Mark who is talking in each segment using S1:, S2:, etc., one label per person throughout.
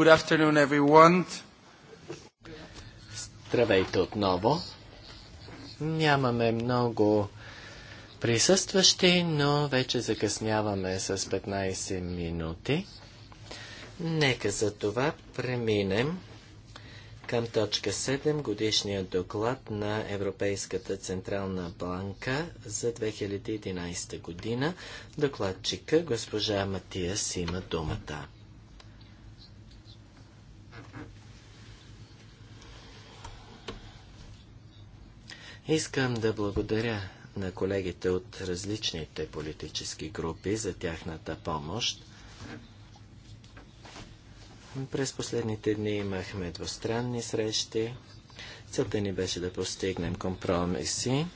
S1: Good afternoon, everyone. Здравейте отново. Нямаме много присъстващи, но вече закъсняваме с 15 минути. Нека за това преминем към точка 7, годишния доклад на Европейската Централна банка за 2011 година. Докладчика госпожа Матия има думата. Искам да благодаря на колегите от различните политически групи за тяхната помощ. През последните дни имахме двустранни срещи. Целта ни беше да постигнем компромиси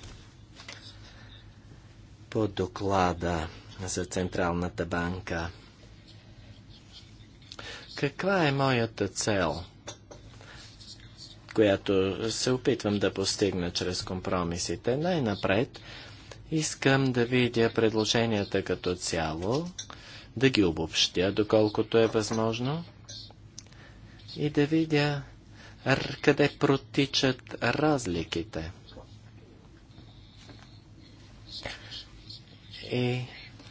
S1: по доклада за Централната банка. Каква е моята цел? която се опитвам да постигна чрез компромисите. Най-напред искам да видя предложенията като цяло, да ги обобщя, доколкото е възможно, и да видя къде протичат разликите. И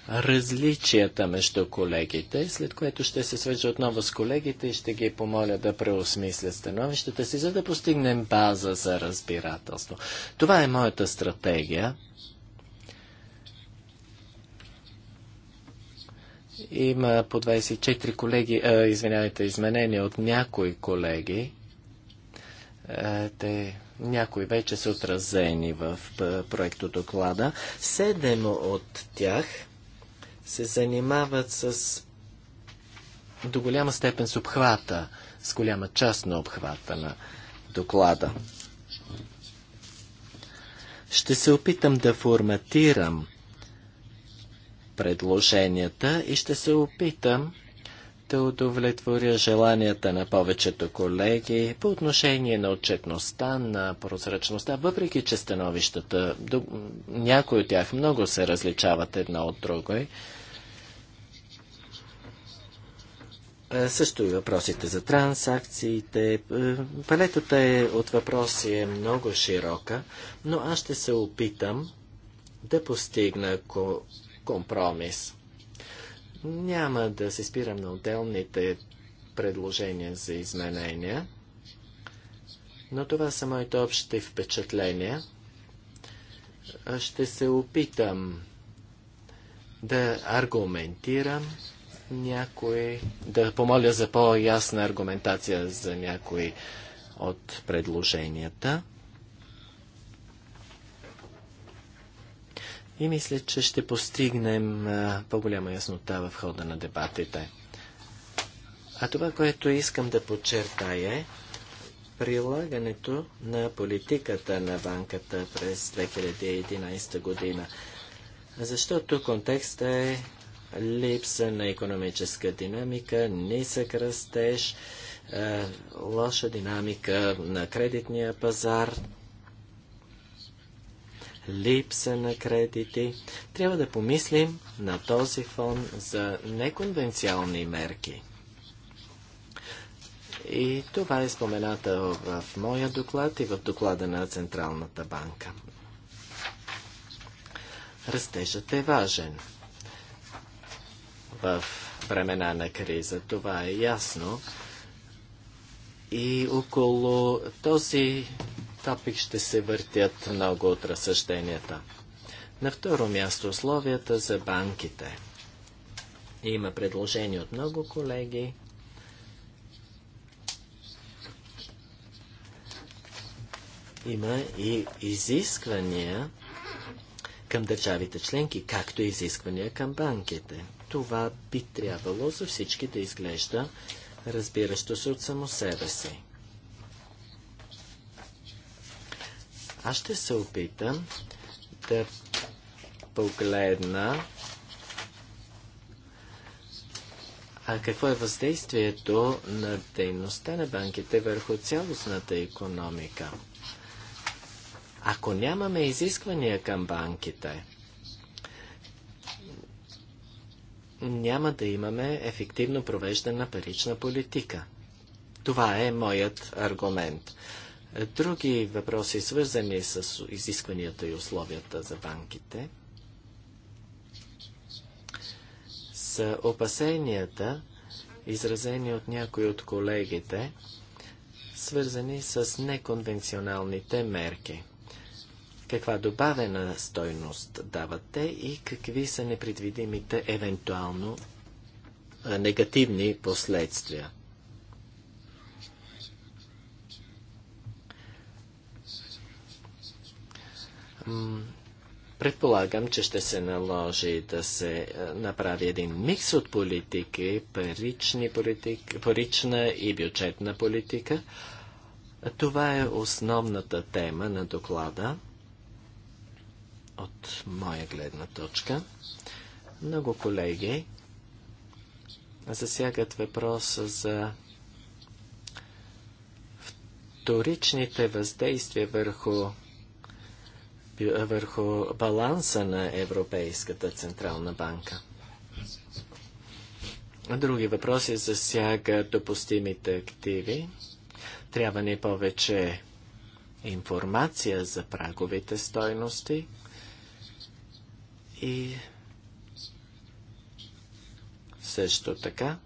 S1: различията между колегите, след което ще се свържа отново с колегите и ще ги помоля да преосмислят становищата си, за да постигнем база за разбирателство. Това е моята стратегия. Има по 24 колеги, а, извинявайте, изменения от някои колеги. А, те някои вече са отразени в проекто доклада. Седем от тях се занимават с до голяма степен с обхвата, с голяма част на обхвата на доклада. Ще се опитам да форматирам предложенията и ще се опитам да удовлетворя желанията на повечето колеги по отношение на отчетността, на прозрачността, въпреки че становищата, някои от тях много се различават една от другой. Е, също и въпросите за трансакциите. Е, палетата е от въпроси е много широка, но аз ще се опитам да постигна компромис. Няма да се спирам на отделните предложения за изменения, но това са моите общи впечатления. Ще се опитам да аргументирам някои, да помоля за по-ясна аргументация за някои от предложенията. и мисля, че ще постигнем по-голяма яснота в хода на дебатите. А това, което искам да подчертая е прилагането на политиката на банката през 2011 година. Защото контекстът е липса на економическа динамика, нисък растеж, лоша динамика на кредитния пазар, липса на кредити. Трябва да помислим на този фон за неконвенциални мерки. И това е спомената в моя доклад и в доклада на Централната банка. Растежът е важен. В времена на криза това е ясно. И около този топик ще се въртят много от разсъжденията. На второ място условията за банките. Има предложение от много колеги. Има и изисквания към държавите членки, както и изисквания към банките. Това би трябвало за всички да изглежда разбиращо се от само себе си. Аз ще се опитам да погледна а какво е въздействието на дейността на банките върху цялостната економика. Ако нямаме изисквания към банките, няма да имаме ефективно провеждана парична политика. Това е моят аргумент. Други въпроси, свързани с изискванията и условията за банките, са опасенията, изразени от някои от колегите, свързани с неконвенционалните мерки. Каква добавена стойност дават те и какви са непредвидимите евентуално негативни последствия? Предполагам, че ще се наложи да се е, направи един микс от политики, парични политик, парична и бюджетна политика. Това е основната тема на доклада от моя гледна точка. Много колеги засягат въпроса за вторичните въздействия върху върху баланса на Европейската Централна банка. Други въпроси засягат допустимите активи. Трябва ни повече информация за праговите стойности и също така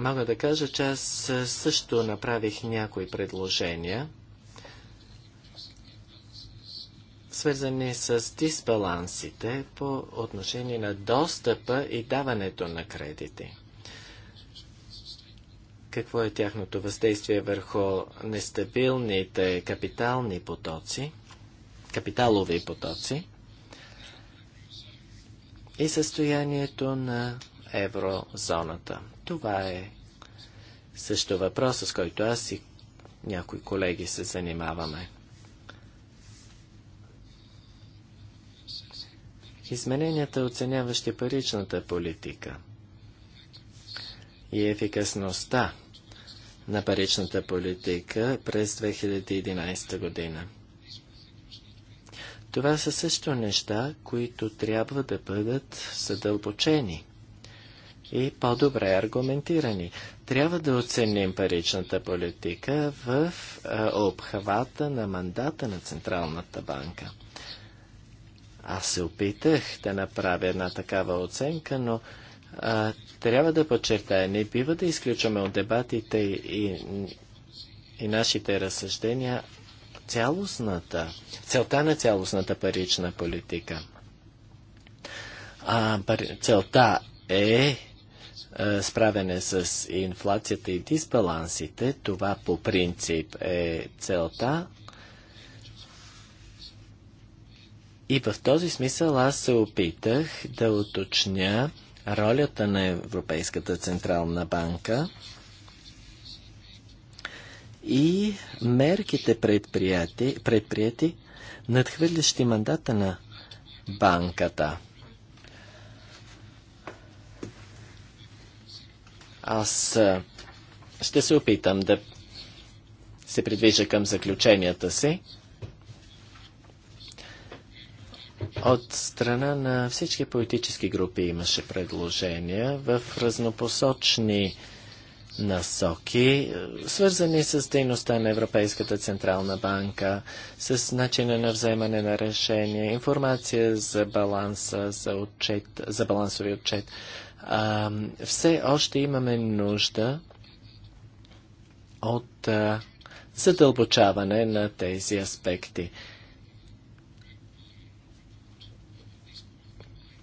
S1: мога да кажа, че аз също направих някои предложения, свързани с дисбалансите по отношение на достъпа и даването на кредити. Какво е тяхното въздействие върху нестабилните капитални потоци, капиталови потоци и състоянието на еврозоната. Това е също въпрос, с който аз и някои колеги се занимаваме. Измененията, оценяващи паричната политика и ефикасността на паричната политика през 2011 година. Това са също неща, които трябва да бъдат съдълбочени и по-добре аргументирани. Трябва да оценим паричната политика в е, обхвата на мандата на Централната банка. Аз се опитах да направя една такава оценка, но а, е, трябва да подчертая, не бива да изключваме от дебатите и, и нашите разсъждения цялостната, целта на цялостната парична политика. А, целта е е, справяне с инфлацията и дисбалансите, това по принцип е целта. И в този смисъл аз се опитах да уточня ролята на Европейската Централна банка и мерките предприяти, предприяти надхвърлящи мандата на банката – Аз ще се опитам да се придвижа към заключенията си. От страна на всички политически групи имаше предложения в разнопосочни насоки, свързани с дейността на Европейската Централна банка, с начина на вземане на решения, информация за баланса, за, отчет, за балансови отчет а, все още имаме нужда от а, задълбочаване на тези аспекти.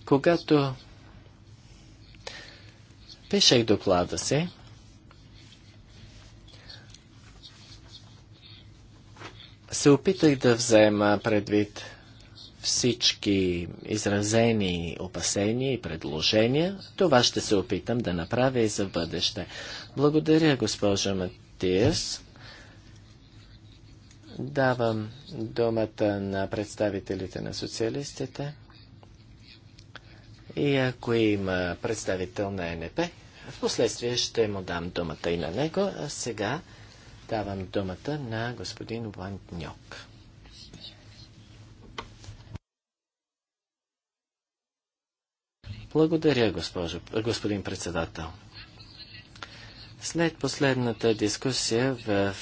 S1: Когато пишех доклада си, се опитах да взема предвид всички изразени опасения и предложения. Това ще се опитам да направя и за бъдеще. Благодаря, госпожа Матиас. Давам думата на представителите на социалистите. И ако има представител на НП, в последствие ще му дам думата и на него. А сега давам думата на господин Ван Ньок. Благодаря, госпожо, господин председател. След последната дискусия в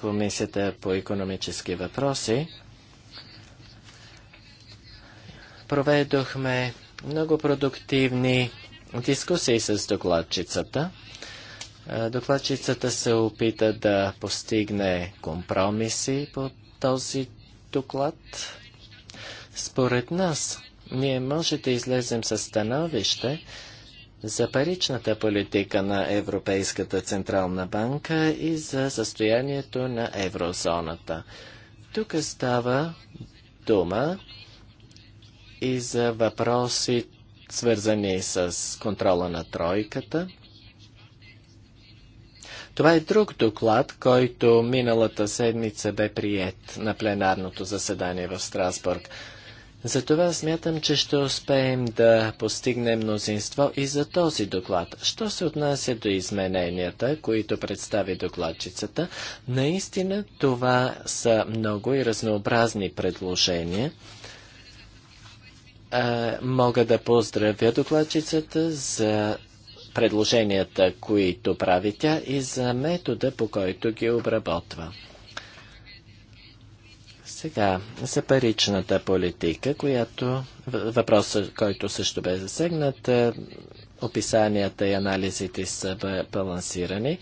S1: Комисията по економически въпроси, проведохме много продуктивни дискусии с докладчицата. Докладчицата се опита да постигне компромиси по този доклад. Според нас, ние може да излезем със становище за паричната политика на Европейската Централна банка и за състоянието на еврозоната. Тук става дума и за въпроси, свързани с контрола на тройката. Това е друг доклад, който миналата седмица бе прият на пленарното заседание в Страсбург. Затова смятам, че ще успеем да постигнем мнозинство и за този доклад. Що се отнася до измененията, които представи докладчицата, наистина това са много и разнообразни предложения. А, мога да поздравя докладчицата за предложенията, които прави тя и за метода, по който ги обработва. Сега, за паричната политика, която въпросът, който също бе засегнат, е, описанията и анализите са балансирани.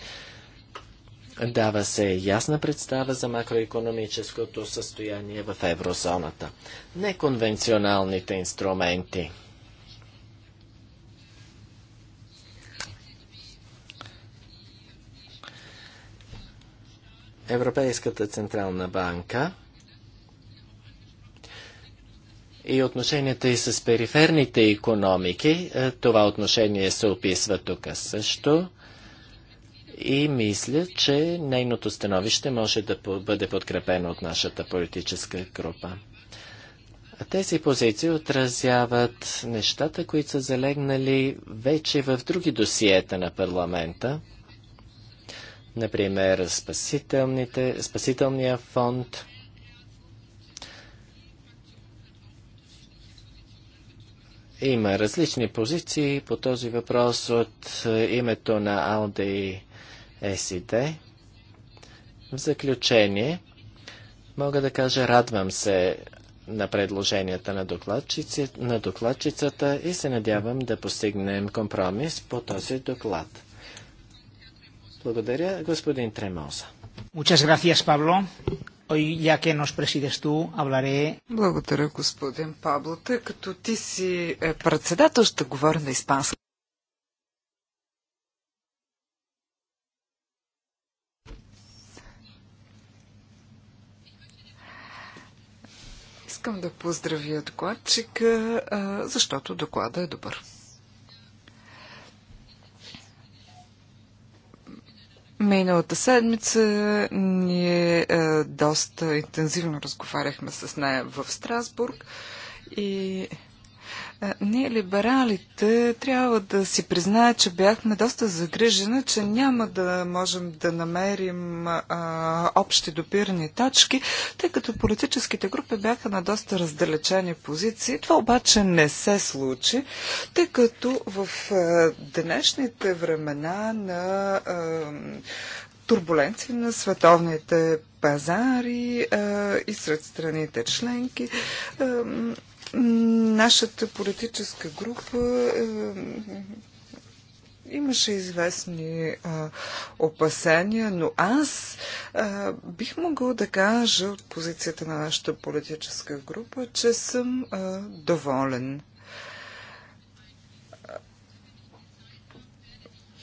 S1: Дава се ясна представа за макроекономическото състояние в еврозоната. Неконвенционалните инструменти. Европейската централна банка и отношенията и с периферните економики. Е, това отношение се описва тук също. И мисля, че нейното становище може да бъде подкрепено от нашата политическа група. Тези позиции отразяват нещата, които са залегнали вече в други досиета на парламента. Например, спасителните, спасителния фонд – Има различни позиции по този въпрос от е, името на АЛДЕ и СИД. В заключение, мога да кажа, радвам се на предложенията на, докладчици, на докладчицата и се надявам да постигнем компромис по този доклад. Благодаря, господин Тремоза.
S2: Muchas gracias, Pablo. Ой, яке нос пресидеш ту, Благодаря, господин Пабло. Тъй като ти си е, председател, ще говоря на испански. Искам да поздравя докладчика, защото доклада е добър. Миналата седмица ние е, доста интензивно разговаряхме с нея в Страсбург и ние, либералите, трябва да си призная, че бяхме доста загрижени, че няма да можем да намерим а, общи допирани точки, тъй като политическите групи бяха на доста раздалечени позиции. Това обаче не се случи, тъй като в а, днешните времена на а, турбуленции на световните пазари а, и сред страните членки. А, Нашата политическа група е, имаше известни а, опасения, но аз а, бих могъл да кажа от позицията на нашата политическа група, че съм а, доволен.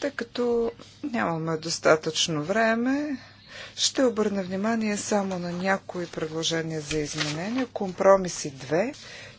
S2: Тъй като нямаме достатъчно време, ще обърна внимание само на някои предложения за изменения. Компромиси 2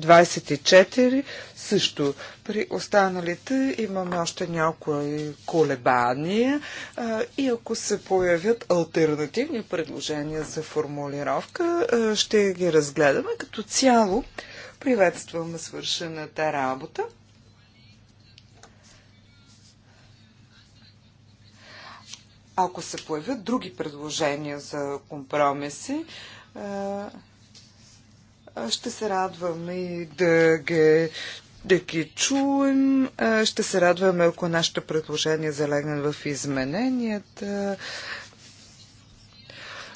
S2: 24 също. При останалите имаме още някои колебания и ако се появят альтернативни предложения за формулировка, ще ги разгледаме. Като цяло приветстваме свършената работа. Ако се появят други предложения за компромиси, ще се радваме да ги да ги чуем. Ще се радваме, ако нашите предложения залегнат в измененията.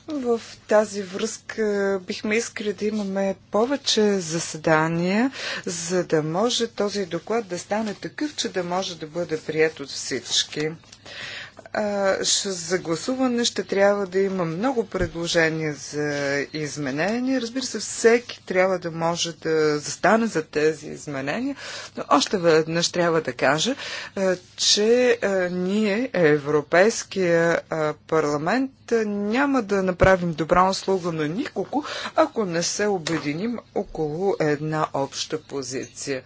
S2: В тази връзка бихме искали да имаме повече заседания, за да може този доклад да стане такъв, че да може да бъде прият от всички за гласуване ще трябва да има много предложения за изменения. Разбира се, всеки трябва да може да застане за тези изменения, но още веднъж трябва да кажа, че ние, Европейския парламент, няма да направим добра услуга на никого, ако не се обединим около една обща позиция.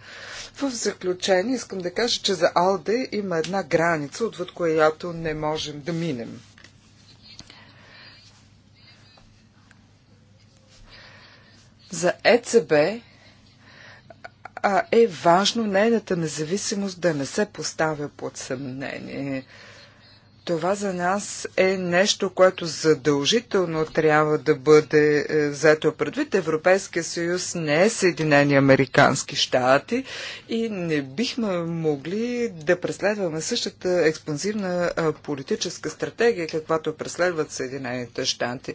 S2: В заключение искам да кажа, че за Алде има една граница, отвъд която не можем да минем. За ЕЦБ е важно нейната независимост да не се поставя под съмнение. Това за нас е нещо, което задължително трябва да бъде е, взето предвид. Европейския съюз не е Съединени Американски щати и не бихме могли да преследваме същата експанзивна е, политическа стратегия, каквато преследват Съединените щати.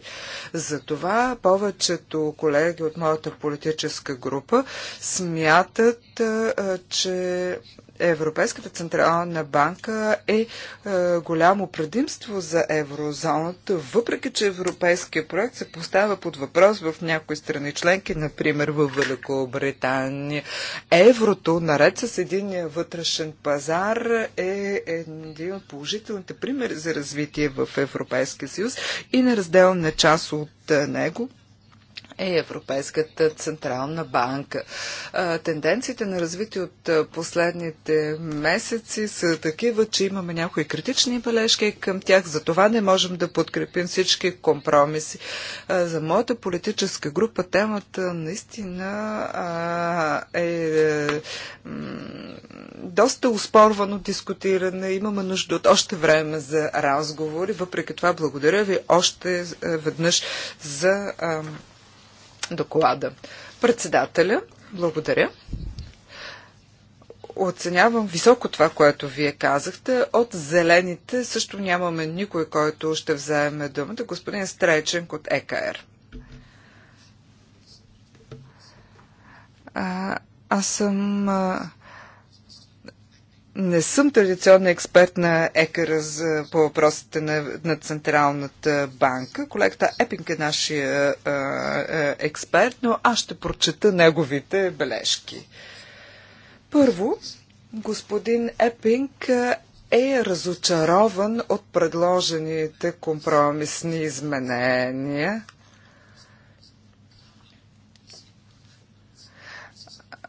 S2: Затова повечето колеги от моята политическа група смятат, е, че Европейската централна банка е, е голямо предимство за еврозоната, въпреки че европейския проект се поставя под въпрос в някои страни членки, например в Великобритания. Еврото, наред с единия вътрешен пазар, е един от положителните примери за развитие в Европейския съюз и неразделна част от него е Европейската централна банка. Тенденциите на развитие от последните месеци са такива, че имаме някои критични бележки към тях, за това не можем да подкрепим всички компромиси. За моята политическа група темата наистина е доста успорвано дискутиране. Имаме нужда от още време за разговори. Въпреки това, благодаря ви още веднъж за доклада. Председателя, благодаря. Оценявам високо това, което вие казахте. От зелените също нямаме никой, който ще вземе думата. Господин Стреченк от ЕКР. А, аз съм а, не съм традиционна експерт на ЕКР по въпросите на, на Централната банка. Колегата Епинг е нашия а, а, експерт, но аз ще прочета неговите бележки. Първо, господин Епинг е разочарован от предложените компромисни изменения.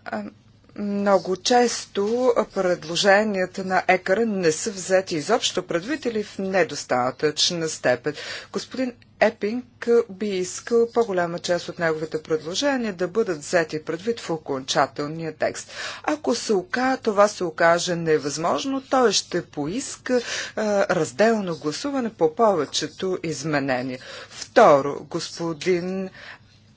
S2: А, много често предложенията на ЕКАРА не са взети изобщо предвид или в недостатъчна степен. Господин Епинг би искал по-голяма част от неговите предложения да бъдат взети предвид в окончателния текст. Ако се ока, това се окаже невъзможно, той ще поиска а, разделно гласуване по повечето изменения. Второ, господин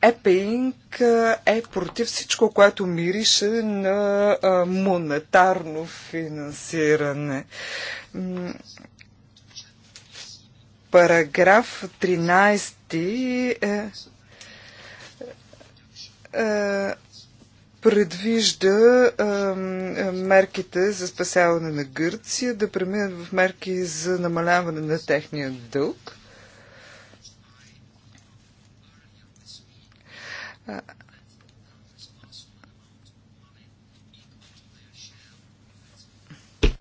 S2: Епинг е, е против всичко, което мирише на монетарно финансиране. Параграф 13 е, е, предвижда мерките за спасяване на Гърция да преминат в мерки за намаляване на техния дълг.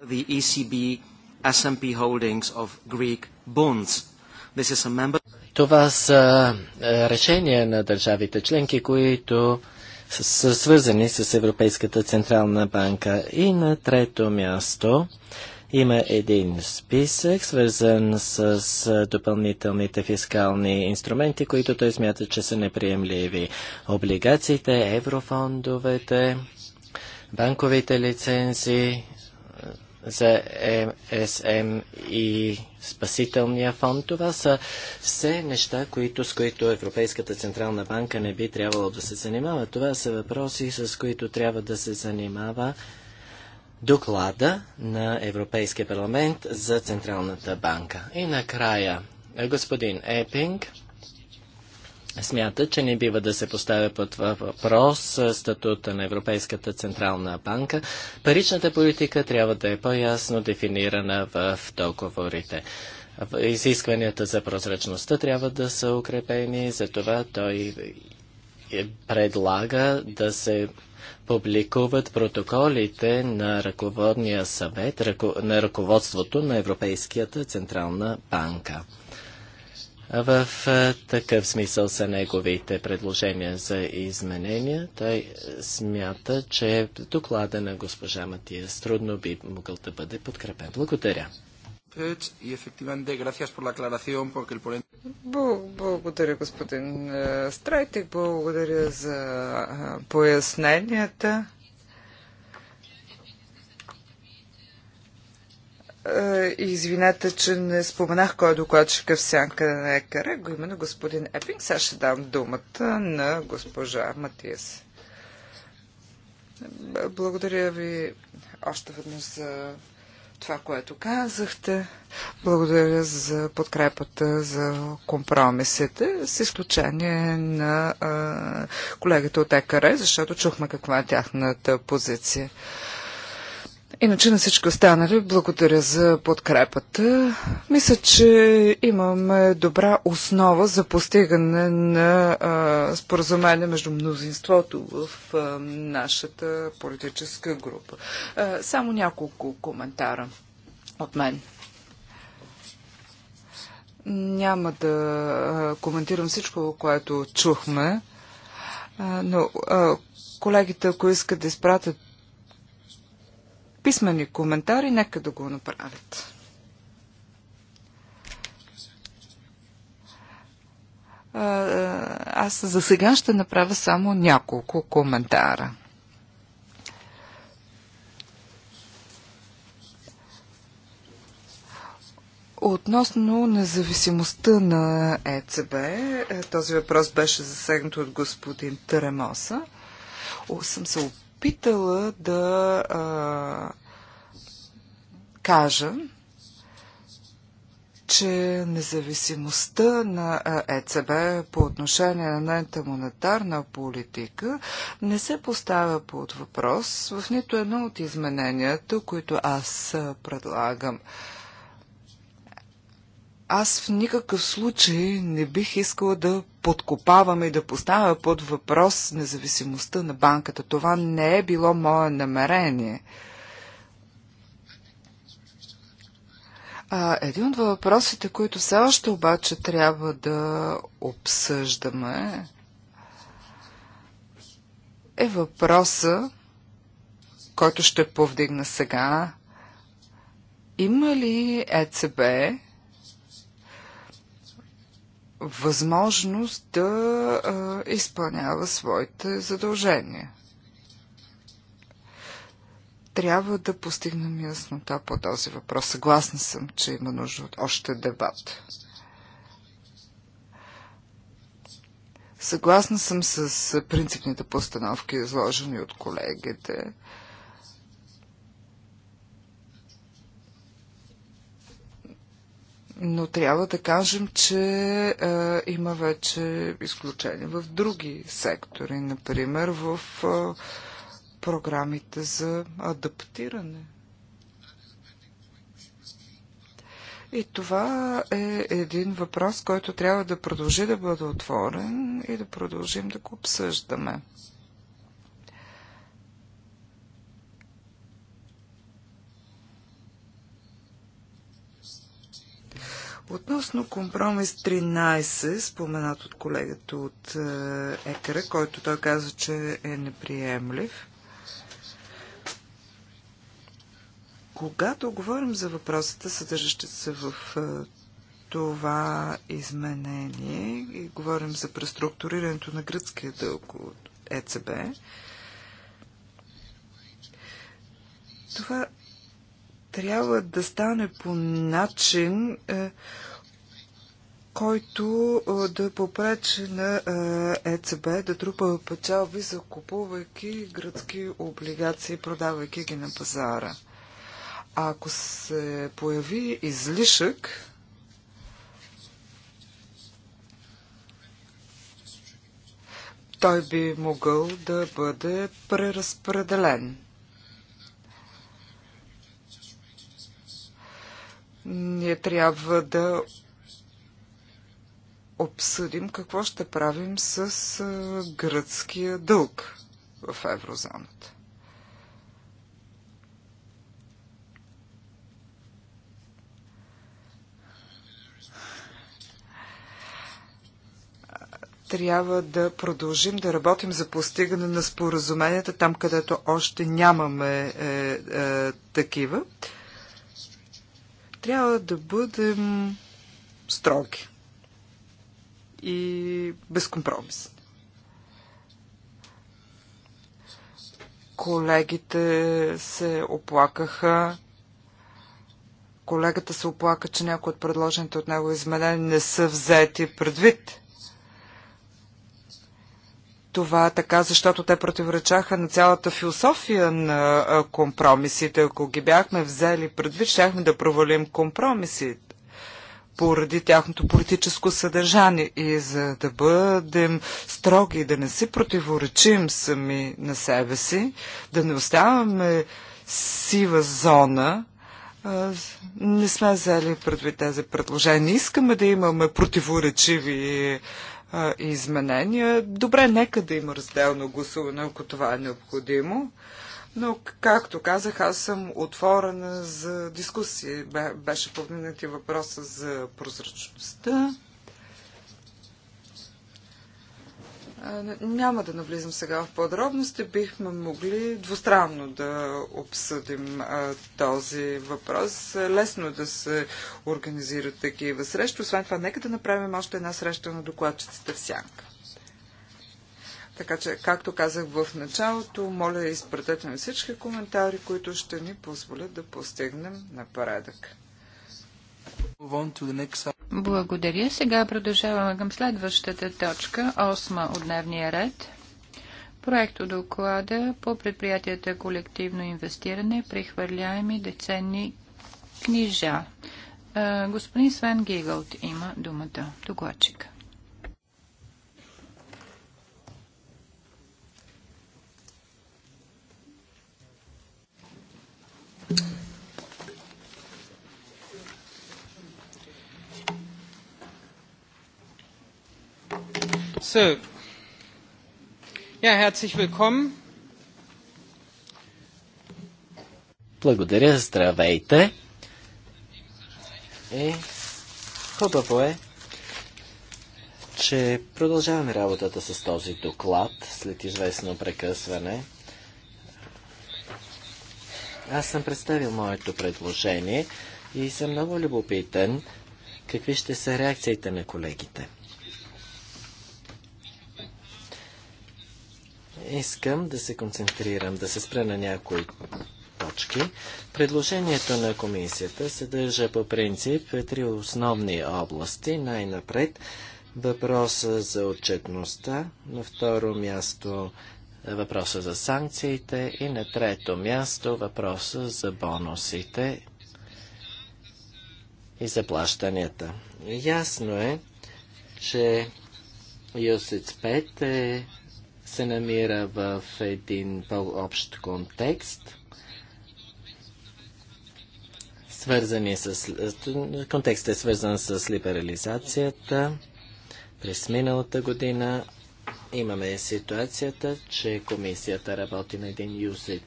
S1: the ECB SMP holdings of Greek bonds. This is a member... Това са е, решения на държавите членки, които са свързани с Европейската централна банка. И на трето място има един списък, свързан с допълнителните фискални инструменти, които той смята, че са неприемливи. Облигациите, еврофондовете, банковите лицензии за ЕСМ и спасителния фонд. Това са все неща, които, с които Европейската Централна банка не би трябвало да се занимава. Това са въпроси, с които трябва да се занимава доклада на Европейския парламент за Централната банка. И накрая, господин Епинг смята, че не бива да се поставя под въпрос статута на Европейската Централна банка. Паричната политика трябва да е по-ясно дефинирана в договорите. Изискванията за прозрачността трябва да са укрепени, затова той е- е- предлага да се публикуват протоколите на ръководния съвет, на ръководството на Европейската централна банка. В такъв смисъл са неговите предложения за изменения. Той смята, че доклада на госпожа Матия трудно би
S2: могъл да бъде подкрепен. Благодаря. Edge и efectivamente
S3: gracias por la aclaración porque
S2: el ponente... Благодаря, господин е, Страйтик. Благодаря за е, поясненията. Е, извинете, че не споменах кой е докладчика в сянка на екара. Го на господин Епинг. Сега ще дам думата на госпожа Матиас. Благодаря ви още веднъж за това, което казахте. Благодаря за подкрепата, за компромисите, с изключение на а, колегата от ЕКР, защото чухме каква е тяхната позиция. Иначе на всички останали благодаря за подкрепата. Мисля, че имаме добра основа за постигане на а, споразумение между мнозинството в а, нашата политическа група. А, само няколко коментара от мен. Няма да коментирам всичко, което чухме, но колегите, ако искат да изпратят писмени коментари, нека да го направят. Аз за сега ще направя само няколко коментара. Относно независимостта на ЕЦБ, е, този въпрос беше засегнат от господин Теремоса. Съм се опитал опитала да а, кажа, че независимостта на ЕЦБ по отношение на нейната монетарна политика не се поставя под въпрос в нито едно от измененията, които аз предлагам аз в никакъв случай не бих искала да подкопаваме и да поставя под въпрос независимостта на банката. Това не е било мое намерение. А, един от въпросите, които все още обаче трябва да обсъждаме, е въпроса, който ще повдигна сега. Има ли ЕЦБ възможност да а, изпълнява своите задължения. Трябва да постигнем яснота по този въпрос. Съгласна съм, че има нужда от още дебат. Съгласна съм с принципните постановки, изложени от колегите. А, но трябва да кажем, че а, е, има вече изключения в други сектори, например в а, е, програмите за адаптиране. И това е един въпрос, който трябва да продължи да бъде отворен и да продължим да го обсъждаме. Относно компромис 13, споменат от колегата от е, Екара, който той каза, че е неприемлив. Когато говорим за въпросите, съдържащи се в е, това изменение и говорим за преструктурирането на гръцкия дълг от ЕЦБ, това трябва да стане по начин, е, който е, да попречи на е, ЕЦБ да трупа печалби, закупувайки гръцки облигации, продавайки ги на пазара. А ако се появи излишък, той би могъл да бъде преразпределен. Ние трябва да обсъдим какво ще правим с гръцкия дълг в еврозоната. трябва да продължим да работим за постигане на споразуменията там, където още нямаме е, е, такива трябва да бъдем строги и безкомпромисни. Колегите се оплакаха. Колегата се оплака, че някои от предложените от него изменения не са взети предвид това така, защото те противоречаха на цялата философия на компромисите. Ако ги бяхме взели предвид, щяхме да провалим компромисите поради тяхното политическо съдържание и за да бъдем строги, да не си противоречим сами на себе си, да не оставаме сива зона, не сме взели предвид тези предложения. Искаме да имаме противоречиви изменения. Добре, нека да има разделно гласуване, ако това е необходимо. Но, както казах, аз съм отворена за дискусии. Беше и въпроса за прозрачността. Няма да навлизам сега в подробности. Бихме могли двустранно да обсъдим а, този въпрос. Лесно е да се организират такива срещи. Освен това, нека да направим още една среща на докладчиците в Сянка. Така че, както казах в началото, моля изпратете ми всички коментари, които ще ни позволят да постигнем напоредък.
S4: Благодаря. Сега продължаваме към следващата точка, осма от дневния ред. Проекто доклада по предприятията колективно инвестиране, прехвърляеми деценни книжа. Господин Свен Гигалт има думата. Докладчика.
S3: So, ja, herzlich
S1: willkommen. Благодаря, здравейте. И е, хубаво е, че продължаваме работата с този доклад след известно прекъсване. Аз съм представил моето предложение и съм много любопитен какви ще са реакциите на колегите. Искам да се концентрирам, да се спра на някои точки. Предложението на комисията съдържа по принцип три основни области. Най-напред въпроса за отчетността, на второ място въпроса за санкциите и на трето място въпроса за бонусите и заплащанията. Ясно е, че Юсиц 5 е се намира в един по-общ контекст, свързани с... Контекстът е свързан с либерализацията. През миналата година имаме ситуацията, че комисията работи на един юзит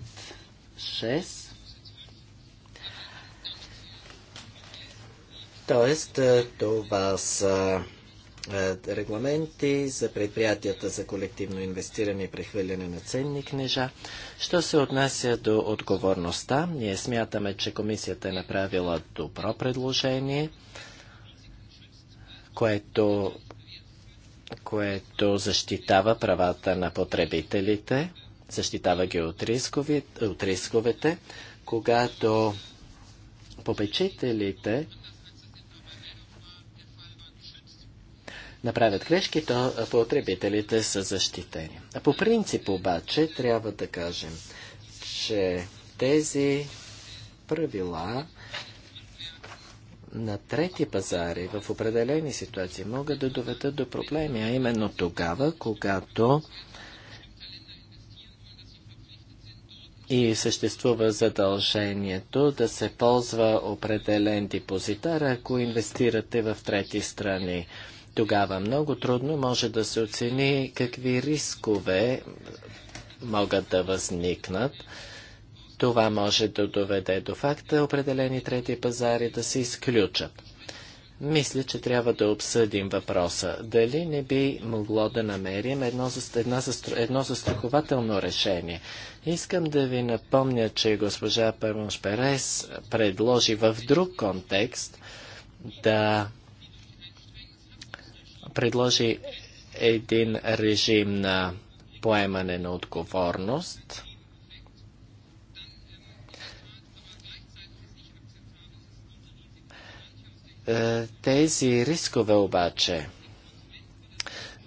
S1: 6 Тоест, това са е, регламенти за предприятията за колективно инвестиране и прехвърляне на ценни книжа. Що се отнася до отговорността, ние смятаме, че комисията е направила добро предложение, което, което защитава правата на потребителите, защитава ги от, рискови, от рисковете, когато попечителите направят грешки, то потребителите са защитени. По принцип обаче трябва да кажем, че тези правила на трети пазари в определени ситуации могат да доведат до проблеми, а именно тогава, когато и съществува задължението да се ползва определен депозитар, ако инвестирате в трети страни. Тогава много трудно може да се оцени какви рискове могат да възникнат. Това може да доведе до факта определени трети пазари да се изключат. Мисля, че трябва да обсъдим въпроса. Дали не би могло да намерим едно, една, едно застрахователно решение? Искам да ви напомня, че госпожа Пърмонш Перес предложи в друг контекст да предложи един режим на поемане на отговорност. Е, тези рискове обаче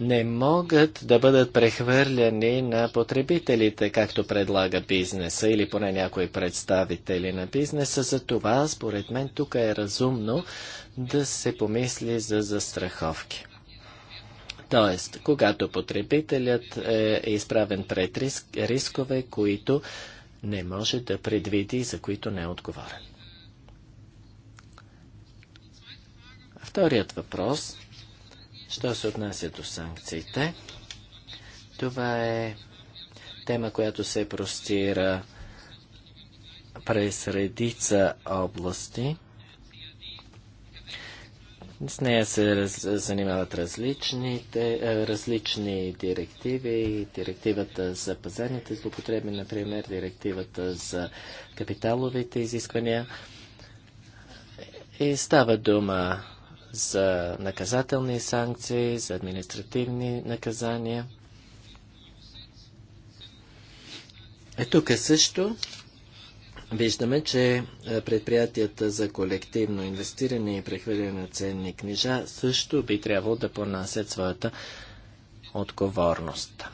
S1: не могат да бъдат прехвърляни на потребителите, както предлага бизнеса или поне някои представители на бизнеса. За това, според мен, тук е разумно да се помисли за застраховки. Тоест, когато потребителят е изправен пред риск, рискове, които не може да предвиди и за които не е отговорен. Вторият въпрос, що се отнася до санкциите, това е тема, която се простира през редица области – с нея се раз, занимават различните, е, различни директиви. Директивата за пазарните злопотреби, например, директивата за капиталовите изисквания. И става дума за наказателни санкции, за административни наказания. Е тук също виждаме, че е, предприятията за колективно инвестиране и прехвърляне на ценни книжа също би трябвало да понасят своята отговорност.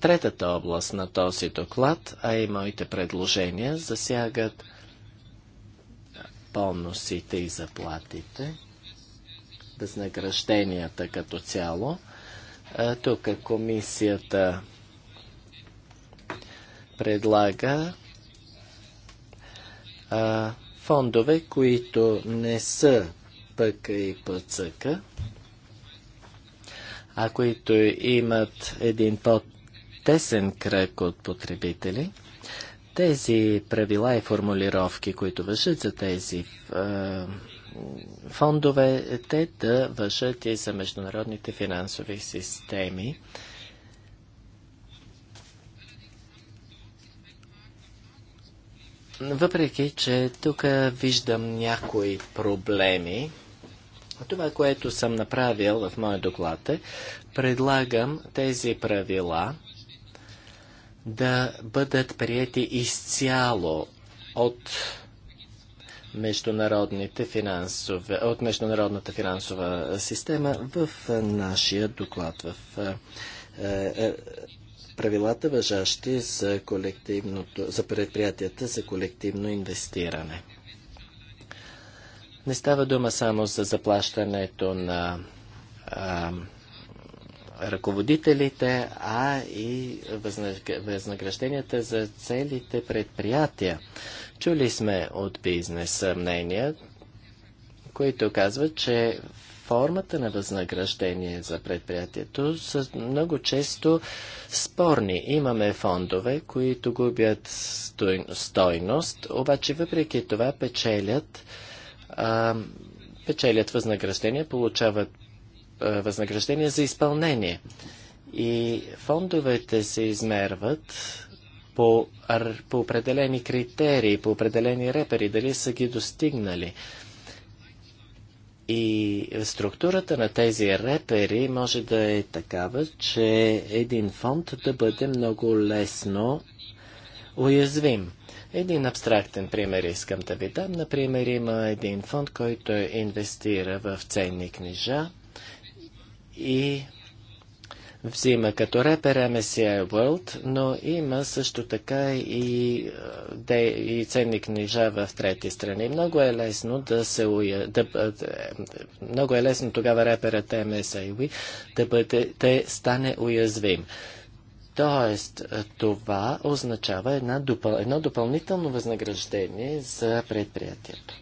S1: Третата област на този доклад, а и моите предложения, засягат бонусите и заплатите, възнагражденията като цяло. Е, тук комисията предлага а, фондове, които не са ПК и ПЦК, а които имат един по-тесен кръг от потребители, тези правила и формулировки, които вършат за тези а, фондове, те да вършат и за международните финансови системи. Въпреки, че тук виждам някои проблеми, това, което съм направил в моя доклад е, предлагам тези правила да бъдат прияти изцяло от международните финансове, от международната финансова система в нашия доклад, в е, е, е, правилата въжащи за, за предприятията за колективно инвестиране. Не става дума само за заплащането на а, ръководителите, а и възнагражденията за целите предприятия. Чули сме от бизнес мнения, които казват, че формата на възнаграждение за предприятието са много често спорни. Имаме фондове, които губят стойност, обаче въпреки това печелят, а, печелят възнаграждение, получават а, възнаграждение за изпълнение. И фондовете се измерват по, по определени критерии, по определени репери, дали са ги достигнали. И структурата на тези репери може да е такава, че един фонд да бъде много лесно уязвим. Един абстрактен пример искам да ви дам. Например, има един фонд, който инвестира в ценни книжа и взима като репер MSCI World, но има също така и, де, и ценни книжа в трети страни. Много е лесно да се уя, да, да, е, много е лесно тогава реперът MSCI да, бъде, да стане уязвим. Тоест, това означава една допъл... едно допълнително възнаграждение за предприятието.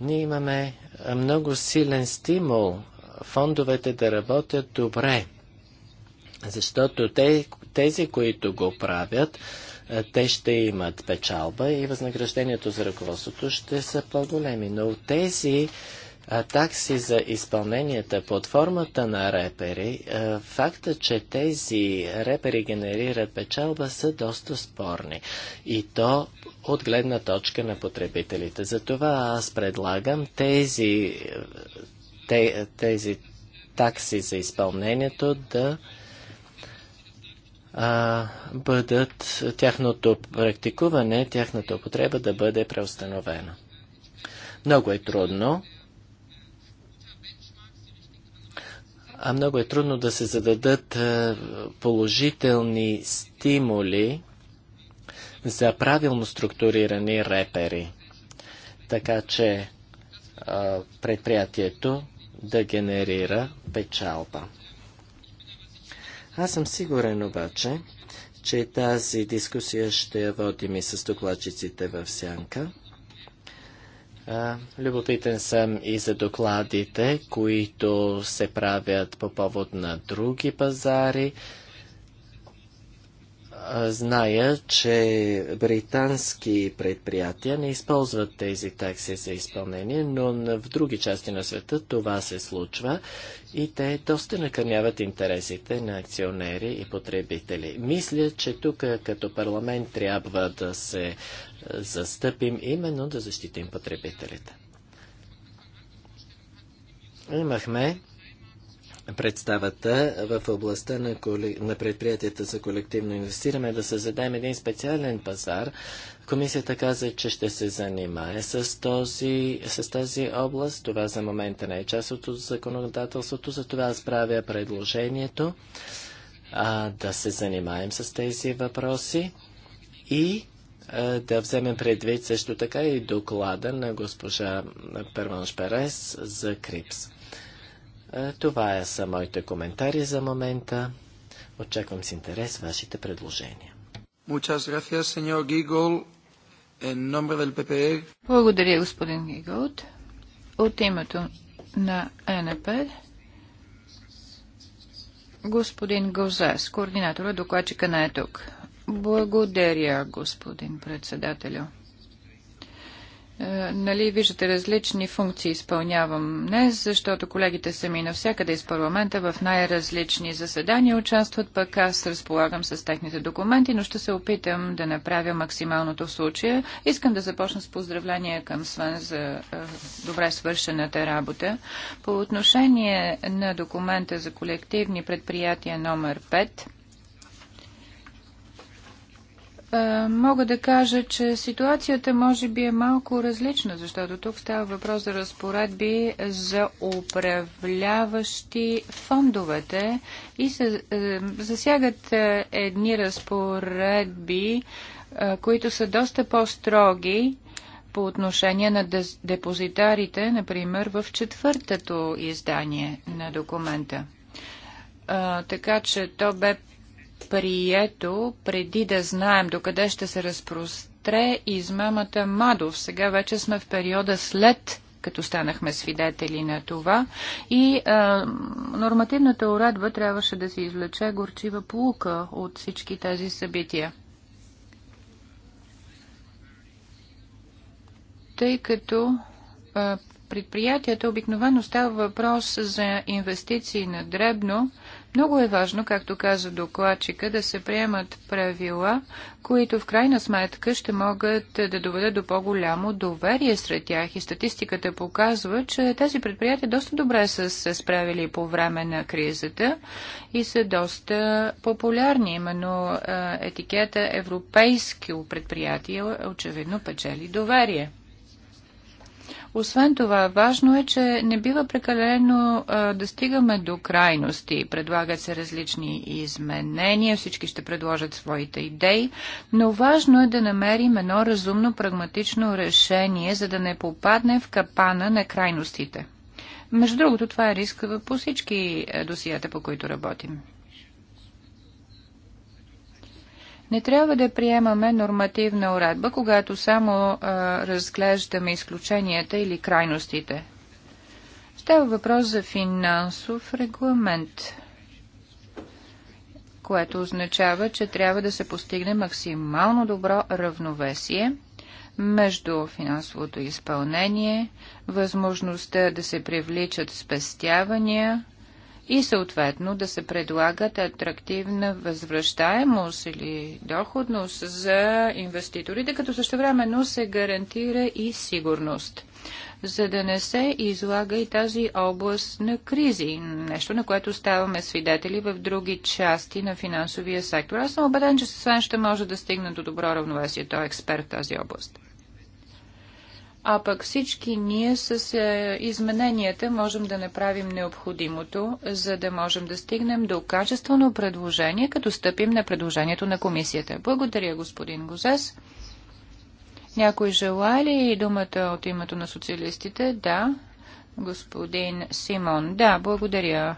S1: Ние имаме много силен стимул фондовете да работят добре. Защото те, тези, които го правят, те ще имат печалба и възнаграждението за ръководството ще са по-големи. Но тези а, такси за изпълненията под формата на репери, а, факта, че тези репери генерират печалба, са доста спорни. И то от гледна точка на потребителите. Затова аз предлагам тези те, тези такси за изпълнението да а, бъдат тяхното практикуване, тяхната употреба да бъде преустановена. Много е трудно. А много е трудно да се зададат положителни стимули за правилно структурирани репери. Така че предприятието да генерира печалба. Аз съм сигурен обаче, че тази дискусия ще я водим и с докладчиците в Сянка. любопитен съм и за докладите, които се правят по повод на други пазари, Зная, че британски предприятия не използват тези такси за изпълнение, но в други части на света това се случва и те доста накърняват интересите на акционери и потребители. Мисля, че тук като парламент трябва да се е, застъпим именно да защитим потребителите. Имахме представата в областта на, коли... на предприятията за колективно инвестиране, да създадем един специален пазар. Комисията каза, че ще се занимае с, този, с тази област. Това за момента не е част от законодателството, затова аз правя предложението а, да се занимаем с тези въпроси и да вземем предвид също така и доклада на госпожа Перванш Перес за КРИПС. Това са моите коментари за момента. Очаквам с интерес вашите предложения. E.
S4: Благодаря, господин Гиголд. От името на НП господин Гозас, координатора, докладчика на е тук. Благодаря, господин председателю. Е, нали, виждате различни функции изпълнявам днес, защото колегите са ми навсякъде из парламента в най-различни заседания участват, пък аз разполагам с техните документи, но ще се опитам да направя максималното в случая. Искам да започна с поздравления към Свен за е, добре свършената работа. По отношение на документа за колективни предприятия номер 5, мога да кажа, че ситуацията може би е малко различна, защото тук става въпрос за разпоредби за управляващи фондовете и се е, засягат е, едни разпоредби, е, които са доста по-строги по отношение на депозитарите, например, в четвъртото издание на документа. Така че то бе прието преди да знаем докъде ще се разпростре измамата Мадов. Сега вече сме в периода след като станахме свидетели на това. И е, нормативната уредба трябваше да се извлече горчива полука от всички тези събития. Тъй като е, предприятията обикновено става въпрос за инвестиции на дребно, много е важно, както каза докладчика, да се приемат правила, които в крайна сметка ще могат да доведат до по-голямо доверие сред тях. И статистиката показва, че тези предприятия доста добре са се справили по време на кризата и са доста популярни. Именно етикета европейски предприятия очевидно печели доверие. Освен това, важно е, че не бива прекалено а, да стигаме до крайности. Предлагат се различни изменения, всички ще предложат своите идеи, но важно е да намерим едно разумно, прагматично решение, за да не попадне в капана на крайностите. Между другото, това е риск по всички е, досията, по които работим. Не трябва да приемаме нормативна уредба, когато само а, разглеждаме изключенията или крайностите. Става въпрос за финансов регламент, което означава, че трябва да се постигне максимално добро равновесие между финансовото изпълнение, възможността да се привличат спестявания, и съответно да се предлагат атрактивна възвръщаемост или доходност за инвеститорите, като същевременно се гарантира и сигурност за да не се излага и тази област на кризи, нещо на което ставаме свидетели в други части на финансовия сектор. Аз съм убеден, че Свен ще може да стигне до добро равновесие. Той е експерт в тази област а пък всички ние с е, измененията можем да направим необходимото, за да можем да стигнем до качествено предложение, като стъпим на предложението на комисията. Благодаря, господин Гозес. Някой желая ли думата от името на социалистите? Да. Господин Симон. Да, благодаря,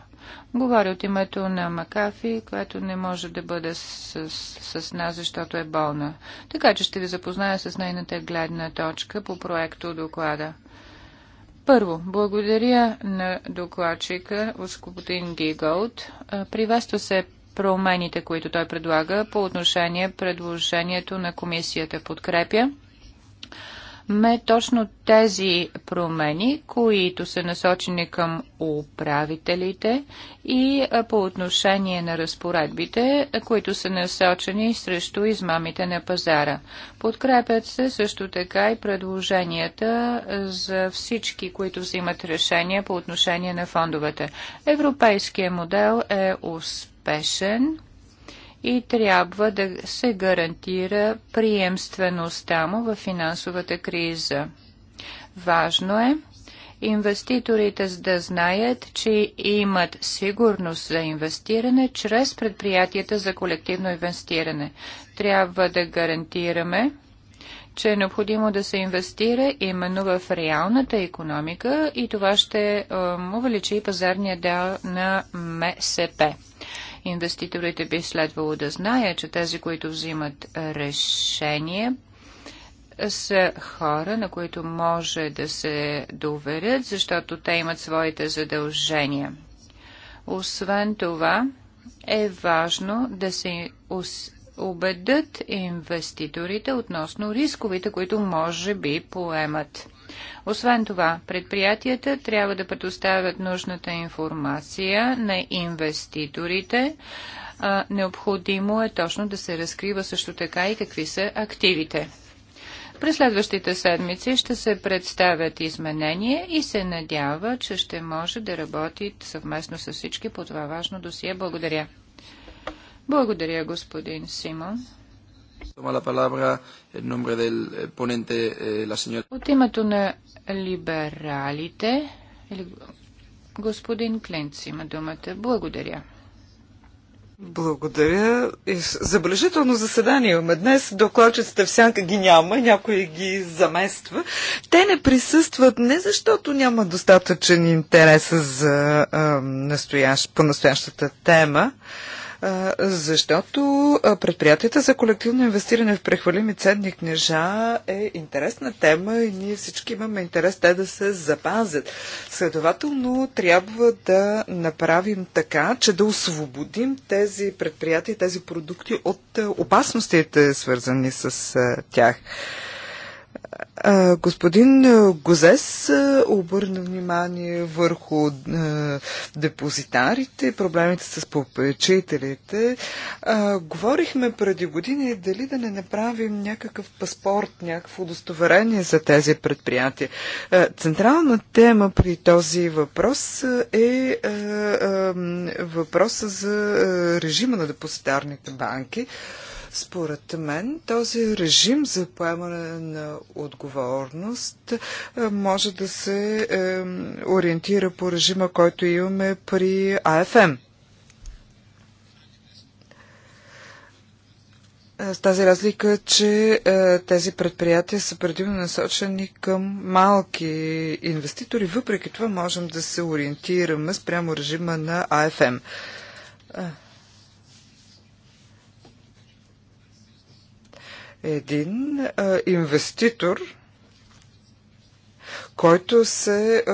S4: Говоря от името на Макафи, която не може да бъде с, с, с нас, защото е болна. Така че ще ви запозная с нейната гледна точка по проекто доклада. Първо, благодаря на докладчика господин Гиголд. Приветства се промените, които той предлага по отношение предложението на комисията. Подкрепя ме точно тези промени, които са насочени към управителите и по отношение на разпоредбите, които са насочени срещу измамите на пазара. Подкрепят се също така и предложенията за всички, които взимат решения по отношение на фондовете. Европейският модел е успешен и трябва да се гарантира приемствеността му в финансовата криза. Важно е инвеститорите да знаят, че имат сигурност за инвестиране чрез предприятията за колективно инвестиране. Трябва да гарантираме, че е необходимо да се инвестира именно в реалната економика и това ще увеличи пазарния дял на МСП. Инвеститорите би следвало да знаят, че тези, които взимат решение, са хора, на които може да се доверят, защото те имат своите задължения. Освен това, е важно да се убедят инвеститорите относно рисковите, които може би поемат. Освен това, предприятията трябва да предоставят нужната информация на инвеститорите. А, необходимо е точно да се разкрива също така и какви са активите. През следващите седмици ще се представят изменения и се надява, че ще може да работи съвместно с всички по това важно досие. Благодаря. Благодаря, господин Симон.
S2: Eh, eh,
S4: От името на либералите, господин Клинц има думата. Благодаря.
S2: Благодаря. Забележително заседание имаме днес. Докладчицата в сянка ги няма, някой ги замества. Те не присъстват не защото няма достатъчен интерес за а, настоящ, по настоящата тема, защото предприятията за колективно инвестиране в прехвалими ценни книжа е интересна тема и ние всички имаме интерес те да се запазят. Следователно, трябва да направим така, че да освободим тези предприятия, тези продукти от опасностите, свързани с тях. Господин Гозес обърна внимание върху депозитарите, проблемите с попечителите. Говорихме преди години дали да не направим някакъв паспорт, някакво удостоверение за тези предприятия. Централна тема при този въпрос е въпроса за режима на депозитарните банки. Според мен този режим за поемане на отговорност е, може да се е, ориентира по режима, който имаме при АФМ. Е, с тази разлика, че е, тези предприятия са предимно насочени към малки инвеститори, въпреки това можем да се ориентираме спрямо режима на АФМ. Е, един а, инвеститор, който се а,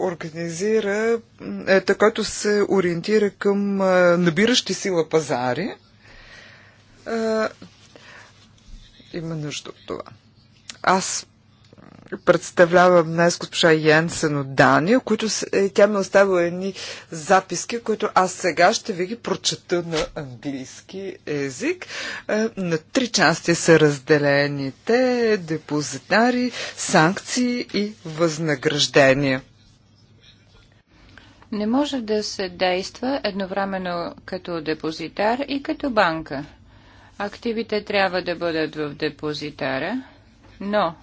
S2: организира, е, тъй, който се ориентира към а, набиращи сила пазари, а, има нужда от това. Аз представлявам днес госпожа Йенсен от Дания, които е, тя ми е оставила едни записки, които аз сега ще ви ги прочета на английски език. Е, на три части са разделени те депозитари, санкции и възнаграждения.
S4: Не може да се действа едновременно като депозитар и като банка. Активите трябва да бъдат в депозитара, но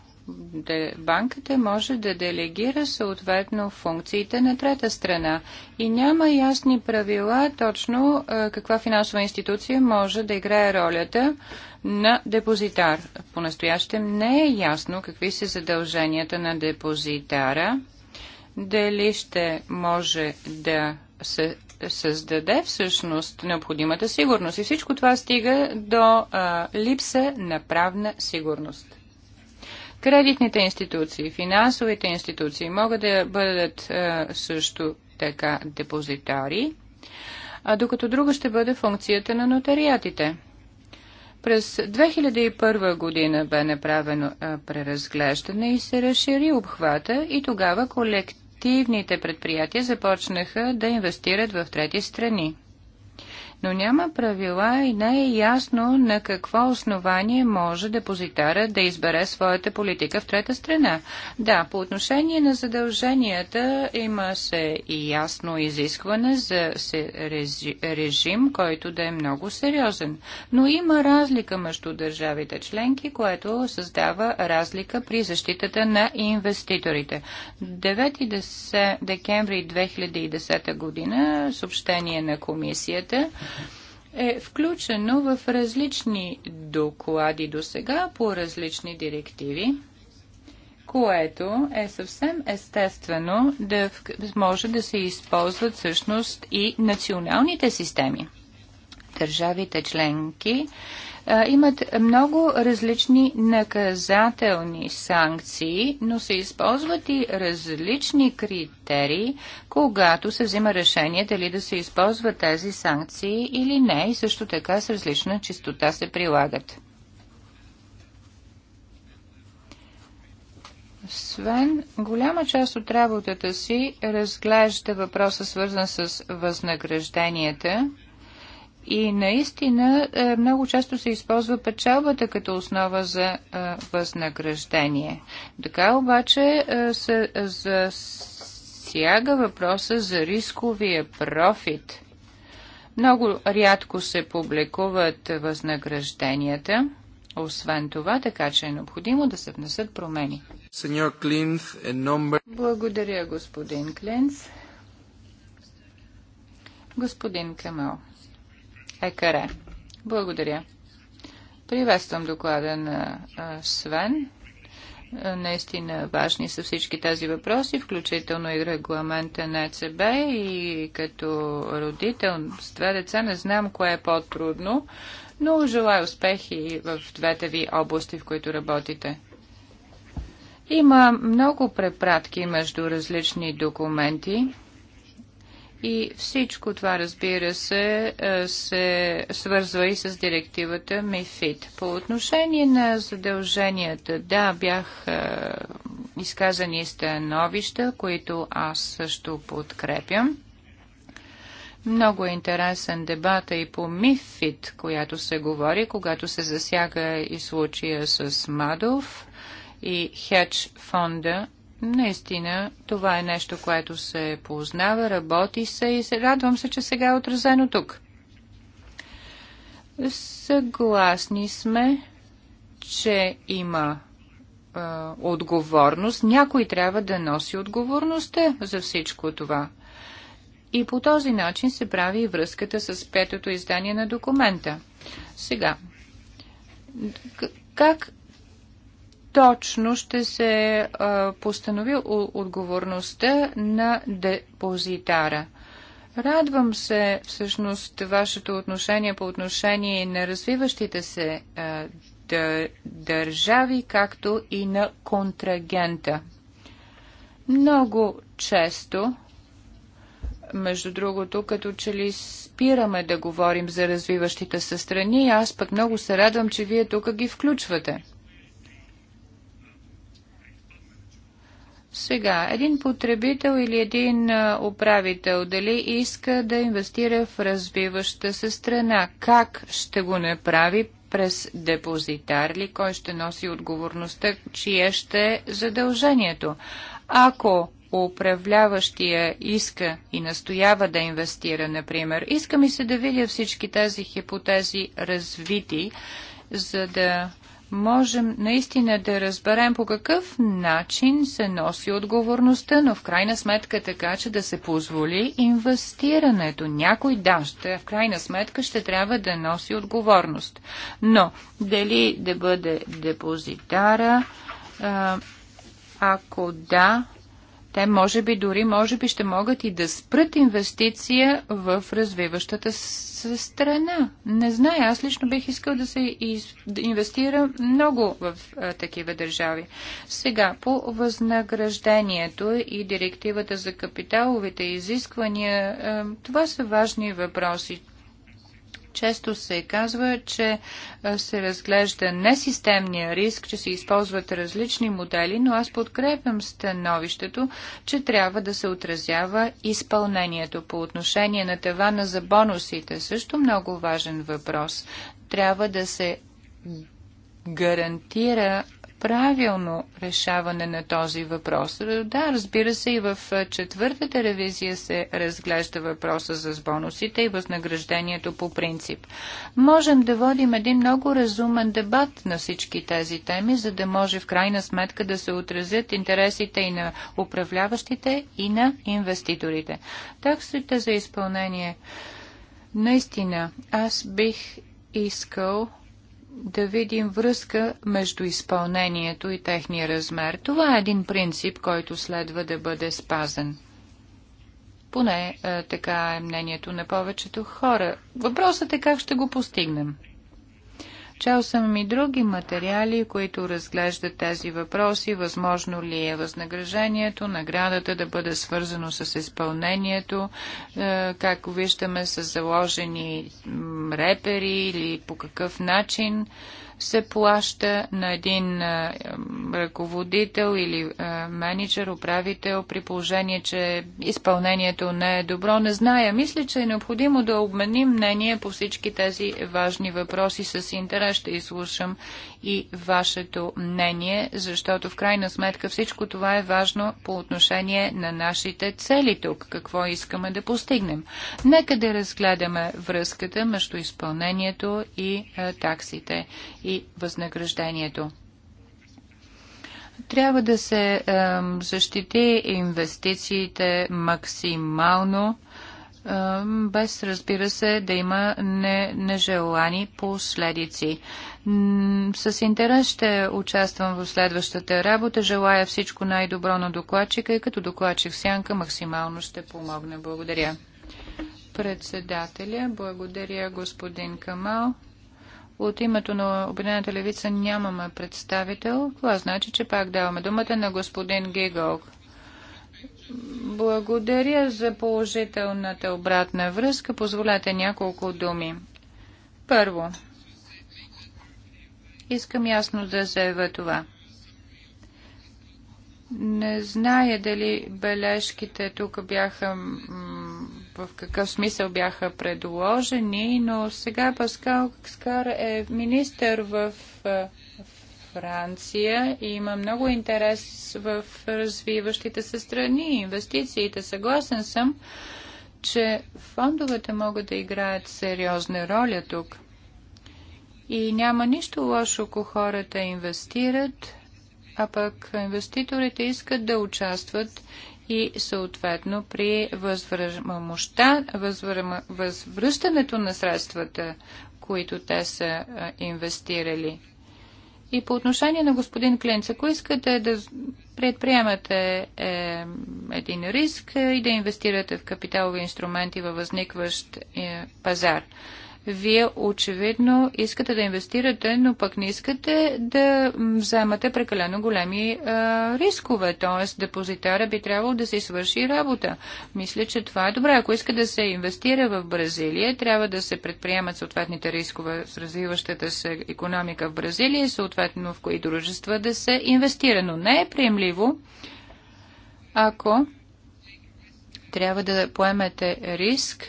S4: банката може да делегира съответно функциите на трета страна и няма ясни правила точно е, каква финансова институция може да играе ролята на депозитар. По-настоящем не е ясно какви са задълженията на депозитара, дали ще може да се създаде всъщност необходимата сигурност. И всичко това стига до а, липса на правна сигурност. Кредитните институции, финансовите институции могат да бъдат е, също така депозитари, а докато друга ще бъде функцията на нотариатите. През 2001 година бе направено е, преразглеждане и се разшири обхвата и тогава колективните предприятия започнаха да инвестират в трети страни но няма правила и не е ясно на какво основание може депозитара да избере своята политика в трета страна. Да, по отношение на задълженията има се и ясно изискване за режим, който да е много сериозен. Но има разлика между държавите членки, което създава разлика при защитата на инвеститорите. 9 декември 2010 година съобщение на комисията е включено в различни доклади до сега по различни директиви, което е съвсем естествено да може да се използват всъщност и националните системи. Държавите членки е, имат много различни наказателни санкции, но се използват и различни критерии, когато се взима решение дали да се използват тези санкции или не и също така с различна чистота се прилагат. Свен голяма част от работата си разглежда въпроса свързан с възнагражденията и наистина е, много често се използва печалбата като основа за е, възнаграждение. Така обаче е, се засяга въпроса за рисковия профит. Много рядко се публикуват възнагражденията. Освен това, така че е необходимо да се внесат промени.
S3: Клинц, е номер...
S4: Благодаря, господин Клинц. Господин Кемел. ЕКР. Благодаря. Приветствам доклада на Свен. Наистина важни са всички тези въпроси, включително и регламента на ЕЦБ и като родител с две деца не знам кое е по-трудно, но желая успехи в двете ви области, в които работите. Има много препратки между различни документи и всичко това, разбира се, е, се свързва и с директивата МИФИД. По отношение на задълженията, да, бях е, изказани становища, които аз също подкрепям. Много е интересен дебата и по МИФИД, която се говори, когато се засяга и случая с Мадов и хедж фонда Наистина, това е нещо, което се познава, работи се и се радвам се, че сега е отразено тук. Съгласни сме, че има е, отговорност. Някой трябва да носи отговорността за всичко това. И по този начин се прави и връзката с петото издание на документа. Сега, как точно ще се постанови отговорността на депозитара. Радвам се всъщност вашето отношение по отношение на развиващите се държави, както и на контрагента. Много често, между другото, като че ли спираме да говорим за развиващите се страни, аз пък много се радвам, че вие тук ги включвате. Сега, един потребител или един управител дали иска да инвестира в развиваща се страна? Как ще го направи през депозитар ли? Кой ще носи отговорността? Чие ще е задължението? Ако управляващия иска и настоява да инвестира, например, иска ми се да видя всички тези хипотези развити, за да можем наистина да разберем по какъв начин се носи отговорността, но в крайна сметка е така, че да се позволи инвестирането. Някой да, ще, в крайна сметка ще трябва да носи отговорност. Но дали да бъде депозитара, ако да, те може би дори, може би ще могат и да спрат инвестиция в развиващата се страна. Не знае, аз лично бих искал да се из... да инвестира много в а, такива държави. Сега, по възнаграждението и директивата за капиталовите изисквания, а, това са важни въпроси. Често се казва, че се разглежда несистемния риск, че се използват различни модели, но аз подкрепям становището, че трябва да се отразява изпълнението по отношение на тавана за бонусите. Също много важен въпрос. Трябва да се гарантира правилно решаване на този въпрос. Да, разбира се, и в четвъртата ревизия се разглежда въпроса за бонусите и възнаграждението по принцип. Можем да водим един много разумен дебат на всички тези теми, за да може в крайна сметка да се отразят интересите и на управляващите, и на инвеститорите. Таксите за изпълнение. Наистина, аз бих искал да видим връзка между изпълнението и техния размер. Това е един принцип, който следва да бъде спазен. Поне е, така е мнението на повечето хора. Въпросът е как ще го постигнем. Чел съм и други материали, които разглеждат тези въпроси. Възможно ли е възнаграждението, наградата да бъде свързано с изпълнението, е, както виждаме с заложени репери или по какъв начин се плаща на един ръководител или менеджер, управител, при положение, че изпълнението не е добро. Не зная. Мисля, че е необходимо да обменим мнение по всички тези важни въпроси. С интерес ще изслушам и вашето мнение, защото в крайна сметка всичко това е важно по отношение на нашите цели тук, какво искаме да постигнем. Нека да разгледаме връзката между изпълнението и е, таксите и възнаграждението трябва да се е, защити инвестициите максимално, е, без разбира се да има не, нежелани последици. С интерес ще участвам в следващата работа. Желая всичко най-добро на докладчика и като докладчик Сянка максимално ще помогне. Благодаря. Председателя, благодаря господин Камал. От името на Обединената левица нямаме представител. Това значи, че пак даваме думата на господин Гиголг. Благодаря за положителната обратна връзка. Позволете няколко думи. Първо, Искам ясно да заявя това. Не зная дали бележките тук бяха, в какъв смисъл бяха предложени, но сега Паскал Скар е министър в е, Франция и има много интерес в развиващите се страни, инвестициите. Съгласен съм, че фондовете могат да играят сериозна роля тук – и няма нищо лошо, ако хората инвестират, а пък инвеститорите искат да участват и съответно при възвръща, възвър... възвръщането на средствата, които те са инвестирали. И по отношение на господин Клинц, ако искате да предприемате е, един риск е, и да инвестирате в капиталови инструменти във възникващ е, пазар, вие очевидно искате да инвестирате, но пък не искате да вземате прекалено големи а, рискове, т.е. депозитара би трябвало да се свърши работа. Мисля, че това е добре. Ако иска да се инвестира в Бразилия, трябва да се предприемат съответните рискове с развиващата се економика в Бразилия и съответно в кои дружества да се инвестира. Но не е приемливо, ако трябва да поемете риск,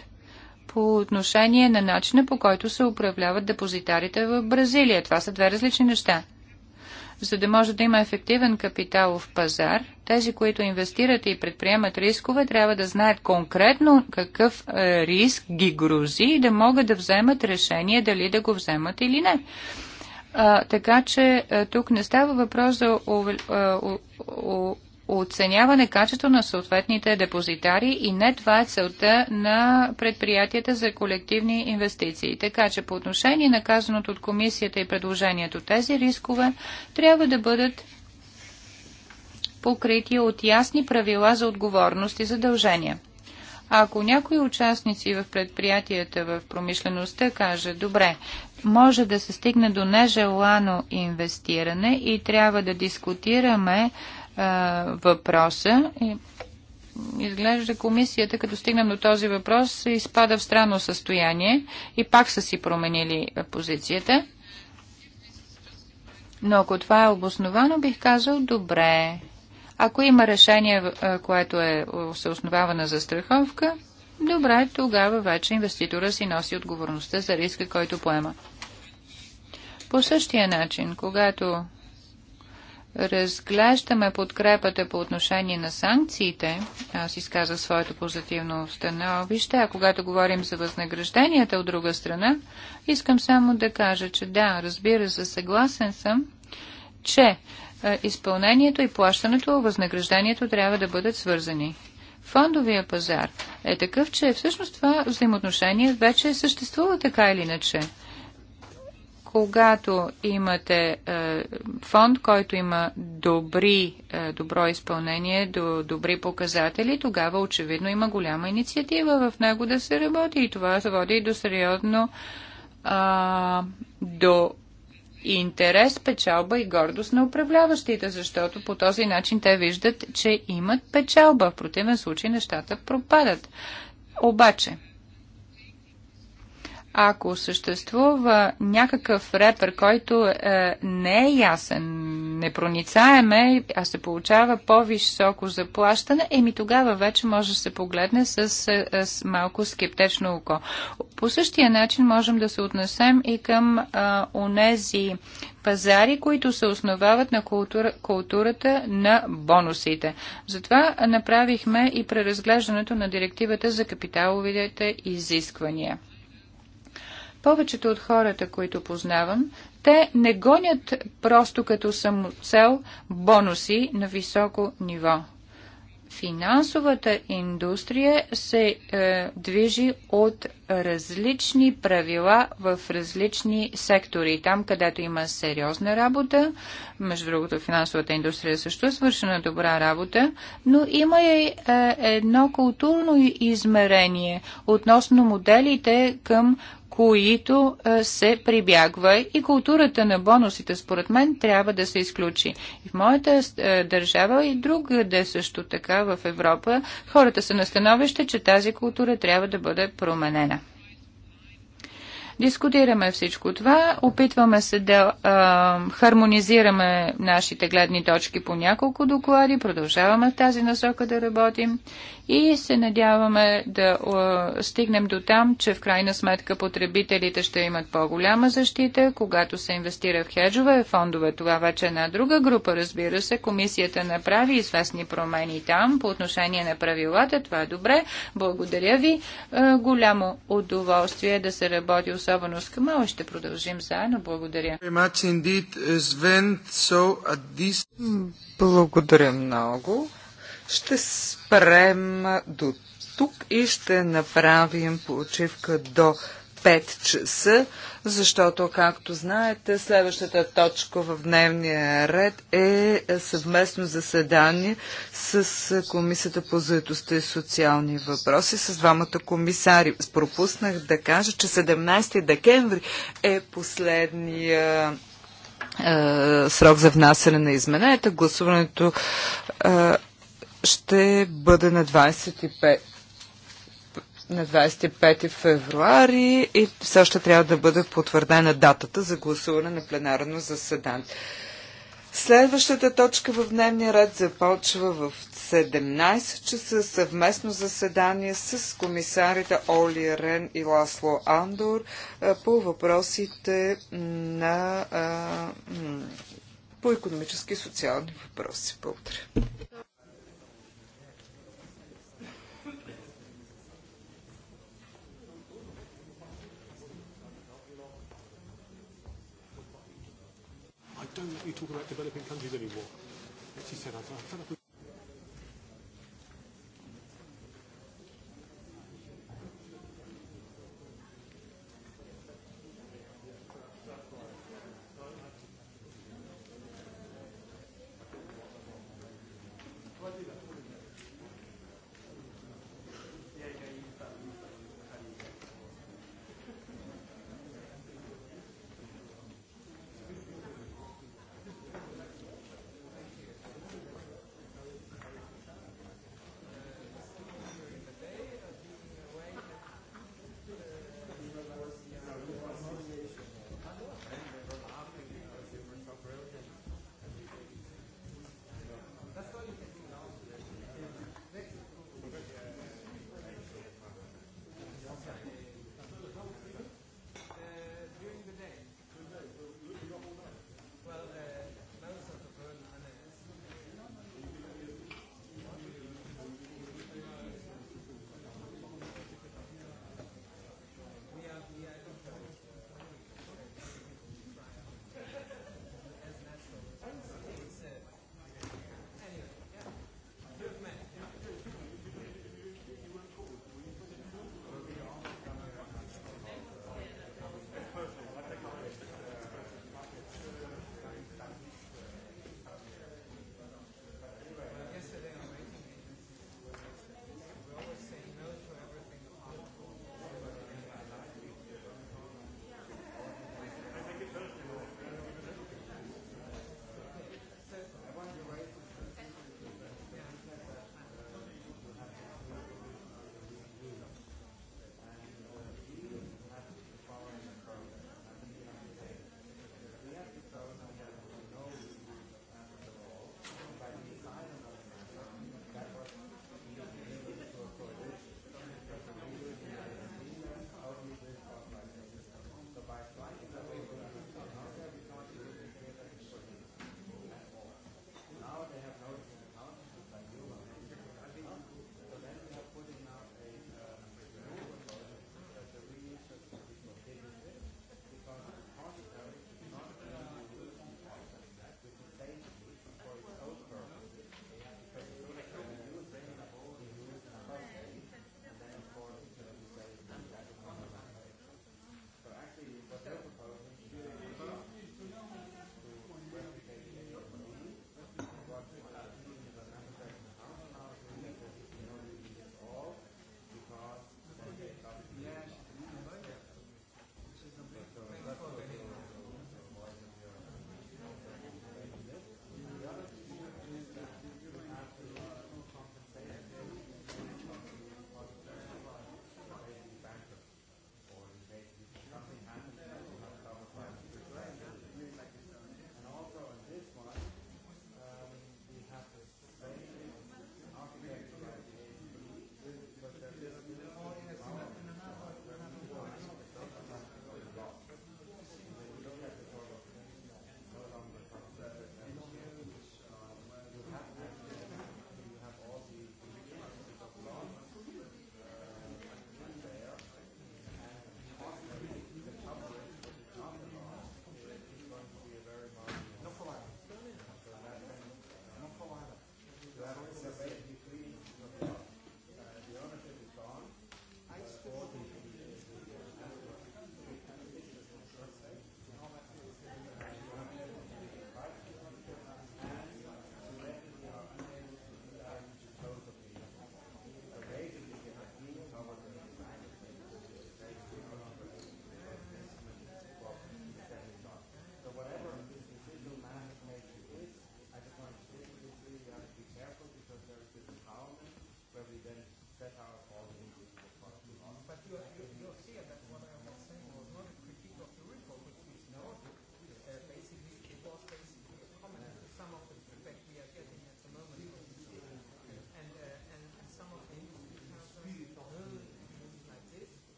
S4: по отношение на начина по който се управляват депозитарите в Бразилия. Това са две различни неща. За да може да има ефективен капиталов пазар, тези, които инвестират и предприемат рискове, трябва да знаят конкретно какъв е, риск ги грузи и да могат да вземат решение дали да го вземат или не. А, така че е, тук не става въпрос за е, оценяване качество на съответните депозитари и не това е целта на предприятията за колективни инвестиции. Така че по отношение на казаното от комисията и предложението тези рискове трябва да бъдат покрити от ясни правила за отговорност и задължения. Ако някои участници в предприятията в промишлеността каже, добре, може да се стигне до нежелано инвестиране и трябва да дискутираме въпроса. И изглежда комисията, като стигнем до този въпрос, изпада в странно състояние и пак са си променили позицията. Но ако това е обосновано, бих казал добре. Ако има решение, което е, се основава на застраховка, добре, тогава вече инвеститора си носи отговорността за риска, който поема. По същия начин, когато разглеждаме подкрепата по отношение на санкциите, аз изказах своето позитивно становище, а когато говорим за възнагражденията от друга страна, искам само да кажа, че да, разбира се, съгласен съм, че е, изпълнението и плащането, възнаграждението трябва да бъдат свързани. Фондовия пазар е такъв, че всъщност това взаимоотношение вече съществува така или иначе когато имате е, фонд, който има добри, е, добро изпълнение, до, добри показатели, тогава очевидно има голяма инициатива в него да се работи и това се води и до сериозно е, до интерес, печалба и гордост на управляващите, защото по този начин те виждат, че имат печалба. В противен случай нещата пропадат. Обаче, ако съществува някакъв репер, който е, не е ясен, непроницаеме, а се получава по-високо заплащане, еми тогава вече може да се погледне с, е, е, с малко скептично око. По същия начин можем да се отнесем и към а, е, онези пазари, които се основават на култура, културата на бонусите. Затова направихме и преразглеждането на директивата за капиталовите изисквания. Повечето от хората, които познавам, те не гонят просто като самоцел бонуси на високо ниво. Финансовата индустрия се е, движи от различни правила в различни сектори. Там, където има сериозна работа, между другото финансовата индустрия също е свършена добра работа, но има и е, едно културно измерение относно моделите към които се прибягва и културата на бонусите, според мен, трябва да се изключи. И в моята държава и другаде също така в Европа хората са на становище, че тази култура трябва да бъде променена. Дискутираме всичко това, опитваме се да а, хармонизираме нашите гледни точки по няколко доклади, продължаваме в тази насока да работим и се надяваме да стигнем до там, че в крайна сметка потребителите ще имат по-голяма защита, когато се инвестира в хеджове, фондове, това вече е една друга група, разбира се. Комисията направи известни промени там по отношение на правилата, това е добре. Благодаря ви. Голямо удоволствие да се работи, особено с Камала. Ще продължим заедно. Благодаря.
S2: Благодаря много. Ще спрем до тук и ще направим почивка до 5 часа, защото, както знаете, следващата точка в дневния ред е съвместно заседание с Комисията по заедостта и социални въпроси с двамата комисари. Пропуснах да кажа, че 17 декември е последния е, срок за внасяне на измененията. Гласуването е, ще бъде на 25 на 25 февруари и все още трябва да бъде потвърдена датата за гласуване на пленарно заседание. Следващата точка в дневния ред започва в 17 часа съвместно заседание с комисарите Оли Рен и Ласло Андор по въпросите на по економически и социални въпроси. Благодаря.
S3: don't really talk about developing countries anymore. She said, I fed up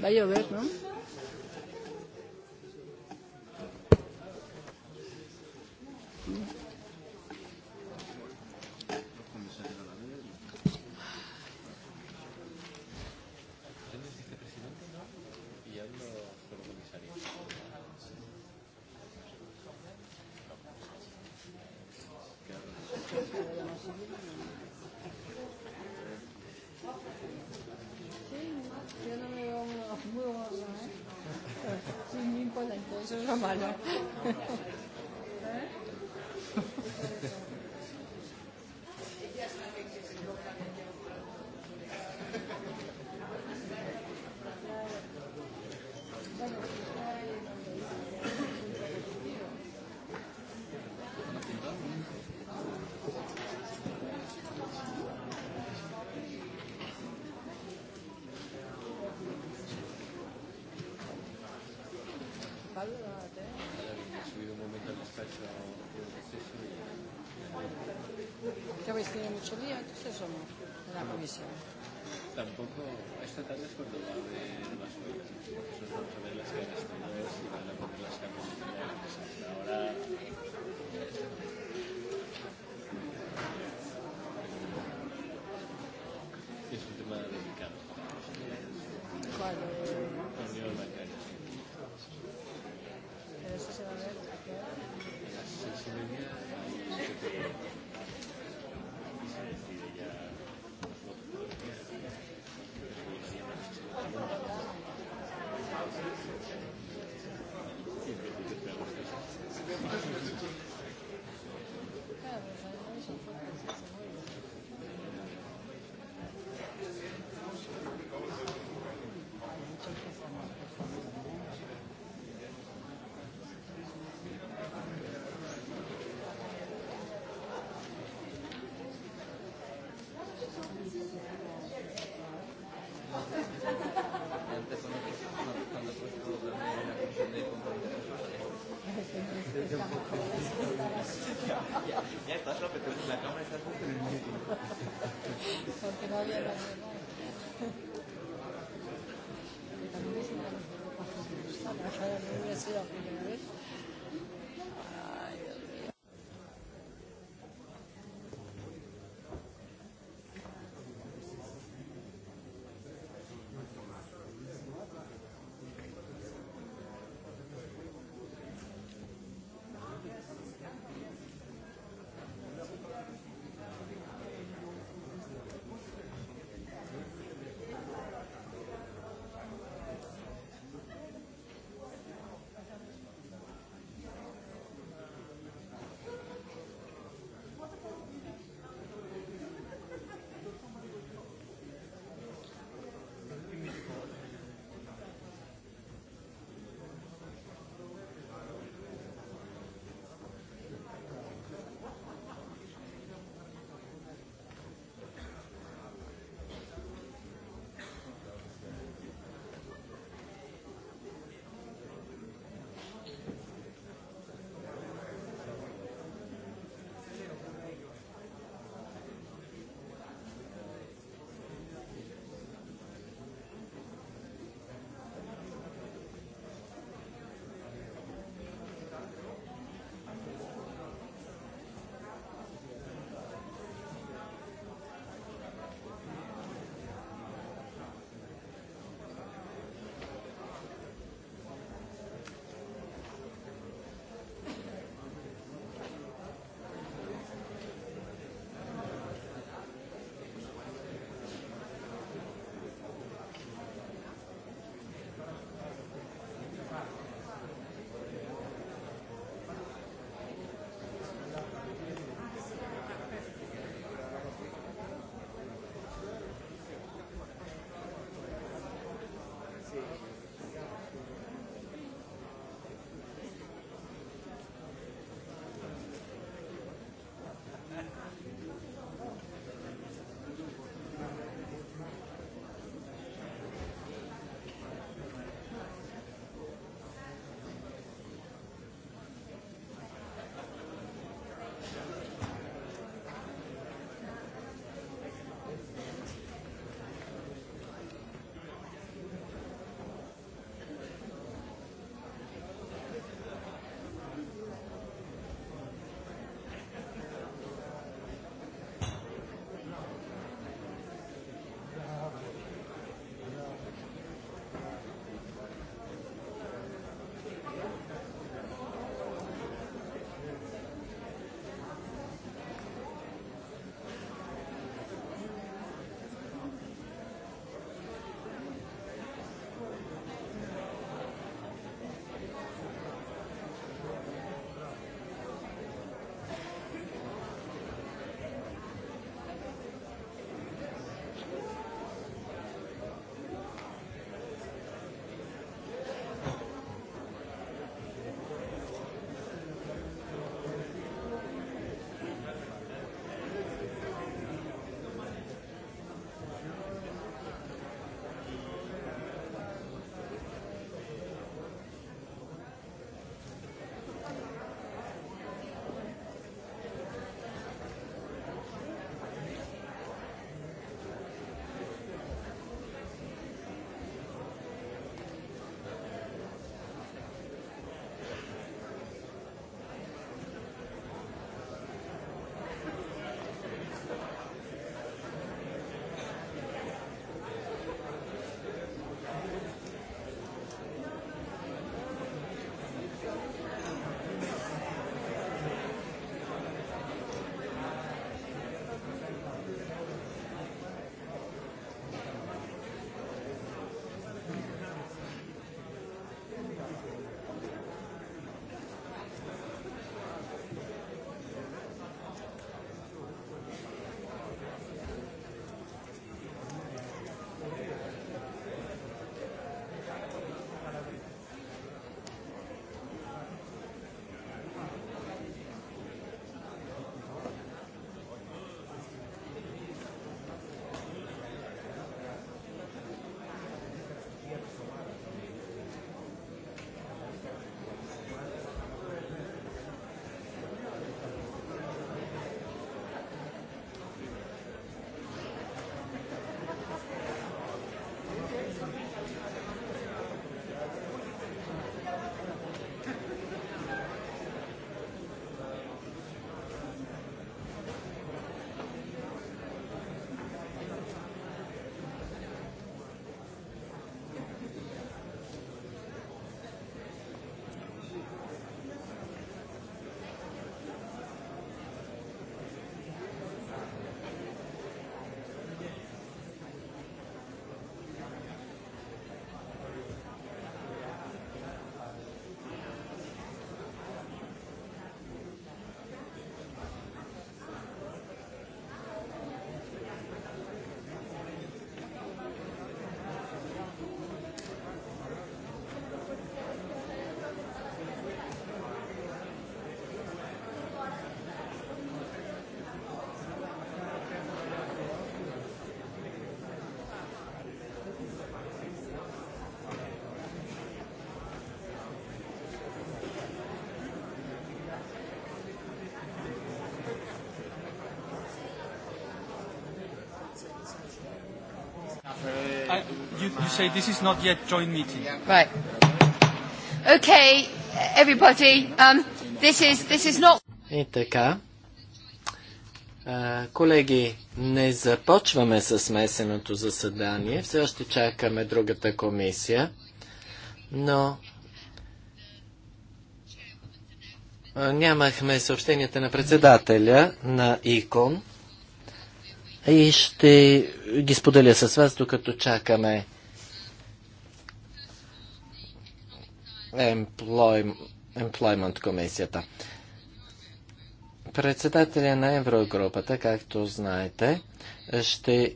S4: bai a llover, ¿no? puede mucho entonces la comisión.
S3: Tampoco, esta tarde es cuando va a haber más huelgas, porque nosotros vamos a ver las canastoides y van a poner las camionetas. Ahora.
S1: Es un tema delicado.
S5: ¿Cuál? La
S1: unión bancaria.
S5: Pero eso se va a ver a qué hora. A las seis y media decide si ella you say this is not yet joint meeting.
S4: Right. Okay, everybody, um, this is, this is not...
S1: И така, колеги, не започваме с смесеното заседание. Все още чакаме другата комисия, но нямахме съобщенията на председателя на ИКОН и ще ги споделя с вас, докато чакаме Employment комисията. Председателя на Еврогрупата, както знаете, ще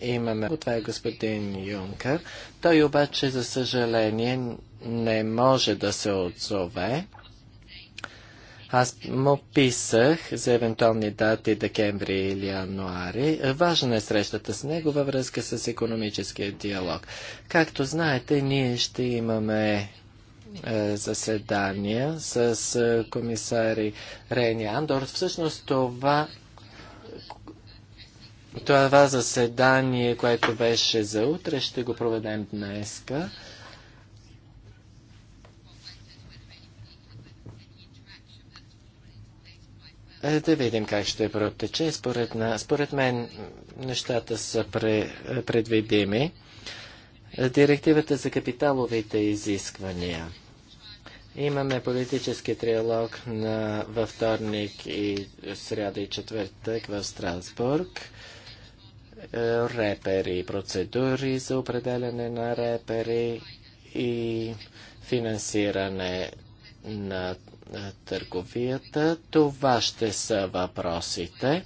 S1: имаме. Това е господин Юнкър. Той обаче, за съжаление, не може да се отзове. Аз му писах за евентуални дати декември или януари. Важна е срещата с него във връзка с економическия диалог. Както знаете, ние ще имаме е, заседания с е, комисари Рени Андор. Всъщност това това заседание, което беше за утре, ще го проведем днеска. Е, да видим как ще протече. Според, на, според мен нещата са предвидими. Директивата за капиталовите изисквания. Имаме политически триалог на, във вторник и сряда и четвъртък в Страсбург. Е, репери, процедури за определяне на репери и финансиране на е, търговията. Това ще са въпросите.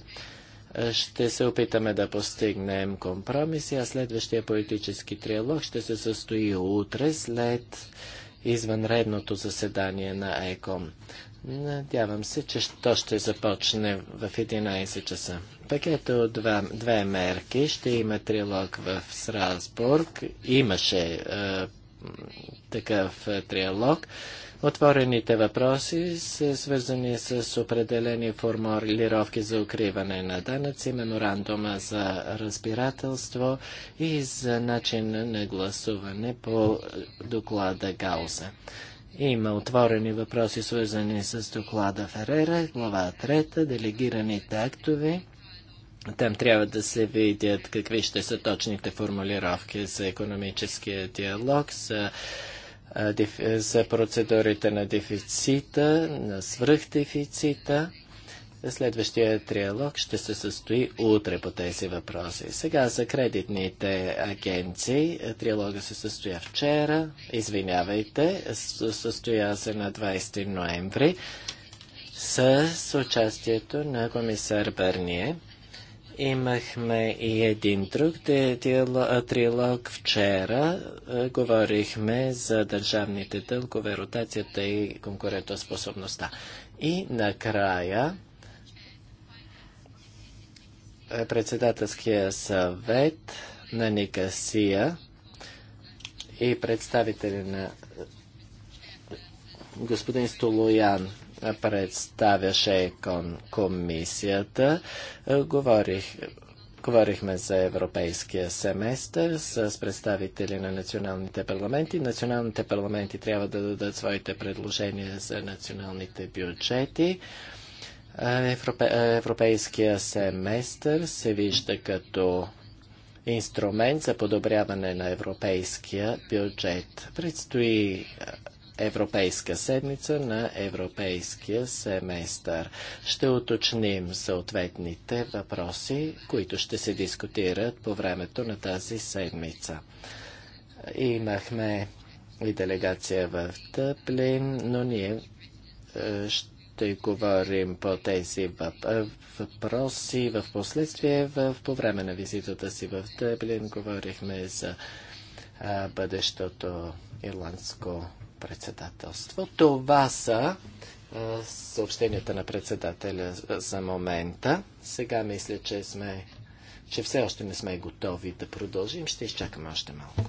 S1: Е, ще се опитаме да постигнем компромиси, а следващия политически триалог ще се състои утре след извънредното заседание на ЕКОМ. Надявам се, че то ще започне в 11 часа. Пакета от два, две мерки ще има трилог в Страсбург. Имаше е, такъв е, триалог. Отворените въпроси са свързани с определени формулировки за укриване на данъци, меморандума за разбирателство и за начин на гласуване по доклада Гауза. Има отворени въпроси, свързани с доклада Ферера, глава 3, делегираните актове. Там трябва да се видят какви ще са точните формулировки за економическия диалог, за е, за процедурите на дефицита, на свръхдефицита. Следващия триалог ще се състои утре по тези въпроси. Сега за кредитните агенции. Триалога се състоя вчера. Извинявайте, състоя се на 20 ноември с участието на комисар Бърние. Имахме и един друг трилог вчера. Говорихме за държавните дългове, ротацията и конкурентоспособността. И накрая председателския съвет на Никасия и представители на господин Столоян представяше кон комисията. Е, говорих, говорихме за европейския семестър с представители на националните парламенти. Националните парламенти трябва да дадат своите предложения за националните бюджети. Е, европе, е, европейския семестър се вижда като инструмент за подобряване на европейския бюджет. Предстои Европейска седмица на Европейския семестър. Ще уточним съответните въпроси, които ще се дискутират по времето на тази седмица. Имахме и делегация в Тъплин, но ние е, ще говорим по тези е, въпроси. В последствие, в, по време на визитата си в Тъплин, говорихме за а, е, бъдещото ирландско председателство. Това са съобщенията на председателя за момента. Сега мисля, че сме че все още не сме готови да продължим. Ще изчакаме още малко.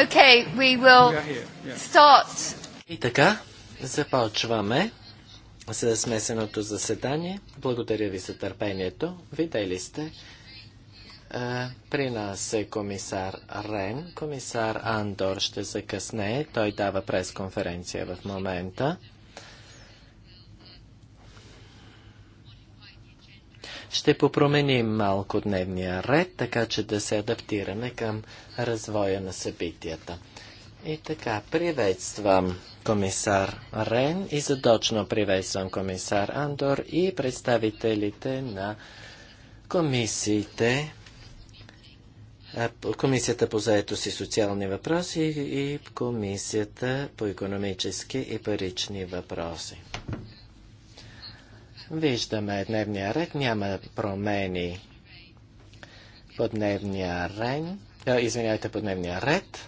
S4: Okay, we will start.
S1: И така, започваме с смесеното заседание. Благодаря ви за търпението. Видели сте, при нас е комисар Рен. Комисар Андор ще закъсне. Той дава пресконференция в момента. ще попроменим малко дневния ред, така че да се адаптираме към развоя на събитията. И така, приветствам комисар Рен и задочно приветствам комисар Андор и представителите на комисиите Комисията по заетост и социални въпроси и Комисията по економически и парични въпроси. Виждаме дневния ред, няма промени по дневния ред. Извинявайте, по дневния ред.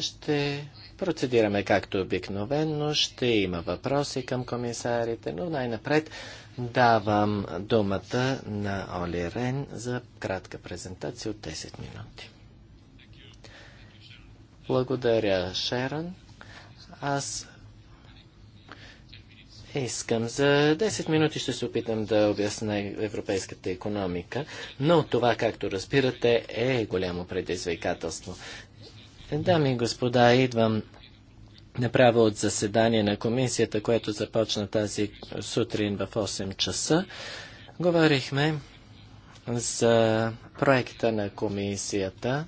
S1: Ще процедираме както обикновено. Ще има въпроси към комисарите, но най-напред давам думата на Оли Рен за кратка презентация от 10 минути. Благодаря, Шерон. Аз Искам. За 10 минути ще се опитам да обясня европейската економика, но това, както разбирате, е голямо предизвикателство. Дами и господа, идвам направо от заседание на комисията, което започна тази сутрин в 8 часа. Говорихме за проекта на комисията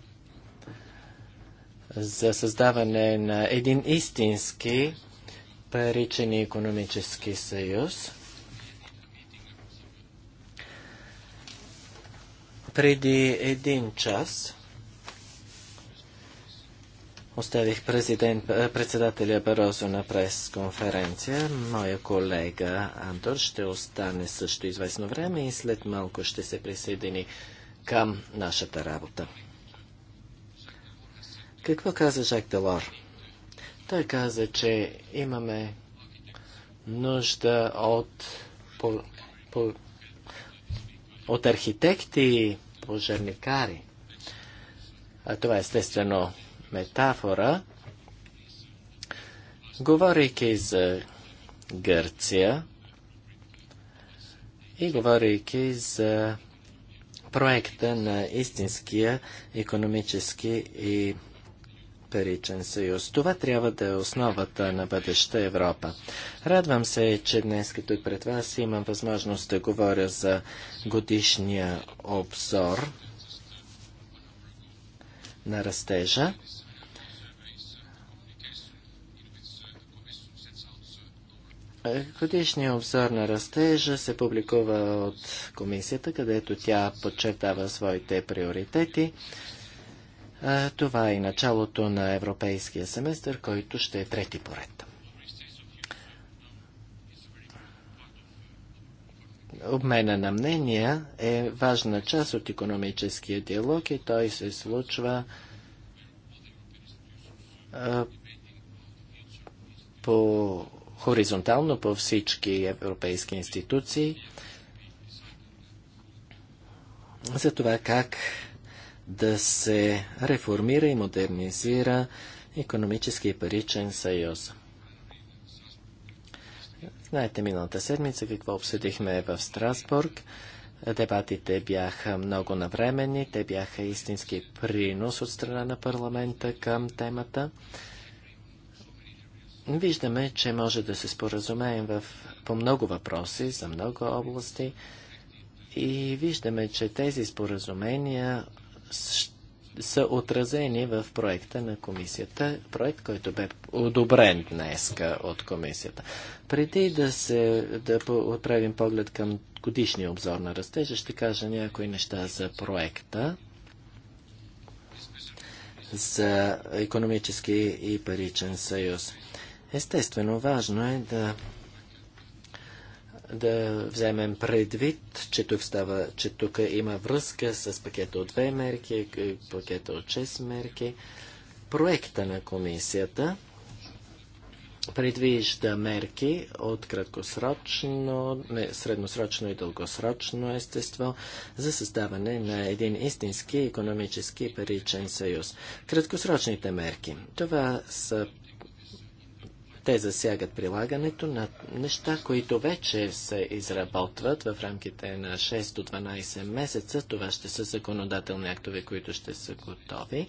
S1: за създаване на един истински паричен и економически съюз. Преди един час оставих президент, председателя Барозо на прес-конференция. Моя колега Антор ще остане също известно време и след малко ще се присъедини към нашата работа. Какво каза Жак Делор? Той каза, че имаме нужда от, по, по, от архитекти и пожарникари. А това е естествено метафора. Говорейки за Гърция и говорейки за проекта на истинския економически и паричен съюз. Това трябва да е основата на бъдеща Европа. Радвам се, че днес като и пред вас имам възможност да говоря за годишния обзор на растежа. Годишният обзор на растежа се публикува от комисията, където тя подчертава своите приоритети. Това е началото на европейския семестър, който ще е трети поред. Обмена на мнения е важна част от економическия диалог и той се случва а, по хоризонтално по всички европейски институции за това как да се реформира и модернизира економически и паричен съюз. Знаете, миналата седмица какво обсъдихме в Страсбург. Дебатите бяха много навремени, те бяха истински принос от страна на парламента към темата. Виждаме, че може да се споразумеем в, по много въпроси, за много области и виждаме, че тези споразумения са отразени в проекта на комисията, проект, който бе одобрен днес от комисията. Преди да, се, да отправим поглед към годишния обзор на растежа, ще кажа някои неща за проекта за економически и паричен съюз. Естествено, важно е да да вземем предвид, че тук, става, че тук има връзка с пакета от две мерки, е, пакета от 6 мерки. Проекта на комисията предвижда мерки от краткосрочно, не, средносрочно и дългосрочно естество за създаване на един истински економически паричен съюз. Краткосрочните мерки. Това са те засягат прилагането на неща, които вече се изработват в рамките на 6 до 12 месеца. Това ще са законодателни актове, които ще са готови.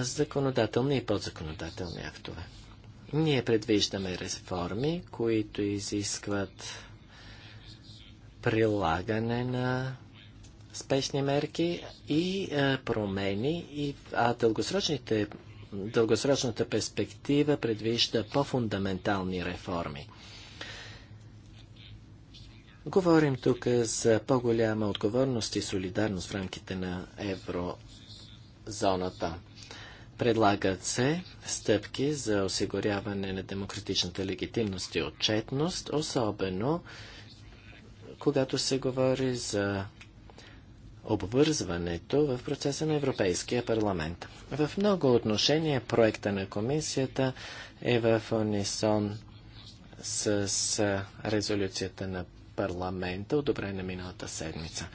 S1: Законодателни и подзаконодателни актове. Ние предвиждаме реформи, които изискват прилагане на спешни мерки и промени, а дългосрочните дългосрочната перспектива предвижда по-фундаментални реформи. Говорим тук за по-голяма отговорност и солидарност в рамките на еврозоната. Предлагат се стъпки за осигуряване на демократичната легитимност и отчетност, особено когато се говори за обвързването в процеса на Европейския парламент. В много отношения проекта на комисията е в унисон с, резолюцията на парламента, одобрена миналата седмица.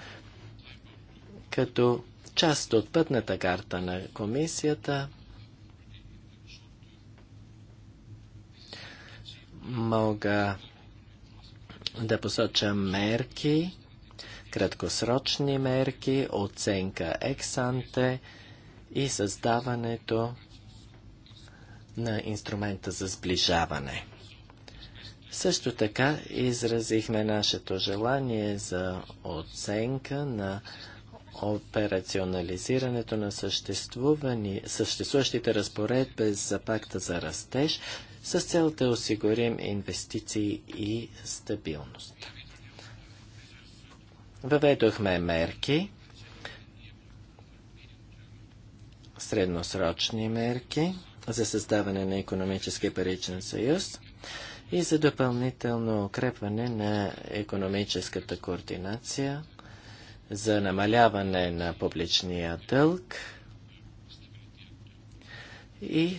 S1: Като част от пътната карта на комисията, мога да посоча мерки, краткосрочни мерки, оценка ексанте и създаването на инструмента за сближаване. Също така изразихме нашето желание за оценка на операционализирането на съществуващите разпоредби за пакта за растеж с цел да осигурим инвестиции и стабилност. Въведохме мерки, средносрочни мерки за създаване на економически паричен съюз и за допълнително укрепване на економическата координация, за намаляване на публичния дълг и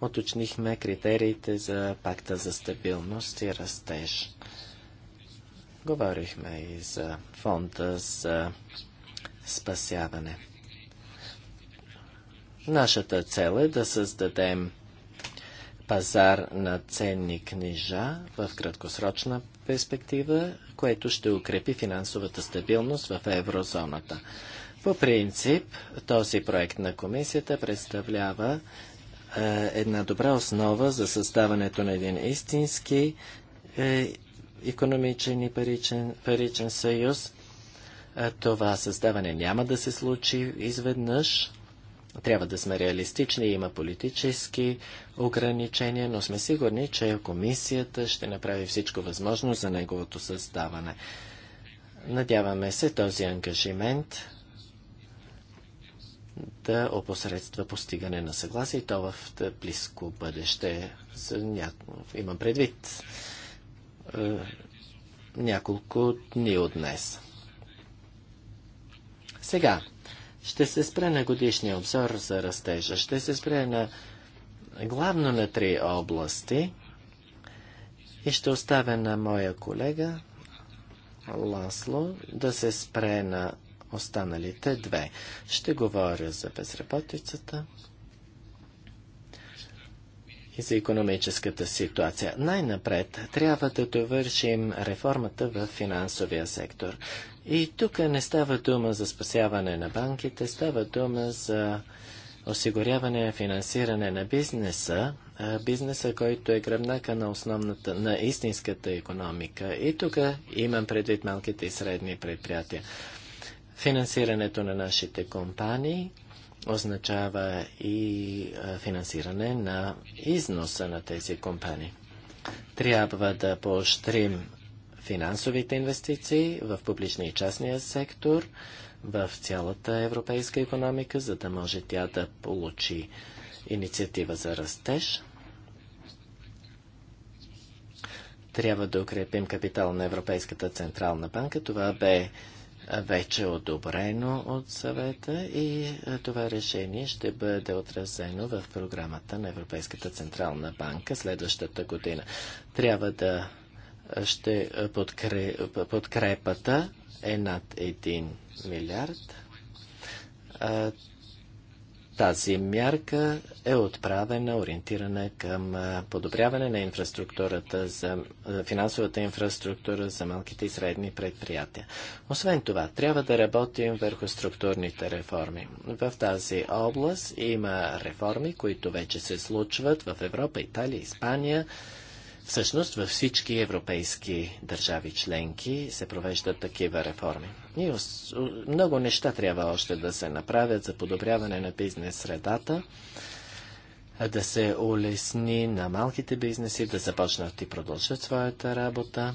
S1: уточнихме критериите за пакта за стабилност и растеж. Говорихме и за фонда за спасяване. Нашата цел е да създадем пазар на ценни книжа в краткосрочна перспектива, което ще укрепи финансовата стабилност в еврозоната. По принцип, този проект на комисията представлява е, една добра основа за създаването на един истински е, економичен и паричен, паричен съюз. Това създаване няма да се случи изведнъж. Трябва да сме реалистични, има политически ограничения, но сме сигурни, че комисията ще направи всичко възможно за неговото създаване. Надяваме се този ангажимент да опосредства постигане на съгласие и то в близко бъдеще. Имам предвид е, няколко дни от днес. Сега ще се спре на годишния обзор за растежа. Ще се спре на главно на три области и ще оставя на моя колега Ласло да се спре на останалите две. Ще говоря за безработицата и за економическата ситуация. Най-напред трябва да довършим реформата в финансовия сектор. И тук не става дума за спасяване на банките, става дума за осигуряване и финансиране на бизнеса, бизнеса, който е гръбнака на основната, на истинската економика. И тук имам предвид малките и средни предприятия. Финансирането на нашите компании – означава и финансиране на износа на тези компании. Трябва да поощрим финансовите инвестиции в публичния и частния сектор, в цялата европейска економика, за да може тя да получи инициатива за растеж. Трябва да укрепим капитал на Европейската централна банка. Това бе вече е одобрено от съвета и е, това решение ще бъде отразено в програмата на Европейската Централна банка следващата година. Трябва да е, ще е, подкрепата е над 1 милиард. Тази мярка е отправена, ориентирана към подобряване на инфраструктурата за, финансовата инфраструктура за малките и средни предприятия. Освен това, трябва да работим върху структурните реформи. В тази област има реформи, които вече се случват в Европа, Италия, Испания, Всъщност във всички европейски държави членки се провеждат такива реформи. И много неща трябва още да се направят за подобряване на бизнес средата, да се улесни на малките бизнеси да започнат и продължат своята работа.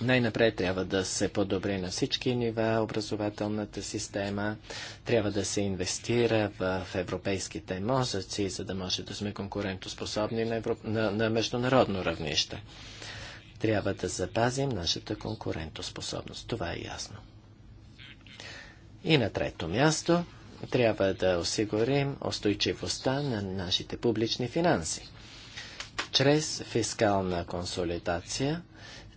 S1: Най-напред трябва да се подобри на всички нива образователната система, трябва да се инвестира в европейските мозъци, за да може да сме конкурентоспособни на, Европ... на, на международно равнище. Трябва да запазим нашата конкурентоспособност. Това е ясно. И на трето място трябва да осигурим устойчивостта на нашите публични финанси. Чрез фискална консолидация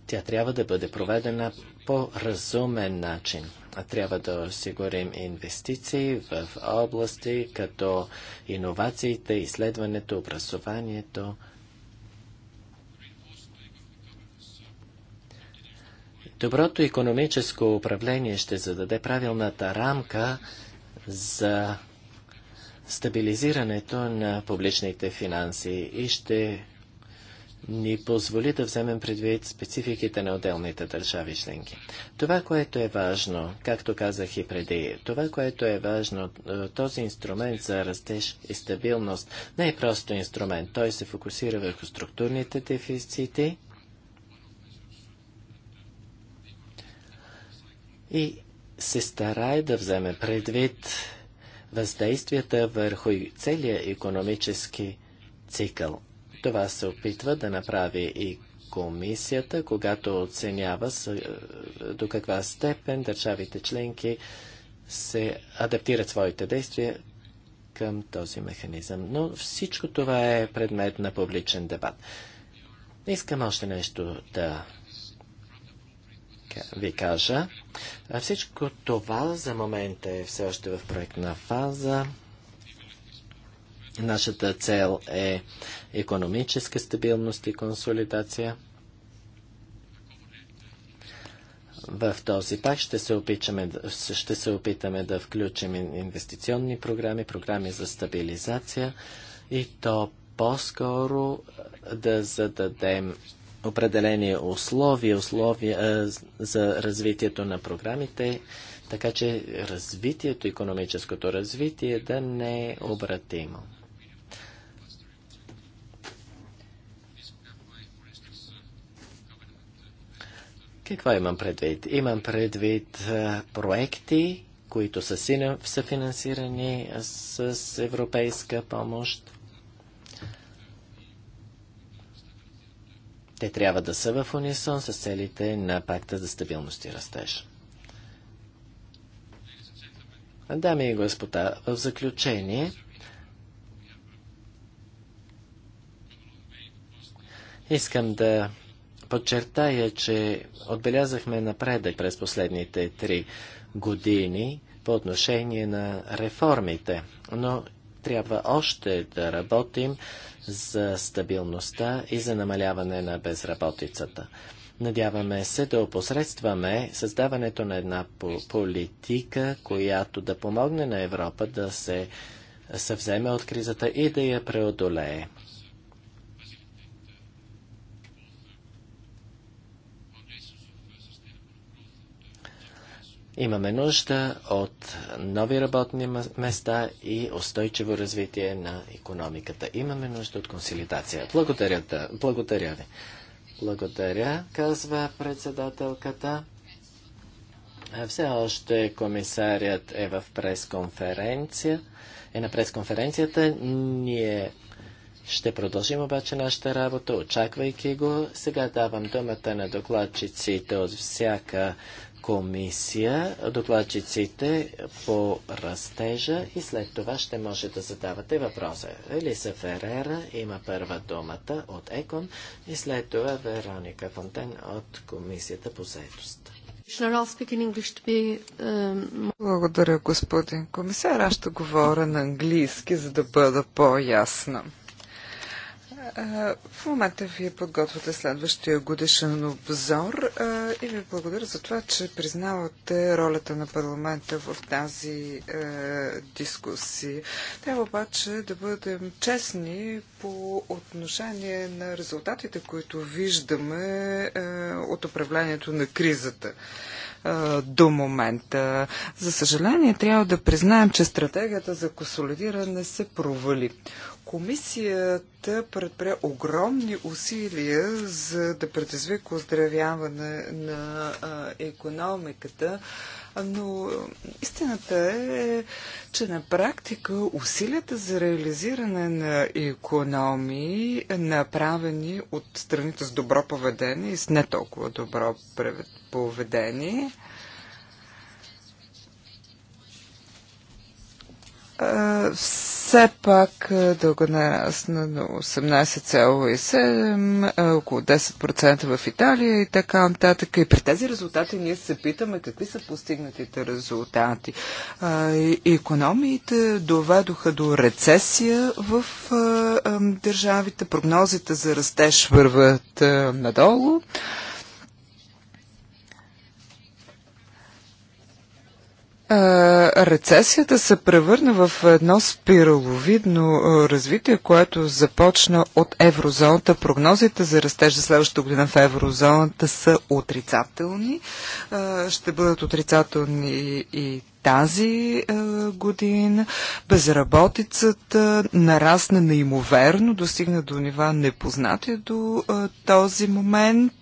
S1: тя трябва да бъде проведена по разумен начин. Трябва да осигурим инвестиции в области като иновациите, изследването, образованието. Доброто економическо управление ще зададе правилната рамка за стабилизирането на публичните финанси и ще ни позволи да вземем предвид спецификите на отделните държави членки. Това, което е важно, както казах и преди, това, което е важно, е, този инструмент за растеж и стабилност не е просто инструмент. Той се фокусира върху структурните дефицити и се старае да вземе предвид въздействията върху целия економически цикъл. Това се опитва да направи и комисията, когато оценява е, до каква степен държавите членки се адаптират своите действия към този механизъм. Но всичко това е предмет на публичен дебат. Искам още нещо да ви кажа. Всичко това за момента е все още в проектна фаза. Нашата цел е економическа стабилност и консолидация. В този пак ще се, опичаме, ще се опитаме да включим инвестиционни програми, програми за стабилизация и то по-скоро да зададем определени условия, условия а, за развитието на програмите, така че развитието, економическото развитие да не е обратимо. Какво имам предвид? Имам предвид проекти, които са съфинансирани финансирани с европейска помощ. Те трябва да са в унисон с целите на пакта за стабилност и растеж. Дами и господа, в заключение искам да подчертая, че отбелязахме напредък през последните три години по отношение на реформите, но трябва още да работим за стабилността и за намаляване на безработицата. Надяваме се да опосредстваме създаването на една политика, която да помогне на Европа да се съвземе от кризата и да я преодолее. Имаме нужда от нови работни места и устойчиво развитие на економиката. Имаме нужда от консолидация. Благодаря, да, благодаря ви. Благодаря, казва председателката. Все още комисарият е в пресконференция. Е на пресконференцията. Ние ще продължим обаче нашата работа, очаквайки го. Сега давам думата на докладчиците от всяка комисия, докладчиците по растежа и след това ще може да задавате въпроса. Елиса Ферера има първа думата от ЕКОН и след това Вероника Фонтен от комисията по заедост.
S2: Благодаря, господин комисар. Аз ще говоря на английски, за да бъда по-ясна. В момента вие подготвяте следващия годишен обзор и ви благодаря за това, че признавате ролята на парламента в тази е, дискусия. Трябва обаче да бъдем честни по отношение на резултатите, които виждаме е, от управлението на кризата е, до момента. За съжаление, трябва да признаем, че стратегията за консолидиране се провали. Комисията предпре огромни усилия за да предизвика оздравяване на економиката, но истината е, че на практика усилията за реализиране на економии, направени от страните с добро поведение и с не толкова добро поведение, все все пак е, дълга нарасна 18,7, е, около 10% в Италия и така нататък. И при тези резултати ние се питаме какви са постигнатите резултати. Економиите доведоха до рецесия в е, държавите, прогнозите за растеж върват надолу. рецесията се превърна в едно спираловидно развитие, което започна от еврозоната. Прогнозите за растеж за следващата година в еврозоната са отрицателни. Ще бъдат отрицателни и тази е, година. Безработицата нарасна неимоверно, достигна до нива непознати до е, този момент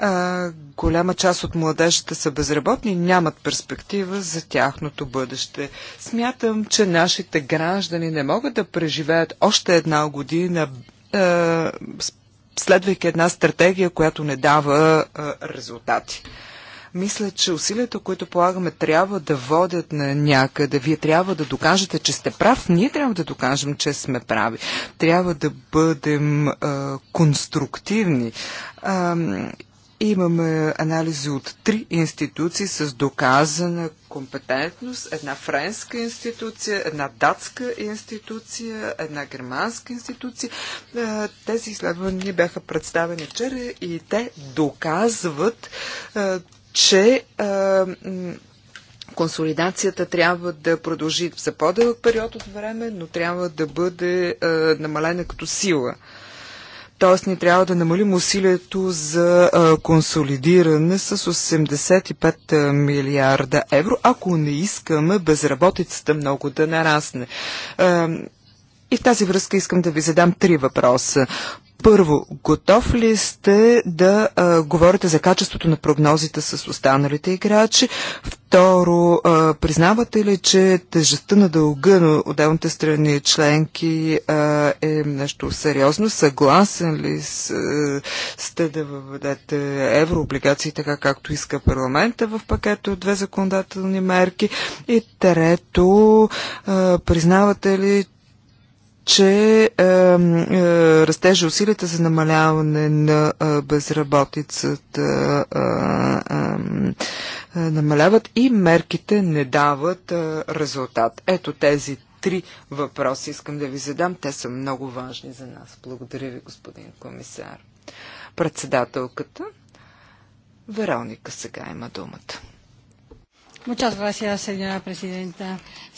S2: а, голяма част от младежите са безработни, нямат перспектива за тяхното бъдеще. Смятам, че нашите граждани не могат да преживеят още една година а, следвайки една стратегия, която не дава а, резултати. Мисля, че усилията, които полагаме, трябва да водят на някъде. Вие трябва да докажете, че сте прав. Ние трябва да докажем, че сме прави. Трябва да бъдем а, конструктивни. А, Имаме анализи от три институции с доказана компетентност. Една френска институция, една датска институция, една германска институция. Е, тези изследвания бяха представени вчера и те доказват, е, че е, Консолидацията трябва да продължи за по-дълъг период от време, но трябва да бъде намалена като сила. Тоест, ние трябва да намалим усилието за консолидиране с 85 милиарда евро, ако не искаме безработицата много да нарасне. И в тази връзка искам да ви задам три въпроса. Първо, готов ли сте да а, говорите за качеството на прогнозите с останалите играчи? Второ, а, признавате ли, че тежестта на дълга на отделните страни членки а, е нещо сериозно? Съгласен ли с, а, сте да въведете еврооблигации, така както иска парламента в пакета от две законодателни мерки? И трето, а, признавате ли, че е, е, растежа усилията за намаляване на е, безработицата е, е, намаляват и мерките не дават е, резултат. Ето тези три въпроса искам да ви задам. Те са много важни за нас. Благодаря ви, господин комисар. Председателката Вероника сега има думата.
S4: Muchas gracias, señora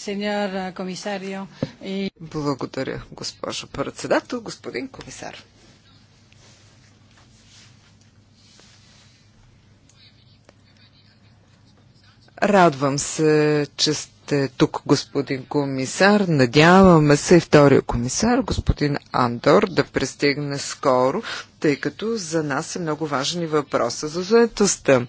S4: señor комисарио. Eh,
S2: и... Благодаря, госпожо председател, господин комисар. Радвам се, че сте тук, господин комисар. Надяваме се и втория комисар, господин Андор, да пристигне скоро, тъй като за нас е много важен и въпроса за заедостта.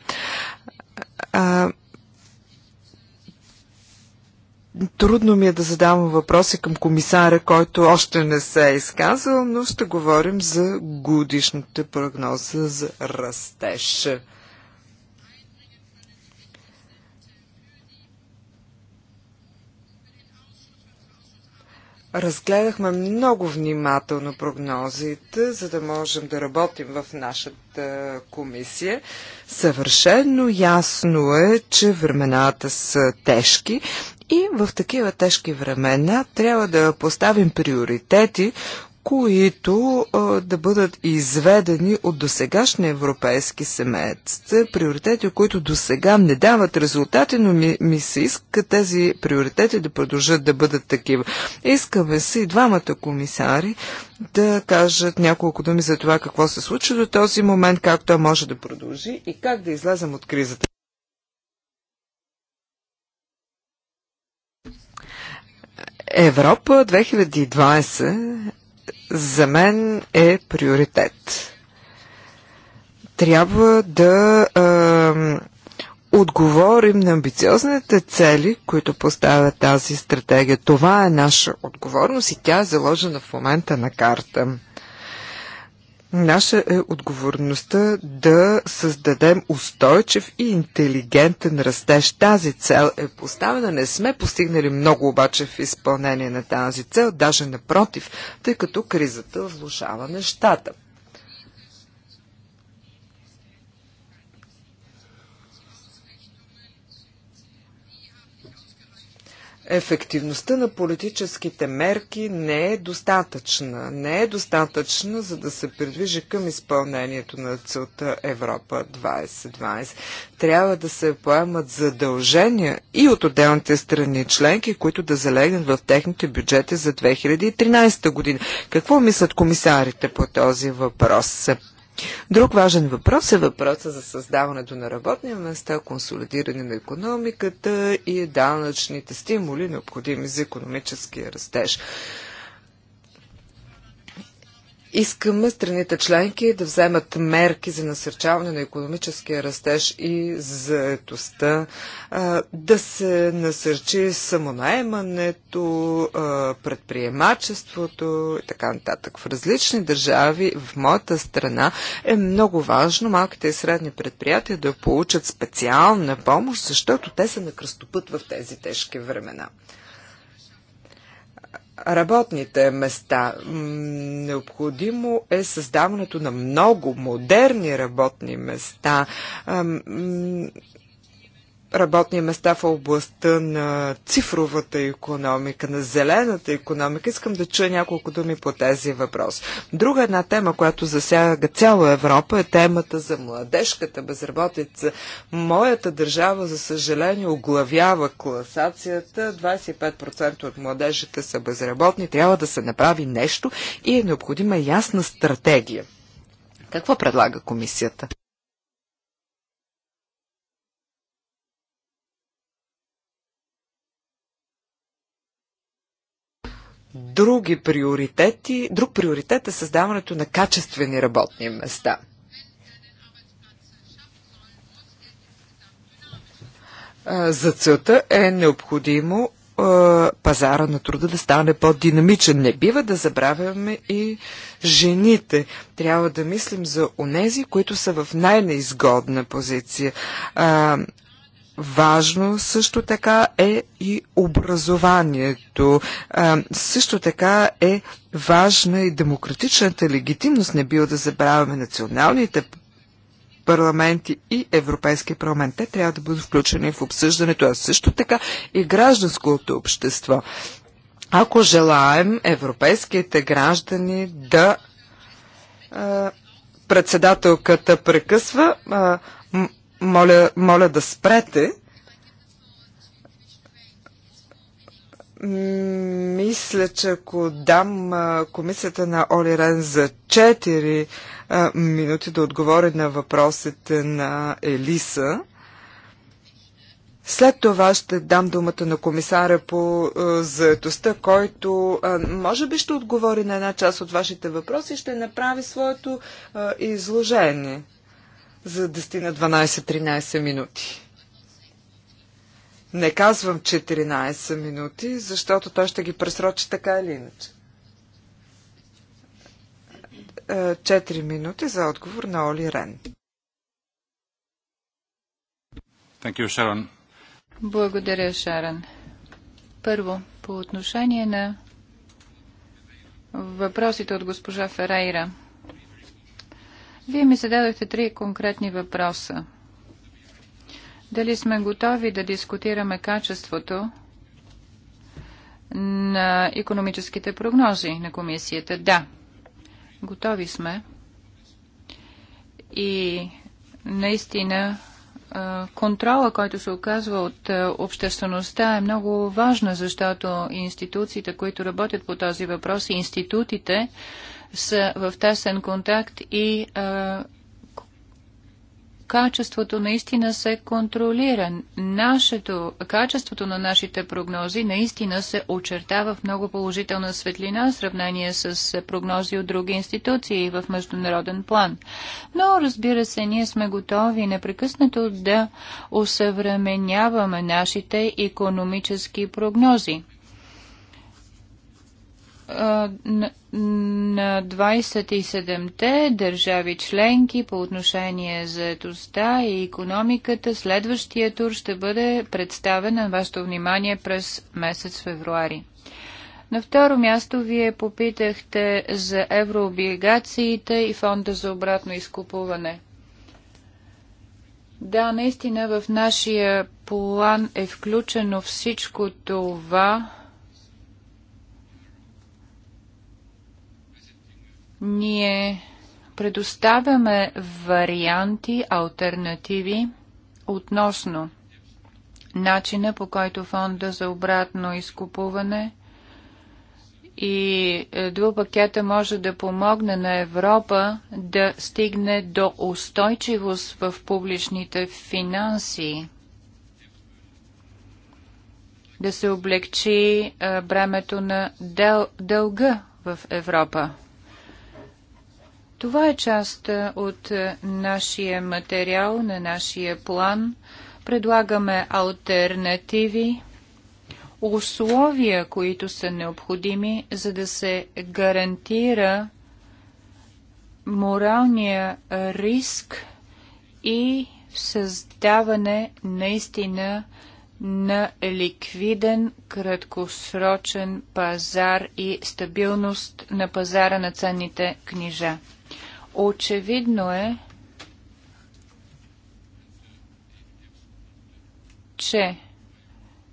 S2: Трудно ми е да задавам въпроси към комисара, който още не се е изказал, но ще говорим за годишната прогноза за растеж. Разгледахме много внимателно прогнозите, за да можем да работим в нашата комисия. Съвършено ясно е, че времената са тежки и в такива тежки времена трябва да поставим приоритети, които а, да бъдат изведени от досегашни европейски семейства. приоритети, които досега не дават резултати, но ми, ми се иска тези приоритети да продължат да бъдат такива. Искаме се и двамата комисари да кажат няколко думи за това какво се случи до този момент, как той може да продължи и как да излезем от кризата. Европа 2020 за мен е приоритет. Трябва да е, отговорим на амбициозните цели, които поставя тази стратегия. Това е наша отговорност и тя е заложена в момента на карта. Наша е отговорността да създадем устойчив и интелигентен растеж. Тази цел е поставена. Не сме постигнали много обаче в изпълнение на тази цел, даже напротив, тъй като кризата влушава нещата. ефективността на политическите мерки не е достатъчна. Не е достатъчна, за да се придвижи към изпълнението на целта Европа 2020. Трябва да се поемат задължения и от отделните страни членки, които да залегнат в техните бюджети за 2013 година. Какво мислят комисарите по този въпрос? Друг важен въпрос е въпроса за създаването на работни места, консолидиране на економиката и данъчните стимули, необходими за економическия растеж. Искаме страните членки да вземат мерки за насърчаване на економическия растеж и заетостта, да се насърчи самонаемането, предприемачеството и така нататък. В различни държави, в моята страна, е много важно малките и средни предприятия да получат специална помощ, защото те са на кръстопът в тези тежки времена работните места. Необходимо е създаването на много модерни работни места работни места в областта на цифровата економика, на зелената економика. Искам да чуя няколко думи по тези въпрос. Друга една тема, която засяга цяла Европа е темата за младежката безработица. Моята държава, за съжаление, оглавява класацията. 25% от младежите са безработни. Трябва да се направи нещо и е необходима ясна стратегия. Какво предлага комисията? други приоритети. Друг приоритет е създаването на качествени работни места. За целта е необходимо пазара на труда да стане по-динамичен. Не бива да забравяме и жените. Трябва да мислим за онези, които са в най-неизгодна позиция. Важно също така е и образованието. А, също така е важна и демократичната легитимност. Не бива да забравяме националните парламенти и Европейския парламент. Те трябва да бъдат включени в обсъждането, а също така и гражданското общество. Ако желаем европейските граждани да а, председателката прекъсва, а, моля, моля да спрете. Мисля, че ако дам комисията на Оли Рен за 4 минути да отговори на въпросите на Елиса, след това ще дам думата на комисаря по заетостта, който може би ще отговори на една част от вашите въпроси и ще направи своето изложение за 10 на 12-13 минути. Не казвам 14 минути, защото той ще ги пресрочи така или иначе. 4 е, минути за отговор на Оли
S4: Рен. You, Благодаря, Шаран. Първо, по отношение на въпросите от госпожа Ферейра. Вие ми зададохте три конкретни въпроса. Дали сме готови да дискутираме качеството на економическите прогнози на комисията? Да, готови сме. И наистина контрола, който се оказва от обществеността е много важна, защото институциите, които работят по този въпрос и институтите, са в тесен контакт и а, качеството наистина се контролира. Нашето, качеството на нашите прогнози наистина се очертава в много положителна светлина в сравнение с прогнози от други институции в международен план. Но, разбира се, ние сме готови непрекъснато да усъвременяваме нашите економически прогнози на 27-те държави членки по отношение за етостта и економиката. Следващия тур ще бъде представен на вашето внимание през месец февруари. На второ място вие попитахте за еврооблигациите и фонда за обратно изкупуване. Да, наистина в нашия план е включено всичко това, Ние предоставяме варианти, альтернативи относно начина по който фонда за обратно изкупуване и е, друг пакета може да помогне на Европа да стигне до устойчивост в публичните финанси, да се облегчи е, бремето на дъл, дълга в Европа. Това е част е, от е, нашия материал, на нашия план. Предлагаме альтернативи, условия, които са необходими, за да се гарантира моралния риск и създаване наистина на ликвиден краткосрочен пазар и стабилност на пазара на ценните книжа. Очевидно е, че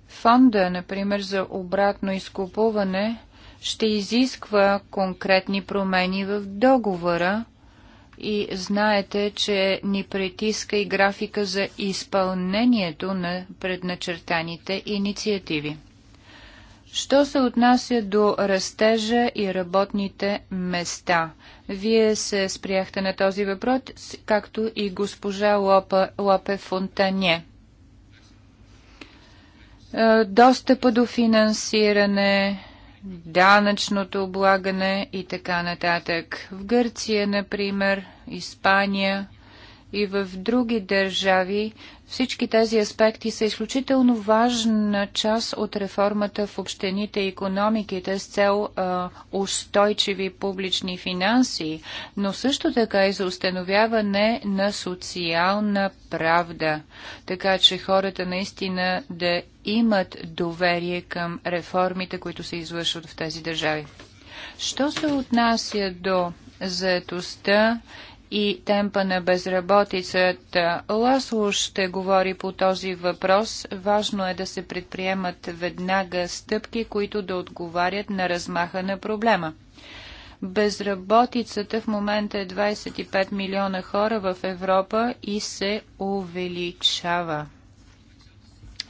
S4: фонда, например, за обратно изкупуване ще изисква конкретни промени в договора и знаете, че ни притиска и графика за изпълнението на предначертаните инициативи. Що се отнася до растежа и работните места? Вие се спряхте на този въпрос, както и госпожа Лопа, Лопе Фонтане. Е, достъпа до финансиране, данъчното облагане и така нататък. В Гърция, например, Испания и в други държави всички тези аспекти са изключително важна част от реформата в общените економиките с цел а, устойчиви публични финанси, но също така и за установяване на социална правда, така че хората наистина да имат доверие към реформите, които се извършват в тези държави. Що се отнася до заетостта и темпа на безработицата. Ласло ще говори по този въпрос. Важно е да се предприемат веднага стъпки, които да отговарят на размаха на проблема. Безработицата в момента е 25 милиона хора в Европа и се увеличава.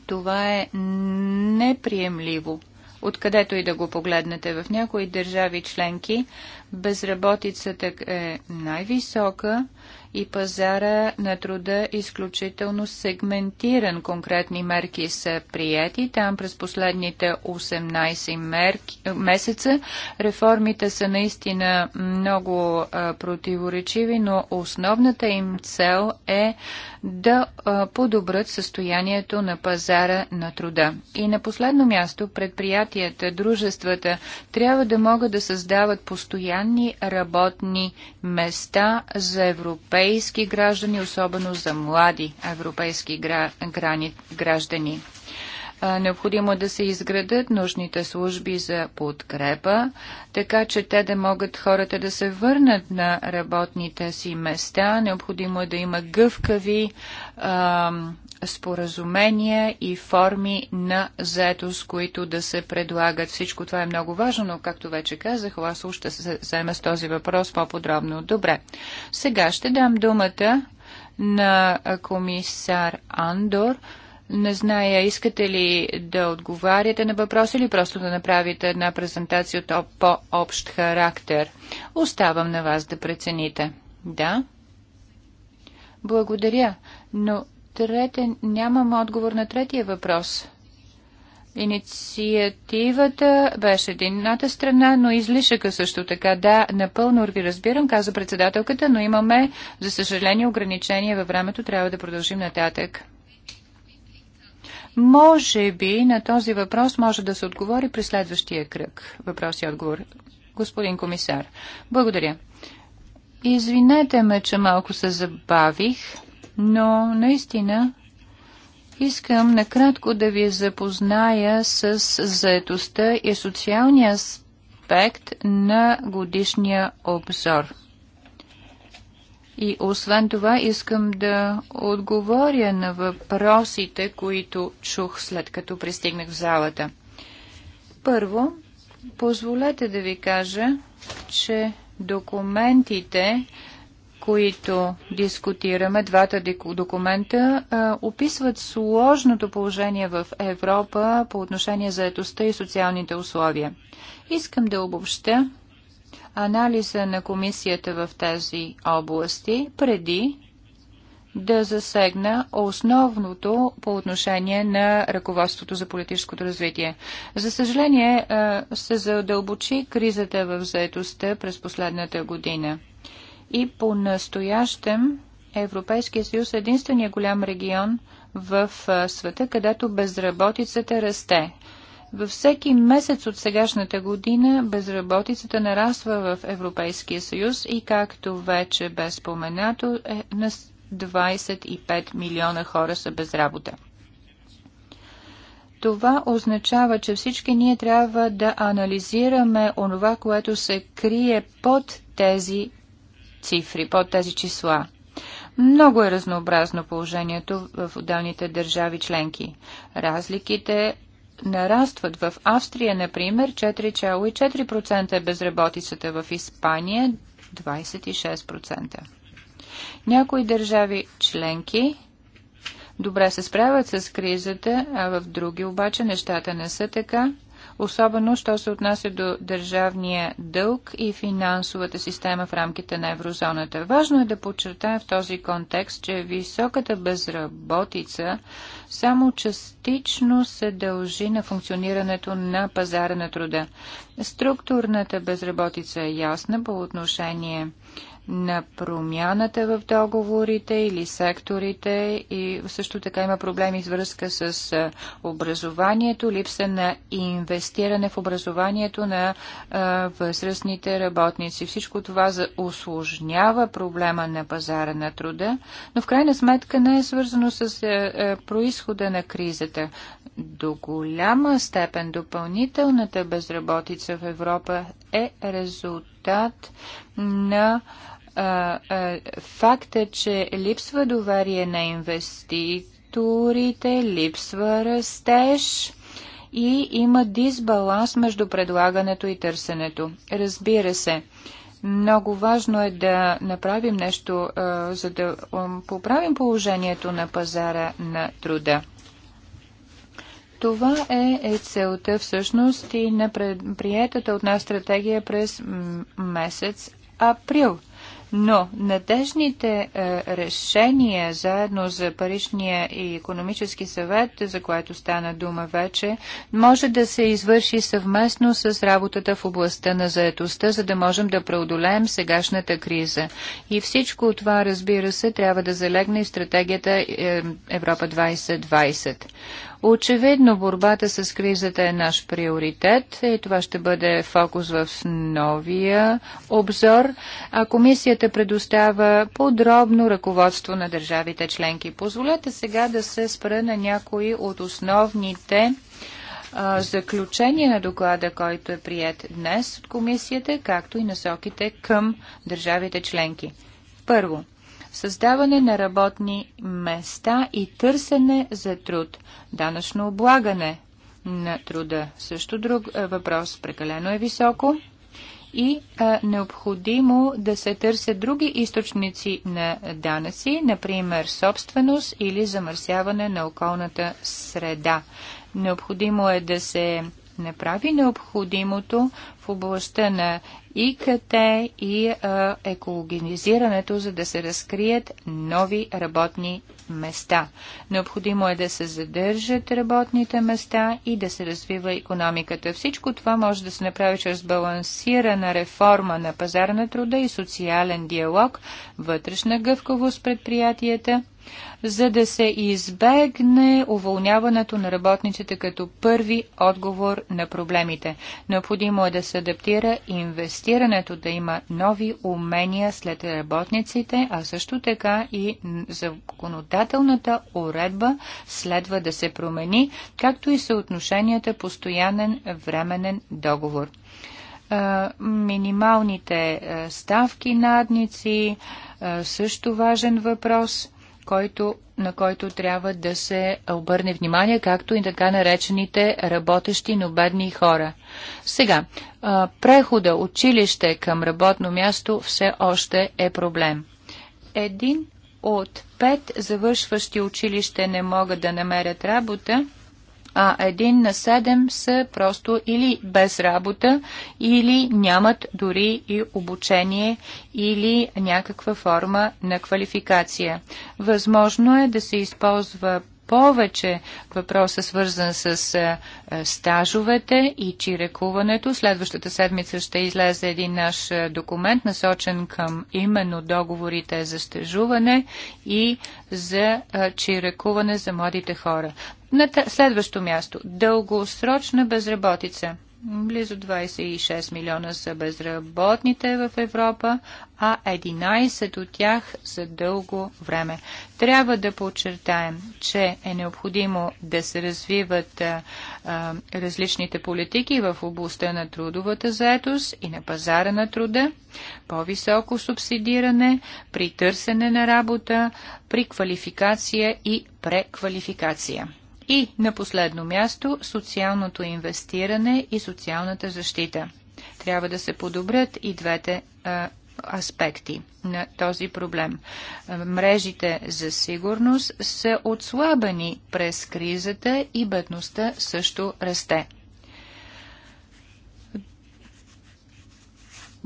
S4: Това е неприемливо откъдето и да го погледнете. В някои държави членки безработицата е най-висока и пазара на труда е изключително сегментиран. Конкретни мерки са прияти. Там през последните 18 мерки, е, месеца реформите са наистина много а, противоречиви, но основната им цел е да подобрят състоянието на пазара на труда. И на последно място, предприятията, дружествата трябва да могат да създават постоянни работни места за европейски граждани, особено за млади европейски граждани. Необходимо е да се изградат нужните служби за подкрепа, така че те да могат хората да се върнат на работните си места. Необходимо е да има гъвкави а, споразумения и форми на заетост, които да се предлагат. Всичко това е много важно, но както вече казах, аз още се заеме с този въпрос по-подробно. Добре. Сега ще дам думата на комисар Андор не зная, искате ли да отговаряте на въпроса или просто да направите една презентация от по-общ характер. Оставам на вас да прецените. Да? Благодаря, но трете, нямам отговор на третия въпрос. Инициативата беше едната страна, но излишъка също така. Да, напълно ви разбирам, каза председателката, но имаме, за съжаление, ограничение във времето. Трябва да продължим нататък. Може би на този въпрос може да се отговори при следващия кръг. Въпрос и отговор. Господин комисар, благодаря. Извинете ме, че малко се забавих, но наистина искам накратко да ви запозная с заетостта и социалния аспект на годишния обзор – и освен това искам да отговоря на въпросите, които чух след като пристигнах в залата. Първо, позволете да ви кажа, че документите, които дискутираме, двата документа, описват сложното положение в Европа по отношение заедостта и социалните условия. Искам да обобща анализа на комисията в тези области, преди да засегна основното по отношение на ръководството за политическото развитие. За съжаление, се задълбочи кризата в заетостта през последната година. И по-настоящем Европейския съюз е единствения голям регион в света, където безработицата расте. Във всеки месец от сегашната година безработицата нараства в Европейския съюз и както вече бе споменато, е на 25 милиона хора са без работа. Това означава, че всички ние трябва да анализираме онова, което се крие под тези цифри, под тези числа. Много е разнообразно положението в отделните държави членки. Разликите нарастват. В Австрия, например, 4,4% е безработицата, в Испания 26%. Някои държави членки добре се справят с кризата, а в други обаче нещата не са така особено що се отнася до държавния дълг и финансовата система в рамките на еврозоната. Важно е да подчертая в този контекст, че високата безработица само частично се дължи на функционирането на пазара на труда. Структурната безработица е ясна по отношение на промяната в договорите или секторите и също така има проблеми с връзка с образованието, липса на инвестиране в образованието на възрастните работници. Всичко това осложнява проблема на пазара на труда, но в крайна сметка не е свързано с происхода на кризата. До голяма степен допълнителната безработица в Европа е резултат на а, а, факта, е, че липсва доверие на инвеститорите, липсва растеж и има дисбаланс между предлагането и търсенето. Разбира се, много важно е да направим нещо, а, за да поправим положението на пазара на труда. Това е, е целта всъщност и на приятата от нас стратегия през месец април. Но надежните е, решения заедно за Паричния и економически съвет, за което стана дума вече, може да се извърши съвместно с работата в областта на заетостта, за да можем да преодолеем сегашната криза. И всичко това, разбира се, трябва да залегне и в стратегията е, Европа 2020. Очевидно борбата с кризата е наш приоритет и това ще бъде фокус в новия обзор, а комисията предостава подробно ръководство на държавите членки. Позволете сега да се спра на някои от основните заключение на доклада, който е прият днес от комисията, както и насоките към държавите членки. Първо, създаване на работни места и търсене за труд, данъчно облагане на труда. Също друг е, въпрос прекалено е високо и а, е, необходимо да се търсят други източници на данъци, например собственост или замърсяване на околната среда. Необходимо е да се направи необходимото в областта на ИКТ и а, екологенизирането, за да се разкрият нови работни места. Необходимо е да се задържат работните места и да се развива економиката. Всичко това може да се направи чрез балансирана реформа на пазара на труда и социален диалог, вътрешна гъвковост предприятията за да се избегне уволняването на работниците като първи отговор на проблемите. Необходимо е да се адаптира инвестирането, да има нови умения след работниците, а също така и законодателната уредба следва да се промени, както и съотношенията постоянен временен договор минималните ставки надници, също важен въпрос който, на който трябва да се обърне внимание, както и така наречените работещи, но бедни хора. Сега, прехода училище към работно място все още е проблем. Един от пет завършващи училище не могат да намерят работа, а един на седем са просто или без работа, или нямат дори и обучение или някаква форма на квалификация. Възможно е да се използва повече въпроса свързан с стажовете и чирекуването. Следващата седмица ще излезе един наш документ, насочен към именно договорите за стажуване и за чирекуване за младите хора. На следващо място. Дългосрочна безработица. Близо 26 милиона са безработните в Европа, а 11 от тях за дълго време. Трябва да подчертаем, че е необходимо да се развиват а, а, различните политики в областта на трудовата заетост и на пазара на труда, по-високо субсидиране, при търсене на работа, при квалификация и преквалификация. И на последно място социалното инвестиране и социалната защита. Трябва да се подобрят и двете а, аспекти на този проблем. Мрежите за сигурност са отслабени през кризата и бедността също расте.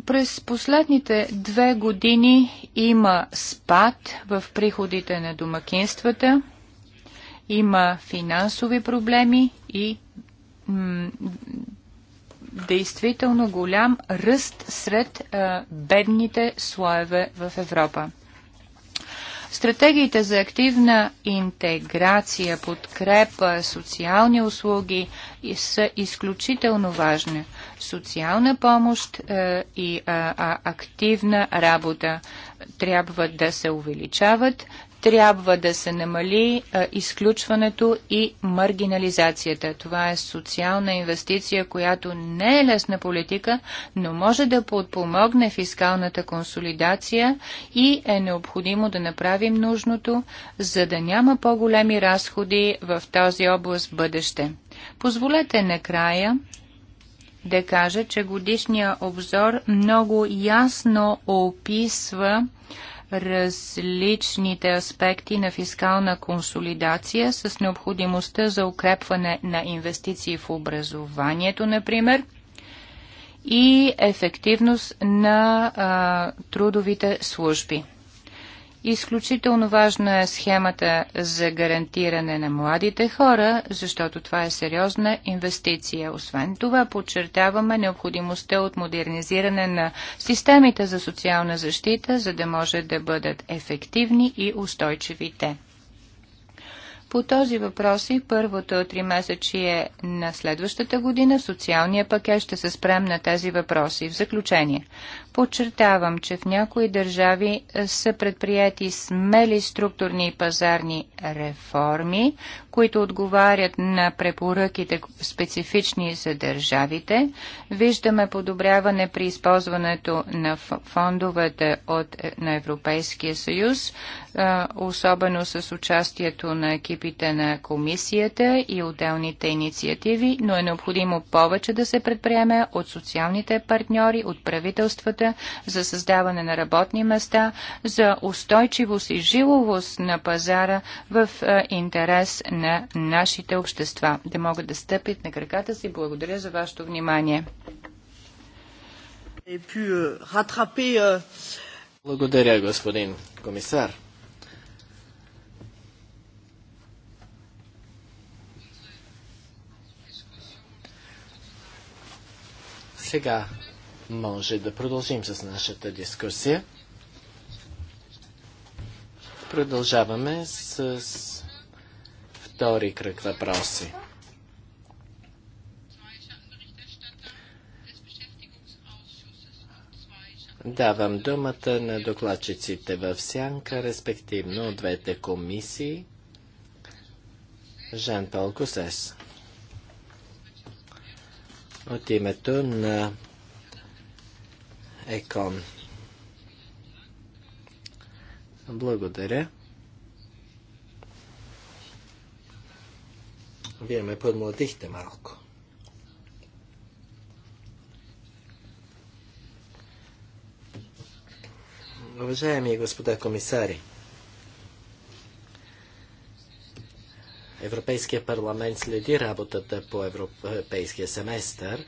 S4: През последните две години има спад в приходите на домакинствата има финансови проблеми и действително голям ръст сред а, бедните слоеве в Европа. Стратегиите за активна интеграция, подкрепа, социални услуги са изключително важни. Социална помощ и активна работа трябва да се увеличават трябва да се намали а, изключването и маргинализацията. Това е социална инвестиция, която не е лесна политика, но може да подпомогне фискалната консолидация и е необходимо да направим нужното, за да няма по-големи разходи в този област бъдеще. Позволете накрая да кажа, че годишния обзор много ясно описва различните аспекти на фискална консолидация с необходимостта за укрепване на инвестиции в образованието, например, и ефективност на а, трудовите служби. Изключително важна е схемата за гарантиране на младите хора, защото това е сериозна инвестиция. Освен това, подчертаваме необходимостта от модернизиране на системите за социална защита, за да може да бъдат ефективни и устойчиви те. По този въпрос и първото три месечие на следващата година социалния пакет ще се спрем на тези въпроси. В заключение, Подчертавам, че в някои държави е, са предприяти смели структурни и пазарни реформи, които отговарят на препоръките специфични за държавите. Виждаме подобряване при използването на фондовете от, е, на Европейския съюз, е, особено с участието на екипите на комисията и отделните инициативи, но е необходимо повече да се предприеме от социалните партньори, от правителствата, климата, за създаване на работни места, за устойчивост и жиловост на пазара в е, интерес на нашите общества, да могат да стъпят на краката си. Благодаря за вашето внимание.
S1: Euh, euh, Благодаря, господин комисар. Сега може да продължим с нашата дискусия. Продължаваме с втори кръг въпроси. Давам думата на докладчиците в сянка, респективно от двете комисии. Жан-Пол Косес. От името на ЕКОН. Благодаря. Вие ме подмладихте малко. Уважаеми господа комисари, Европейския парламент следи работата по европейския семестър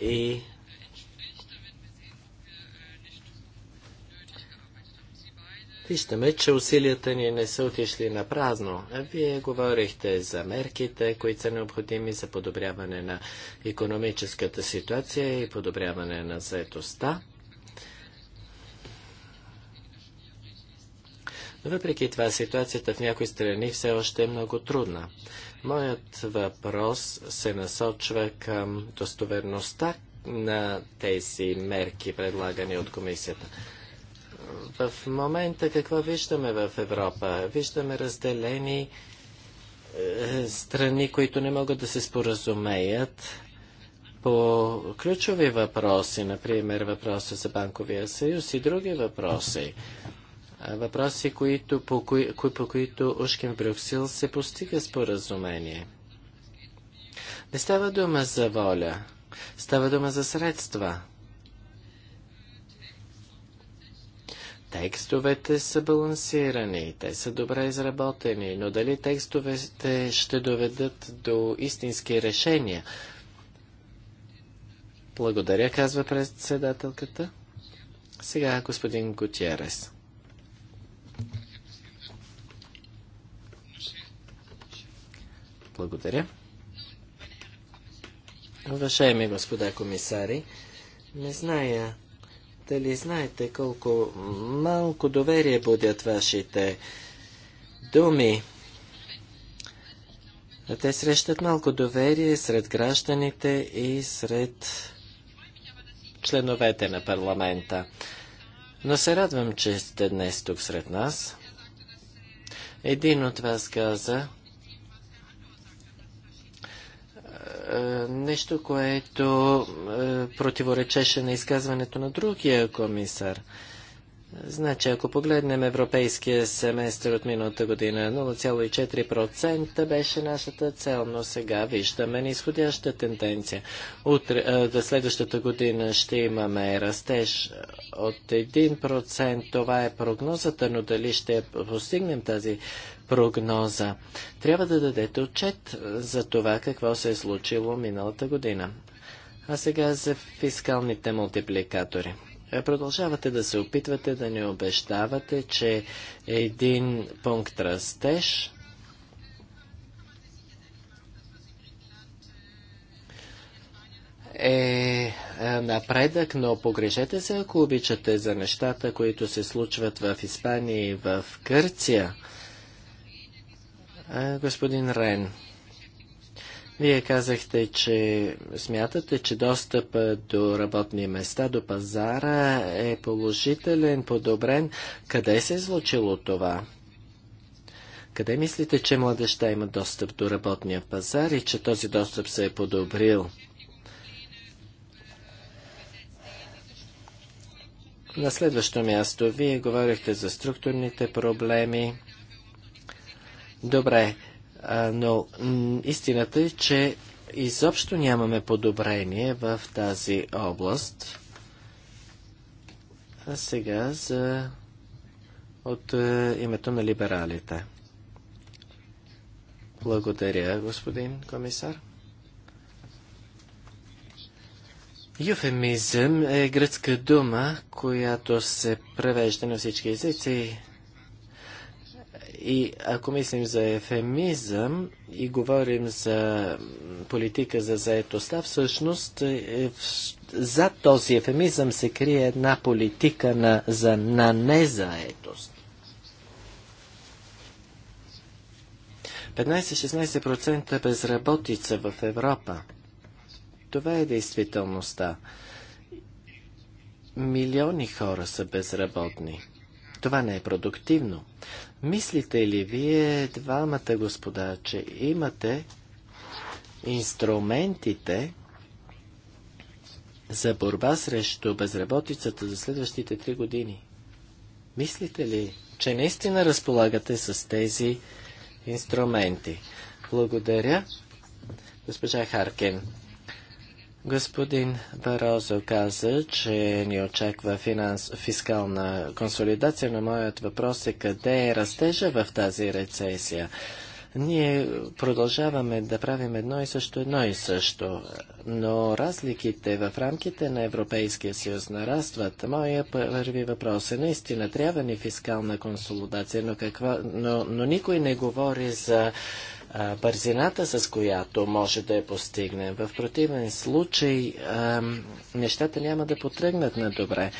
S1: и Виждаме, че усилията ни не са отишли на празно. Вие говорихте за мерките, които са необходими за подобряване на економическата ситуация и подобряване на заетостта. Но въпреки това ситуацията в някои страни все още е много трудна. Моят въпрос се насочва към достоверността на тези мерки, предлагани от комисията в момента какво виждаме в Европа? Виждаме разделени е, страни, които не могат да се споразумеят по ключови въпроси, например въпроса за банковия съюз и други въпроси. Въпроси, които, по, кои, по които ушкин в Брюксел се постига споразумение. Не става дума за воля, става дума за средства. Текстовете са балансирани, те са добре изработени, но дали текстовете ще доведат до истински решения? Благодаря, казва председателката. Сега господин Гутиерес. Благодаря. Уважаеми господа комисари, не зная дали знаете колко малко доверие будят вашите думи. Те срещат малко доверие сред гражданите и сред членовете на парламента. Но се радвам, че сте днес тук сред нас. Един от вас каза, Е, нещо, което е, противоречеше на изказването на другия комисар. Значи, ако погледнем европейския семестър от миналата година, 0,4% беше нашата цел, но сега виждаме нисходяща тенденция. Утре, е, до следващата година ще имаме растеж от 1%, това е прогнозата, но дали ще постигнем тази прогноза. Трябва да дадете отчет за това какво се е случило миналата година. А сега за фискалните мултипликатори. Е, продължавате да се опитвате да не обещавате, че един пункт растеж е, е напредък, но погрежете се, ако обичате, за нещата, които се случват в Испания и в Гърция. Господин Рен, вие казахте, че смятате, че достъп до работни места, до пазара е положителен, подобрен. Къде се е случило това? Къде мислите, че младеща има достъп до работния пазар и че този достъп се е подобрил? На следващо място, вие говорихте за структурните проблеми Добре, но истината е, че изобщо нямаме подобрение в тази област. А сега за... от е, името на либералите. Благодаря, господин комисар. Юфемизъм е гръцка дума, която се превежда на всички езици. И ако мислим за ефемизъм и говорим за политика за заетостта, всъщност е, е, за този ефемизъм се крие една политика на, за, на незаедост. 15-16% безработица в Европа. Това е действителността. Милиони хора са безработни. Това не е продуктивно. Мислите ли вие, двамата господа, че имате инструментите за борба срещу безработицата за следващите три години? Мислите ли, че наистина разполагате с тези инструменти? Благодаря, госпожа Харкен. Господин Барозо каза, че ни очаква финанс, фискална консолидация, но моят въпрос е къде е растежа в тази рецесия? Ние продължаваме да правим едно и също, едно и също, но разликите в рамките на Европейския съюз нарастват. Моя първи въпрос е наистина трябва ни фискална консолидация, но, каква, но, но никой не говори за а, бързината, с която може да я постигне, В противен случай а, нещата няма да потръгнат на добре.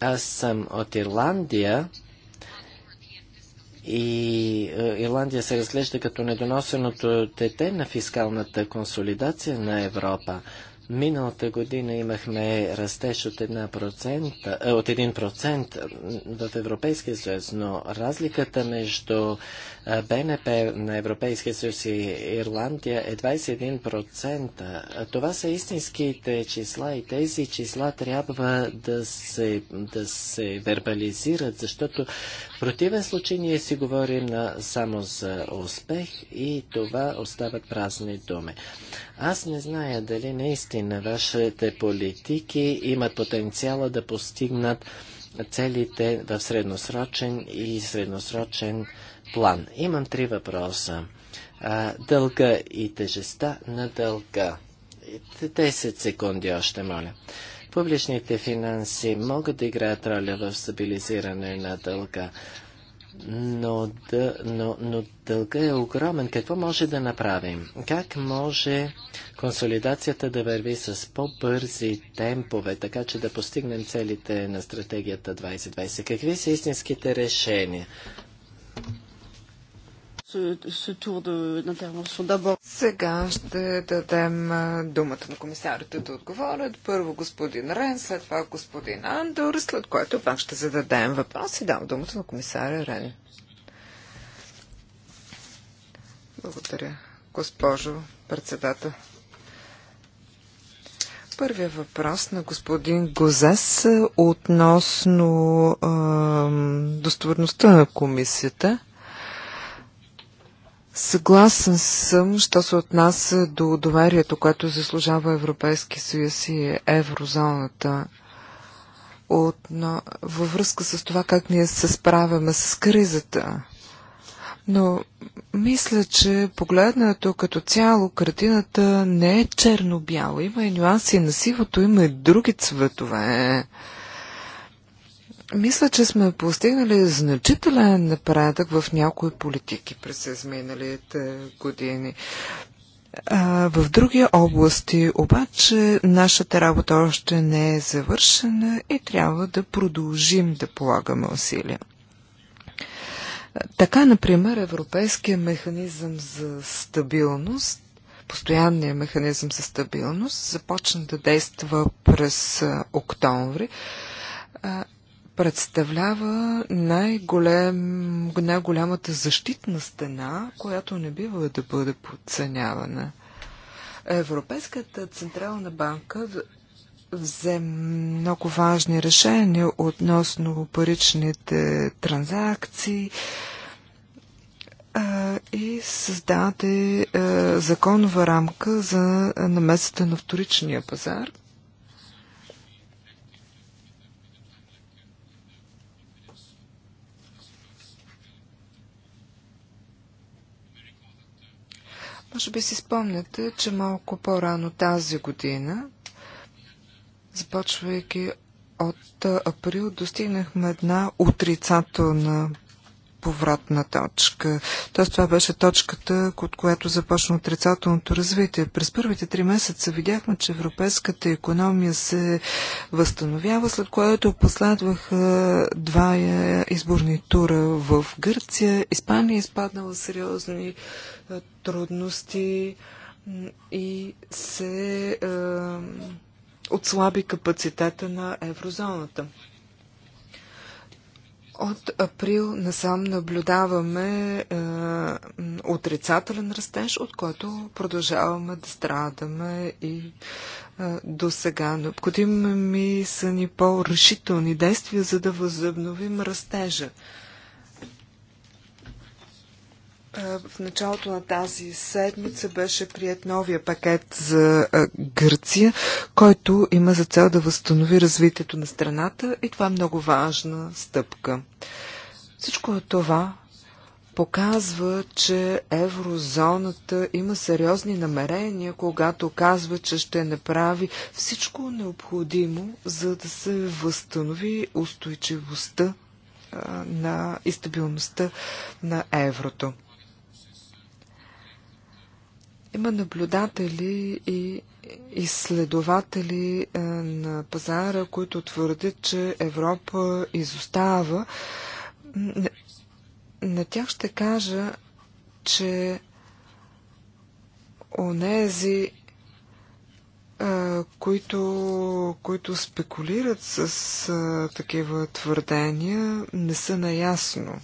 S1: Аз съм от Ирландия и Ирландия се разглежда като недоносеното дете на фискалната консолидация на Европа. Миналата година имахме растеж от, 1%, е, от 1% в Европейския съюз, но разликата между БНП на Европейския съюз и Ирландия е 21%. Това са истинските числа и тези числа трябва да се, да се вербализират, защото в противен случай ние си говорим на, само за успех и това остават празни думи. Аз не зная дали наистина на вашите политики имат потенциала да постигнат целите в средносрочен и средносрочен план. Имам три въпроса. дълга и тежеста на дълга. 10 секунди още, моля. Публичните финанси могат да играят роля в стабилизиране на дълга но, да, но, но дълга е огромен. Какво може да направим? Как може консолидацията да върви с по-бързи темпове, така че да постигнем целите на стратегията 2020? Какви са истинските
S2: решения? Сега ще дадем думата на комисарите да отговорят. Първо господин Рен, след това господин Андор, след което пак ще зададем въпрос и дам думата на комисаря Рен. Благодаря, госпожо председател. Първия въпрос на господин Гозес е относно е, достоверността на комисията – Съгласен съм, що се отнася до доверието, което заслужава Европейски съюз и еврозоната. От, но, във връзка с това как ние се справяме с кризата. Но мисля, че погледнато като цяло картината не е черно-бяла. Има и нюанси на сивото, има и други цветове. Мисля, че сме постигнали значителен напредък в някои политики през изминалите години. в други области обаче нашата работа още не е завършена и трябва да продължим да полагаме усилия. Така, например, Европейския механизъм за стабилност, постоянният механизъм за стабилност, започна да действа през октомври представлява най-голем, най-голямата защитна стена, която не бива да бъде подценявана. Европейската Централна банка взе много важни решения относно паричните транзакции и създаде законова рамка за намесата на вторичния пазар. Може би си спомняте, че малко по-рано тази година, започвайки от април, достигнахме една отрицателна повратна точка. Тоест това беше точката, от която започна отрицателното развитие. През първите три месеца видяхме, че европейската економия се възстановява, след което последваха два изборни тура в Гърция. Испания е изпаднала сериозни е, трудности и се е, отслаби капацитета на еврозоната. От април насам наблюдаваме е, отрицателен растеж, от който продължаваме да страдаме и е, до сега. Необходими ми са ни по-решителни действия, за да възобновим растежа. В началото на тази седмица беше прият новия пакет за Гърция, който има за цел да възстанови развитието на страната и това е много важна стъпка. Всичко това показва, че еврозоната има сериозни намерения, когато казва, че ще направи всичко необходимо, за да се възстанови устойчивостта на, и стабилността на еврото. Има наблюдатели и изследователи е, на пазара, които твърдят, че Европа изостава. На тях ще кажа, че онези, е, които, които спекулират с е, такива твърдения, не са наясно.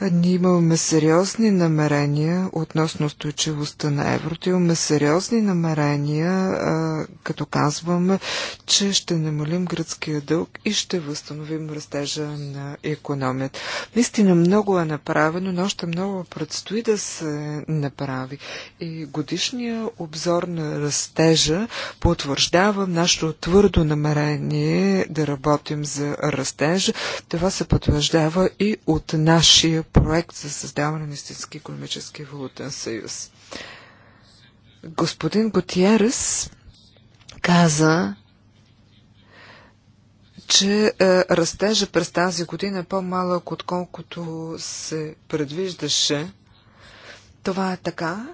S2: Ние имаме сериозни намерения относно устойчивостта на еврото. Имаме сериозни намерения, като казваме, че ще намалим гръцкия дълг и ще възстановим растежа на економията. Наистина много е направено, но още много предстои да се направи. И годишния обзор на растежа потвърждава нашето твърдо намерение да работим за растежа. Това се потвърждава и от нашия проект за създаване на истински економически валутен съюз. Господин Готиерес каза, че е, растежа през тази година е по-малък, отколкото се предвиждаше. Това е така,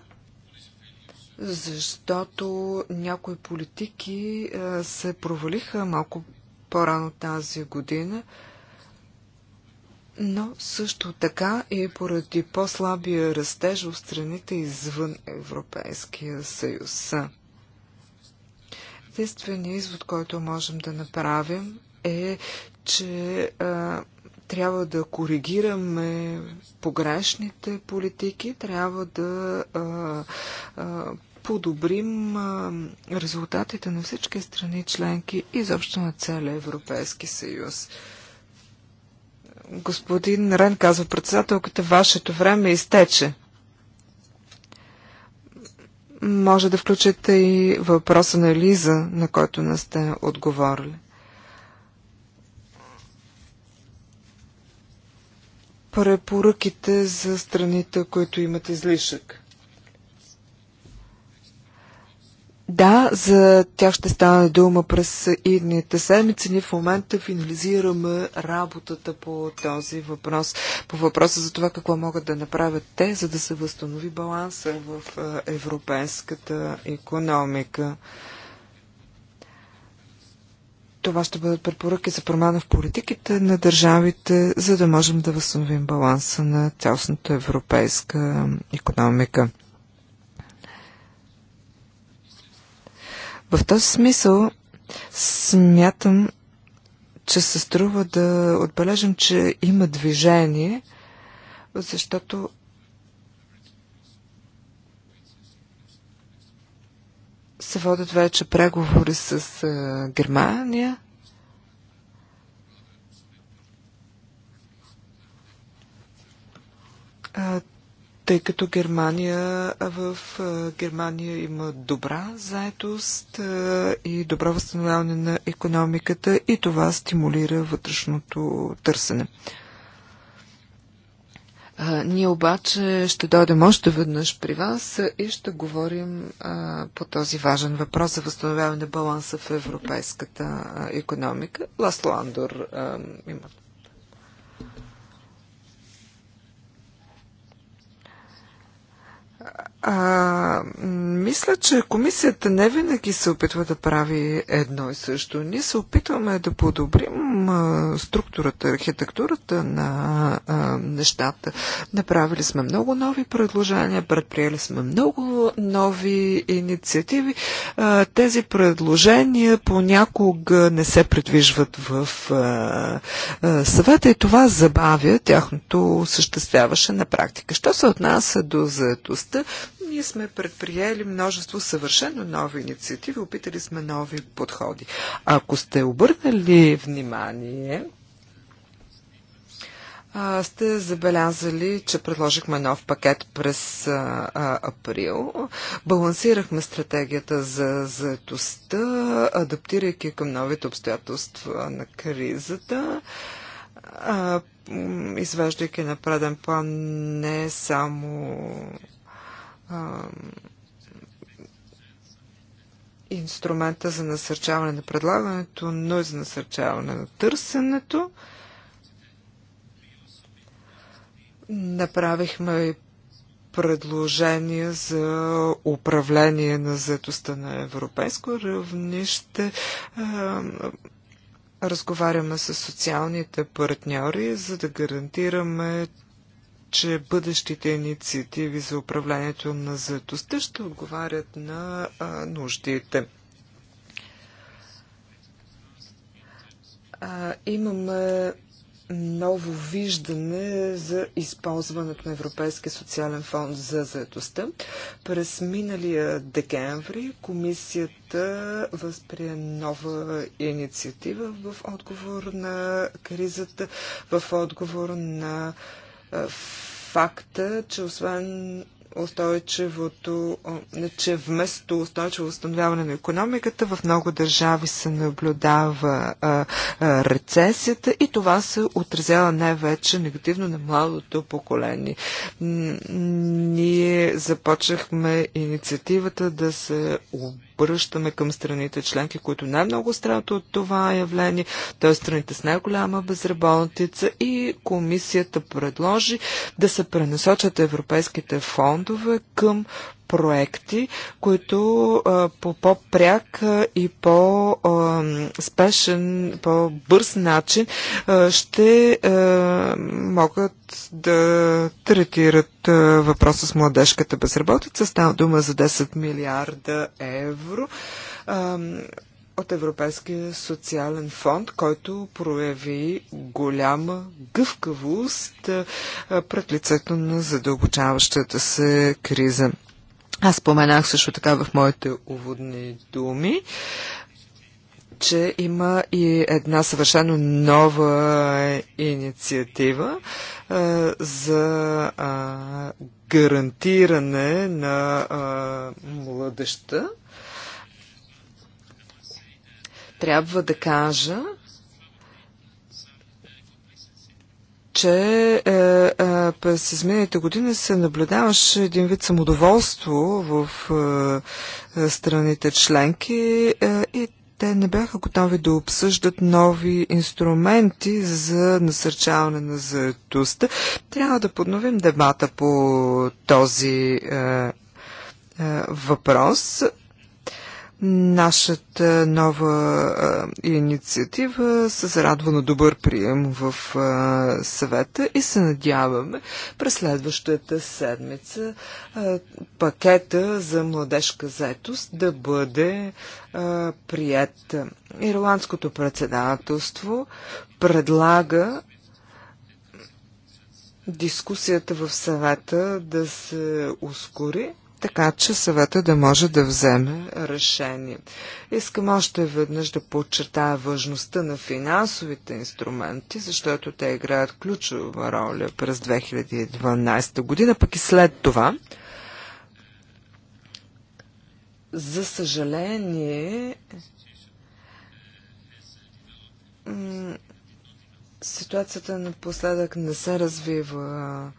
S2: защото някои политики е, се провалиха малко по-рано тази година. Е, но също така и поради по-слабия растеж в страните извън Европейския съюз. Единственият извод, който можем да направим е, че а, трябва да коригираме погрешните политики, трябва да а, а, подобрим а, резултатите на всички страни членки и изобщо на целия Европейски съюз. Господин Рен казва председателката, вашето време изтече. Може да включите и въпроса на Лиза, на който не сте отговорили. Препоръките за страните, които имат излишък. Да, за тях ще стане дума през идните седмици. Ние в момента финализираме работата по този въпрос. По въпроса за това какво могат да направят те, за да се възстанови баланса в е, европейската економика. Това ще бъдат препоръки за промяна в политиките на държавите, за да можем да възстановим баланса на цялостната европейска економика. В този смисъл смятам, че се струва да отбележим, че има движение, защото се водят вече преговори с Германия тъй като Германия в Германия има добра заетост и добро възстановяване на економиката и това стимулира вътрешното търсене. Ние обаче ще дойдем още веднъж при вас и ще говорим по този важен въпрос за възстановяване баланса в европейската економика. Ласло Андор има А, мисля, че комисията не винаги се опитва да прави едно и също. Ние се опитваме да подобрим а, структурата, архитектурата на а, нещата. Направили сме много нови предложения, предприели сме много нови инициативи. А, тези предложения понякога не се предвижват в а, а, съвета и това забавя тяхното съществяваше на практика. Що се отнася до заедостта, ние сме предприели множество съвършено нови инициативи, опитали сме нови подходи. Ако сте обърнали внимание, сте забелязали, че предложихме нов пакет през април. Балансирахме стратегията за заетостта, адаптирайки към новите обстоятелства на кризата. извеждайки на преден план не само инструмента за насърчаване на предлагането, но и за насърчаване на търсенето. Направихме предложения за управление на заетостта на европейско равнище. Разговаряме с социалните партньори, за да гарантираме, че бъдещите инициативи за управлението на заедостта ще отговарят на а, нуждите. А, имаме ново виждане за използването на Европейския социален фонд за заедостта. През миналия декември комисията възприе нова инициатива в отговор на кризата, в отговор на факта, че освен устойчивото, че вместо устойчиво установяване на економиката, в много държави се наблюдава а, а, рецесията и това се отразява най-вече негативно на младото поколение. Ние започнахме инициативата да се обърнем обръщаме към страните членки, които най-много страдат от това явление, т.е. страните с най-голяма безработица и комисията предложи да се пренасочат европейските фондове към проекти, които по по-пряк и по-спешен, по-бърз начин ще могат да третират въпроса с младежката безработица. Става дума за 10 милиарда евро от Европейския социален фонд, който прояви голяма гъвкавост пред лицето на задълбочаващата се криза. Аз споменах също така в моите уводни думи, че има и една съвършено нова инициатива а, е, за а, гарантиране на а, младеща. Трябва да кажа, че е, е, през изминалите години се наблюдаваше един вид самодоволство в е, страните членки и те не бяха готови да обсъждат нови инструменти за насърчаване на заедостта. Трябва да подновим дебата по този е, въпрос. Нашата нова а, инициатива се зарадва на добър прием в а, съвета и се надяваме през следващата седмица а, пакета за младежка заетост да бъде а, прият. Ирландското председателство предлага дискусията в съвета да се ускори така че съвета да може да вземе решение. Искам още веднъж да подчертая важността на финансовите инструменти, защото те играят ключова роля през 2012 година, пък и след това. За съжаление, ситуацията напоследък не се развива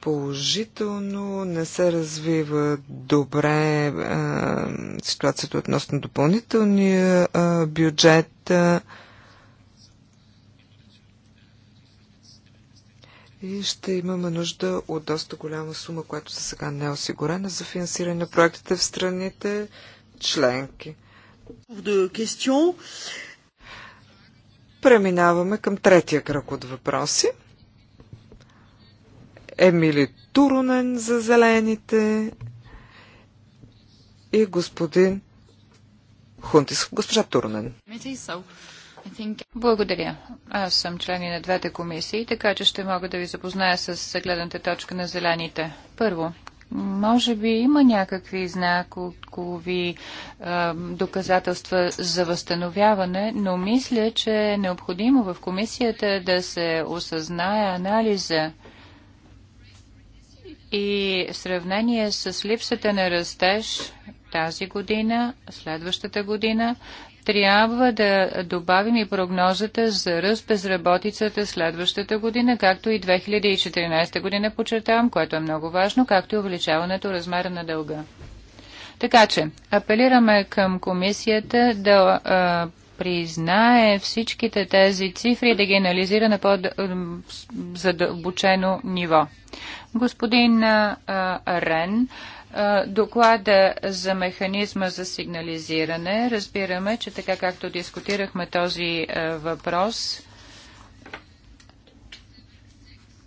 S2: положително, не се развива добре а, ситуацията относно допълнителния а, бюджет. А, и ще имаме нужда от доста голяма сума, която за сега не е осигурена за финансиране на проектите в страните членки. Преминаваме към третия кръг от въпроси. Емили Турунен за зелените и господин Хунтис, госпожа Турунен.
S4: Благодаря. Аз съм член и на двете комисии, така че ще мога да ви запозная с гледната точка на зелените. Първо, може би има някакви знакови е, доказателства за възстановяване, но мисля, че е необходимо в комисията да се осъзнае анализа и в сравнение с липсата на растеж тази година, следващата година, трябва да добавим и прогнозата за ръст безработицата следващата година, както и 2014 година, подчертавам, което е много важно, както и увеличаването размера на дълга. Така че, апелираме към комисията да а, признае всичките тези цифри и да ги анализира на по-задълбочено ниво. Господин Рен, доклада за механизма за сигнализиране, разбираме, че така както дискутирахме този въпрос,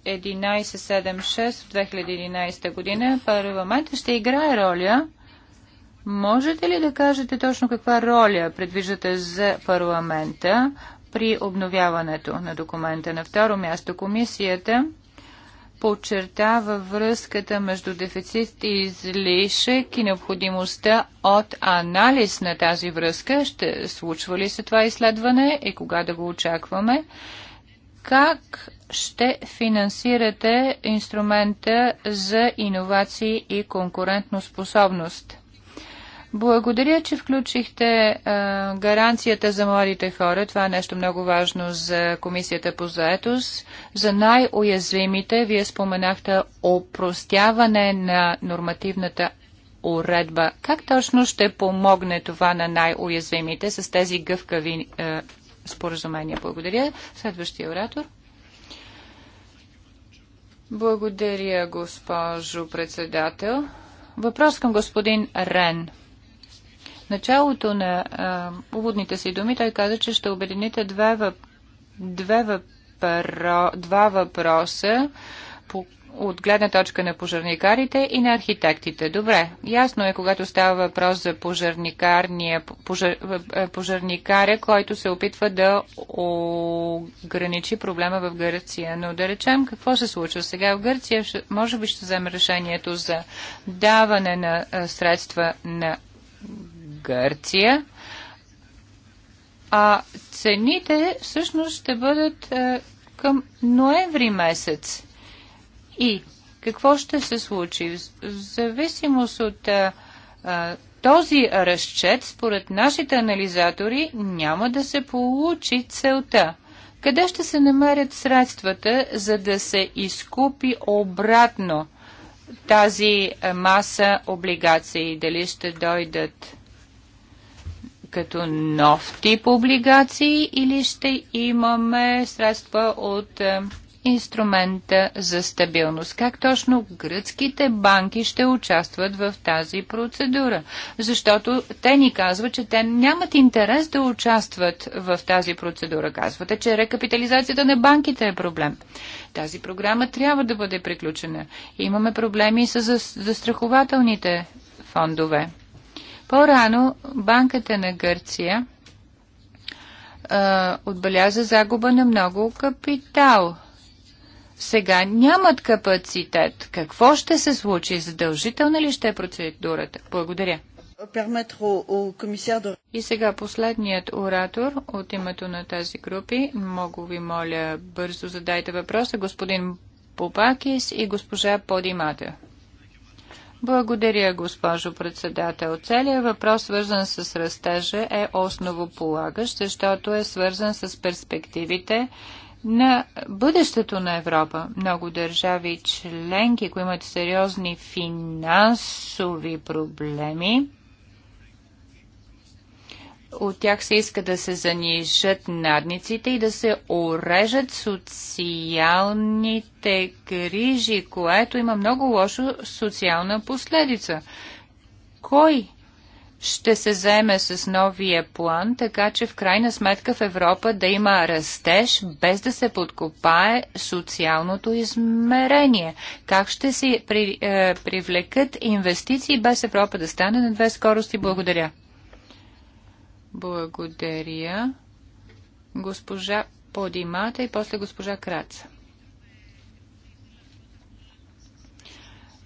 S4: 1176 в 2011 година парламентът ще играе роля. Можете ли да кажете точно каква роля предвиждате за парламента при обновяването на документа? На второ място комисията подчертава връзката между дефицит и излишък и необходимостта от анализ на тази връзка. Ще случва ли се това изследване и кога да го очакваме? Как ще финансирате инструмента за иновации и конкурентоспособност? Благодаря, че включихте а, гаранцията за младите хора. Това е нещо много важно за Комисията по заетост. За най-уязвимите, вие споменахте опростяване на нормативната уредба. Как точно ще помогне това на най-уязвимите с тези гъвкави а, споразумения? Благодаря. Следващия оратор. Благодаря, госпожо председател. Въпрос към господин Рен началото на а, уводните си думи той каза, че ще обедините два, въп... две въпро... два въпроса по от гледна точка на пожарникарите и на архитектите. Добре, ясно е, когато става въпрос за пожарникарния, пожар, пожарникаря, който се опитва да ограничи проблема в Гърция. Но да речем, какво се случва сега в Гърция? Може би ще вземе решението за даване на средства на Гърция, а цените всъщност ще бъдат е, към ноември месец. И какво ще се случи? В зависимост от е, е, този разчет, според нашите анализатори, няма да се получи целта. Къде ще се намерят средствата, за да се изкупи обратно тази е, маса облигации? Дали ще дойдат като нов тип облигации или ще имаме средства от е, инструмента за стабилност. Как точно гръцките банки ще участват в тази процедура? Защото те ни казват, че те нямат интерес да участват в тази процедура. Казвате, че рекапитализацията на банките е проблем. Тази програма трябва да бъде приключена. Имаме проблеми с застрахователните фондове. По-рано банката на Гърция а, отбеляза загуба на много капитал. Сега нямат капацитет. Какво ще се случи? Задължителна ли ще е процедурата? Благодаря. И сега последният оратор от името на тази групи. Много ви моля, бързо задайте въпроса. Господин Попакис и госпожа Подимата. Благодаря, госпожо председател. Целият въпрос, свързан с растежа, е основополагащ, защото е свързан с перспективите на бъдещето на Европа. Много държави членки, които имат сериозни финансови проблеми, от тях се иска да се занижат надниците и да се орежат социалните грижи, което има много лошо социална последица. Кой ще се заеме с новия план, така че в крайна сметка в Европа да има растеж, без да се подкопае социалното измерение? Как ще се при, е, привлекат инвестиции без Европа да стане на две скорости? Благодаря. Благодаря. Госпожа Подимата и после госпожа Краца.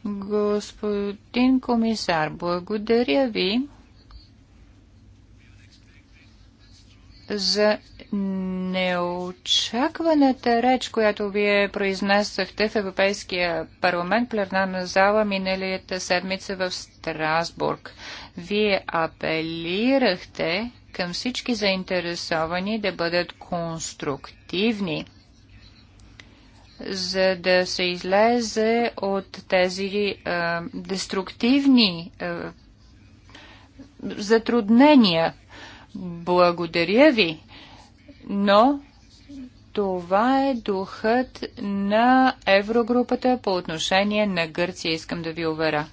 S4: Господин комисар, благодаря ви за неочакваната реч, която вие произнесахте в Европейския парламент, пленарна зала, миналията седмица в Страсбург. Вие апелирахте към всички заинтересовани да бъдат конструктивни, за да се излезе от тези а, деструктивни а, затруднения. Благодаря ви, но това е духът на Еврогрупата по отношение на Гърция, искам да ви уверя.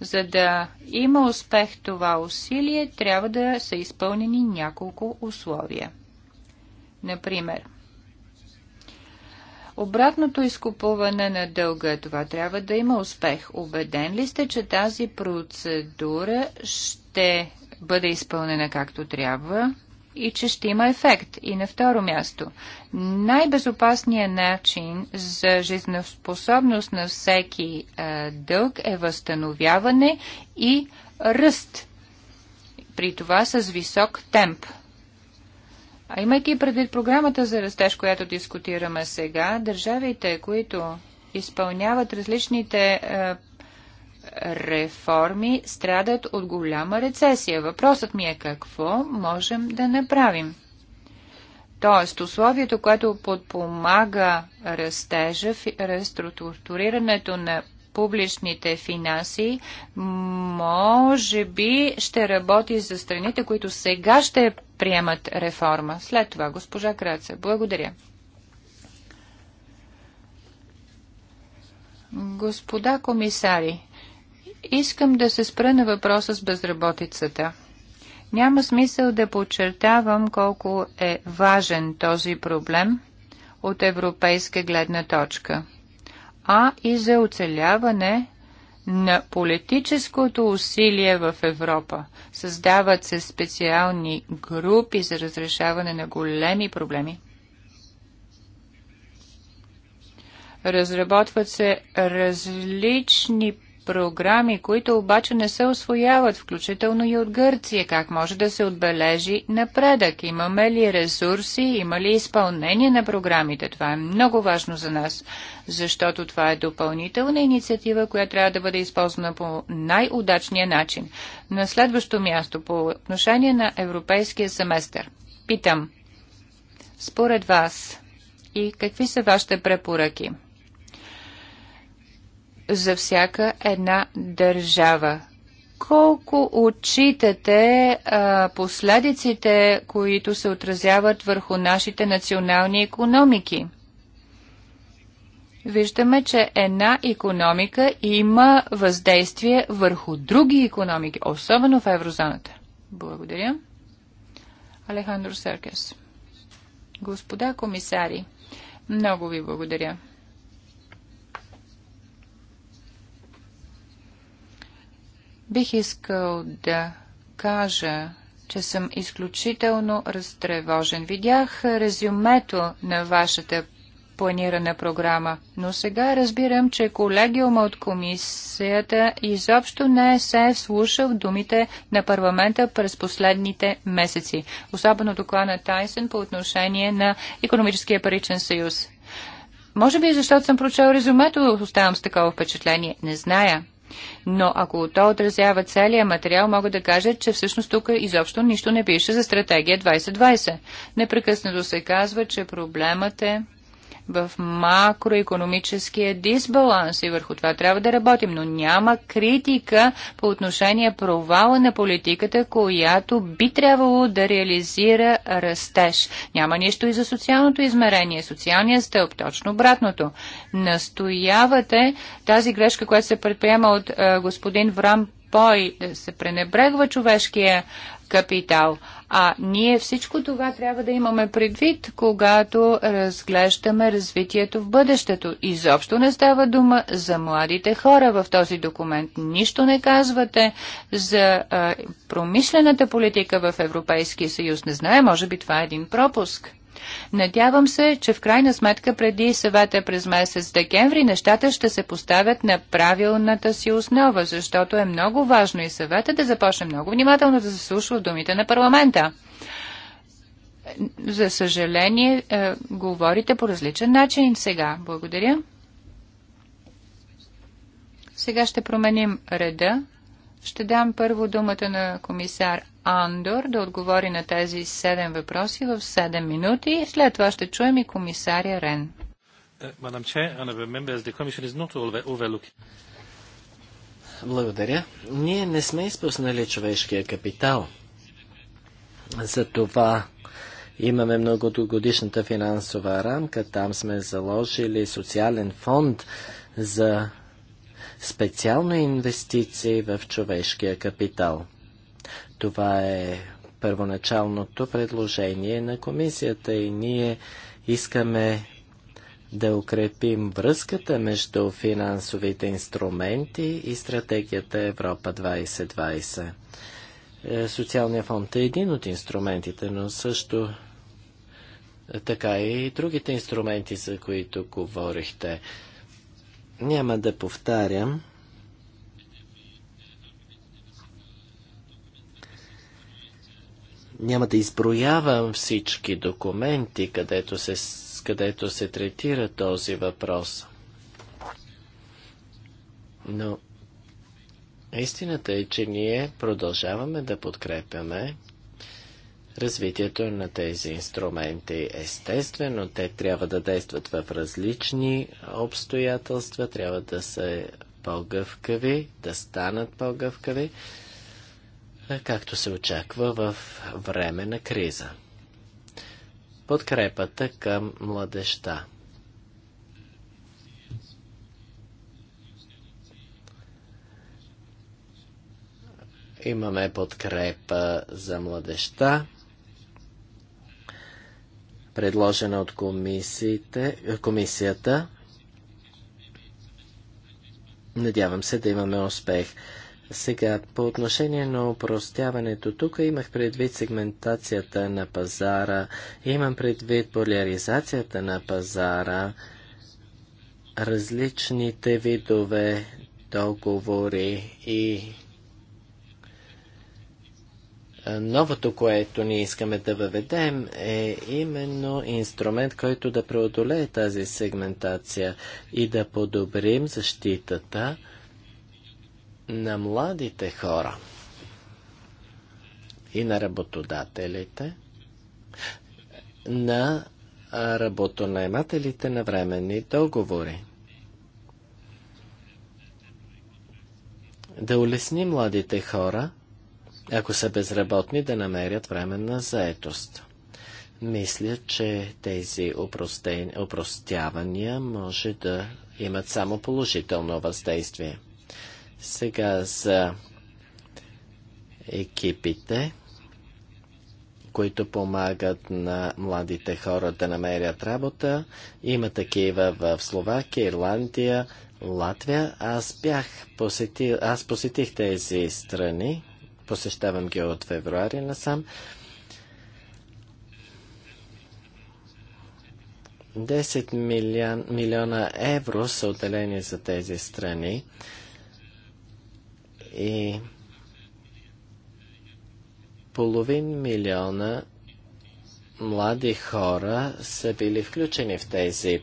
S4: За да има успех това усилие, трябва да са изпълнени няколко условия. Например, Обратното изкупуване на дълга, това трябва да има успех. Обеден ли сте, че тази процедура ще бъде изпълнена както трябва? и че ще има ефект. И на второ място, най-безопасният начин за жизнеспособност на всеки е, дълг е възстановяване и ръст. При това с висок темп. А имайки предвид програмата за растеж, която дискутираме сега, държавите, които изпълняват различните е, реформи страдат от голяма рецесия. Въпросът ми е какво можем да направим. Тоест, условието, което подпомага растежа, реструктурирането на публичните финанси, може би ще работи за страните, които сега ще приемат реформа. След това, госпожа Краца, благодаря. Господа комисари, Искам да се спра на въпроса с безработицата. Няма смисъл да подчертавам колко е важен този проблем от европейска гледна точка, а и за оцеляване на политическото усилие в Европа. Създават се специални групи за разрешаване на големи проблеми. Разработват се различни програми, които обаче не се освояват, включително и от Гърция. Как може да се отбележи напредък? Имаме ли ресурси? Има ли изпълнение на програмите? Това е много важно за нас, защото това е допълнителна инициатива, която трябва да бъде използвана по най-удачния начин. На следващо място, по отношение на европейския семестър. Питам, според вас и какви са вашите препоръки? за всяка една държава. Колко отчитате а, последиците, които се отразяват върху нашите национални економики? Виждаме, че една економика има въздействие върху други економики, особено в еврозоната. Благодаря. Алехандро Серкес. Господа комисари, много ви благодаря. Бих искал да кажа, че съм изключително разтревожен. Видях резюмето на вашата планирана програма, но сега разбирам, че колегиума от комисията изобщо не се е слушал думите на парламента през последните месеци, особено доклада Тайсен по отношение на економическия паричен съюз. Може би защото съм прочел резюмето, оставам с такова впечатление. Не зная. Но ако то отразява целият материал, мога да кажа, че всъщност тук изобщо нищо не пише за стратегия 2020. Непрекъснато се казва, че проблемът е в макроекономическия дисбаланс и върху това трябва да работим, но няма критика по отношение провала на политиката, която би трябвало да реализира растеж. Няма нищо и за социалното измерение, социалния стълб, точно обратното. Настоявате тази грешка, която се предприема от е, господин Врам бой да се пренебрегва човешкия капитал. А ние всичко това трябва да имаме предвид, когато разглеждаме развитието в бъдещето. Изобщо не става дума за младите хора в този документ. Нищо не казвате за а, промишлената политика в Европейския съюз. Не знае, може би това е един пропуск. Надявам се, че в крайна сметка преди съвета през месец декември нещата ще се поставят на правилната си основа, защото е много важно и съвета да започне много внимателно да се слушва думите на парламента. За съжаление, е, говорите по различен начин сега. Благодаря. Сега ще променим реда. Ще дам първо думата на комисар Андор да отговори на тези седем въпроси в 7 минути. След това ще чуем и комисаря Рен.
S3: Е,
S1: Благодаря. Ние не сме изпуснали човешкия капитал. Затова имаме многогодишната финансова рамка. Там сме заложили социален фонд за специално инвестиции в човешкия капитал. Това е първоначалното предложение на комисията и ние искаме да укрепим връзката между финансовите инструменти и стратегията Европа 2020. Е, социалният фонд е един от инструментите, но също така и другите инструменти, за които говорихте. Няма да повтарям. Няма да изброявам всички документи, където се, където се третира този въпрос. Но истината е, че ние продължаваме да подкрепяме развитието на тези инструменти. Естествено, те трябва да действат в различни обстоятелства, трябва да са по-гъвкави, да станат по-гъвкави както се очаква в време на криза. Подкрепата към младеща. Имаме подкрепа за младеща, предложена от комисиите, комисията. Надявам се да имаме успех. Сега, по отношение на упростяването, тук имах предвид сегментацията на пазара, имам предвид поляризацията на пазара, различните видове договори и новото, което ние искаме да въведем, е именно инструмент, който да преодолее тази сегментация и да подобрим защитата на младите хора и на работодателите, на работонаемателите на временни договори. Да улесни младите хора, ако са безработни, да намерят временна заетост. Мисля, че тези упростявания може да имат само положително въздействие. Сега за екипите, които помагат на младите хора да намерят работа. Има такива в Словакия, Ирландия, Латвия. Аз бях посетил, аз посетих тези страни. Посещавам ги от февруари насам. 10 милиона евро са отделени за тези страни и половин милиона млади хора са били включени в тези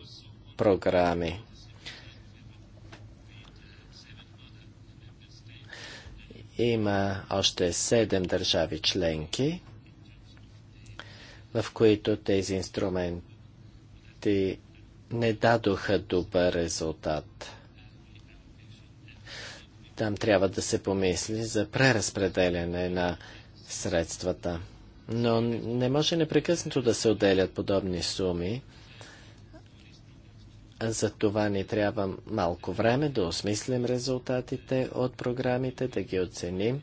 S1: програми. Има още седем държави членки, в които тези инструменти не дадоха добър резултат. Там трябва да се помисли за преразпределяне на средствата. Но не може непрекъснато да се отделят подобни суми. За това ни трябва малко време да осмислим резултатите от програмите, да ги оценим.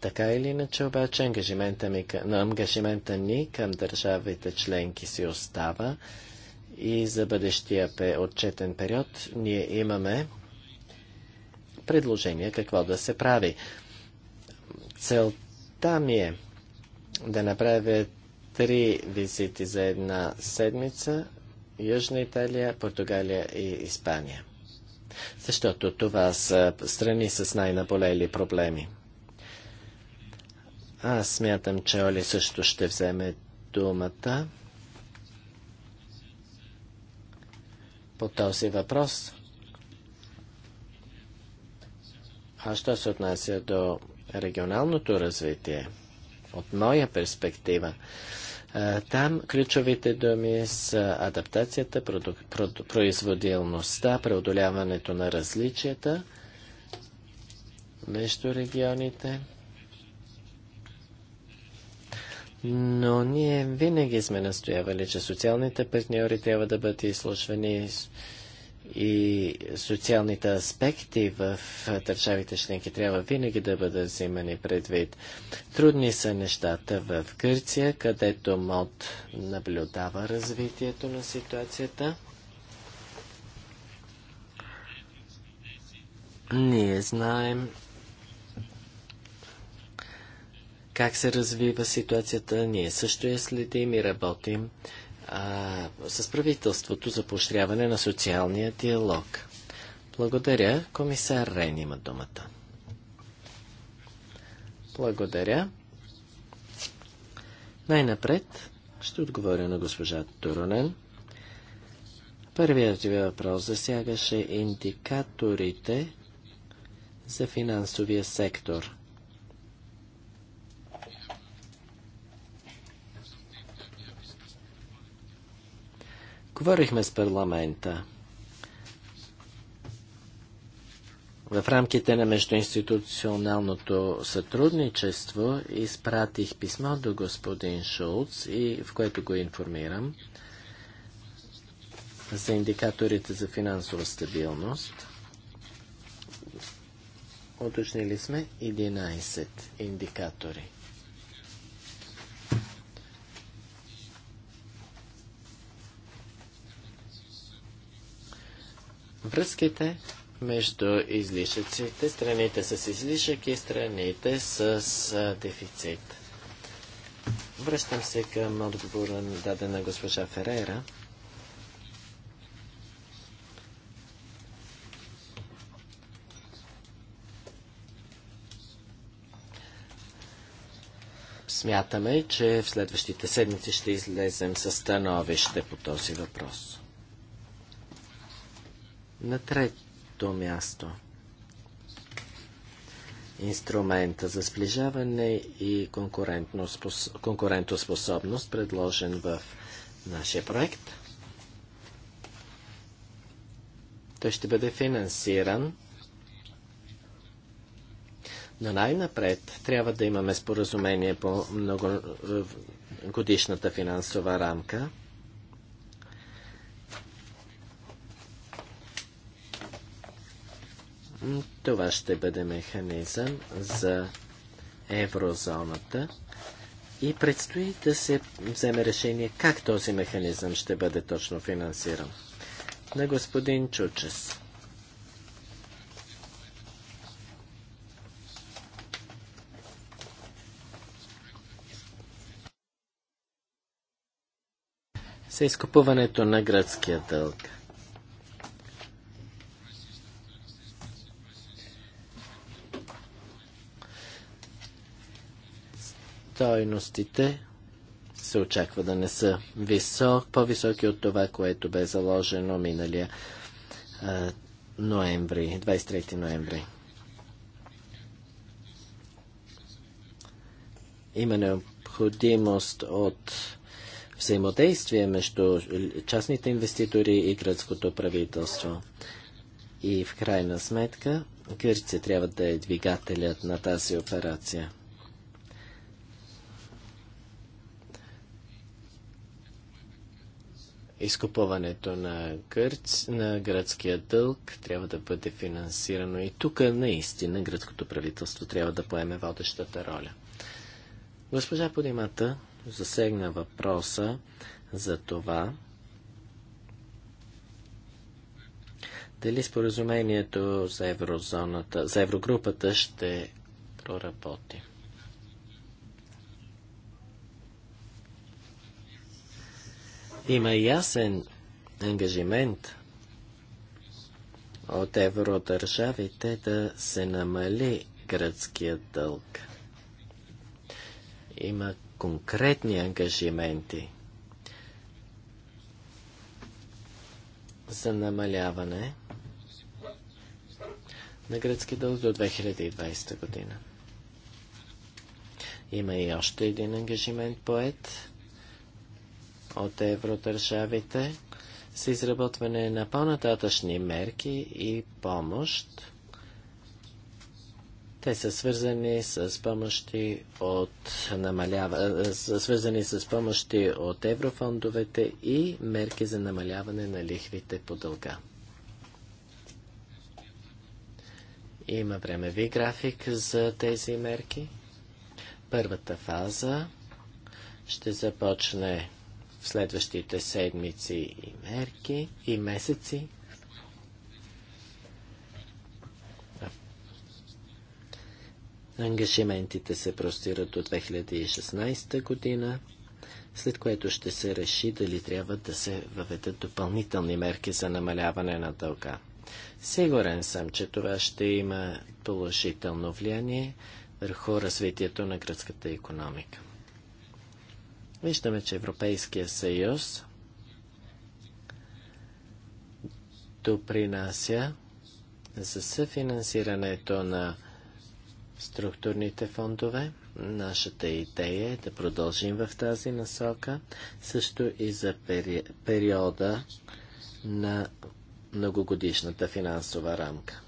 S1: Така или иначе обаче ангажимента, ми, ангажимента ни към държавите членки си остава и за бъдещия отчетен период ние имаме предложения какво да се прави. Целта ми е да направя три визити за една седмица Южна Италия, Португалия и Испания. Защото това са страни с най-наболели проблеми. Аз смятам, че Оли също ще вземе думата по този въпрос. А що се отнася до регионалното развитие, от моя перспектива, е, там ключовите думи са адаптацията, проду, проду, производилността, преодоляването на различията между регионите. Но ние винаги сме настоявали, че социалните партньори трябва да бъдат изслушвани и социалните аспекти в държавите членки трябва винаги да бъдат взимани предвид. Трудни са нещата в Гърция, където МОД наблюдава развитието на ситуацията. Ние знаем как се развива ситуацията, ние също я следим и работим а, с правителството за поощряване на социалния диалог. Благодаря. Комисар Рен има думата. Благодаря. Най-напред ще отговоря на госпожа Туронен. Първият ви въпрос засягаше индикаторите за финансовия сектор. Говорихме с парламента. В рамките на междуинституционалното сътрудничество изпратих писмо до господин Шулц, и, в което го информирам за индикаторите за финансова стабилност. Уточнили сме 11 индикатори. връзките между излишъците, страните с излишък и страните с дефицит. Връщам се към отговора на дадена госпожа Ферера. Смятаме, че в следващите седмици ще излезем със становище по този въпрос. На трето място инструмента за сближаване и конкурентоспособност, предложен в нашия проект. Той ще бъде финансиран, но най-напред трябва да имаме споразумение по много е, годишната финансова рамка – Това ще бъде механизъм за еврозоната и предстои да се вземе решение как този механизъм ще бъде точно финансиран. На господин Чучес. За изкупуването на гръцкия дълг – Стойностите се очаква да не са висок, по-високи от това, което бе заложено миналия а, ноември, 23 ноември. Има необходимост от взаимодействие между частните инвеститори и гръцкото правителство. И в крайна сметка Гърция трябва да е двигателят на тази операция. изкупуването на, гърц, на гръцкия дълг трябва да бъде финансирано и тук наистина гръцкото правителство трябва да поеме водещата роля. Госпожа Подимата засегна въпроса за това, дали споразумението за еврозоната, за еврогрупата ще проработи. Има ясен ангажимент от евродържавите да се намали гръцкият дълг. Има конкретни ангажименти за намаляване на гръцки дълг до 2020 година. Има и още един ангажимент поет от евродържавите с изработване на по-нататъчни мерки и помощ. Те са свързани с помощи от намалява, е, са свързани с помощи от еврофондовете и мерки за намаляване на лихвите по дълга. Има времеви график за тези мерки. Първата фаза ще започне в следващите седмици и мерки и месеци. Ангажиментите се простират до 2016 година, след което ще се реши дали трябва да се въведат допълнителни мерки за намаляване на дълга. Сигурен съм, че това ще има положително влияние върху развитието на гръцката економика. Виждаме, че Европейския съюз допринася за съфинансирането на структурните фондове. Нашата идея е да продължим в тази насока, също и за пери... периода на многогодишната финансова рамка.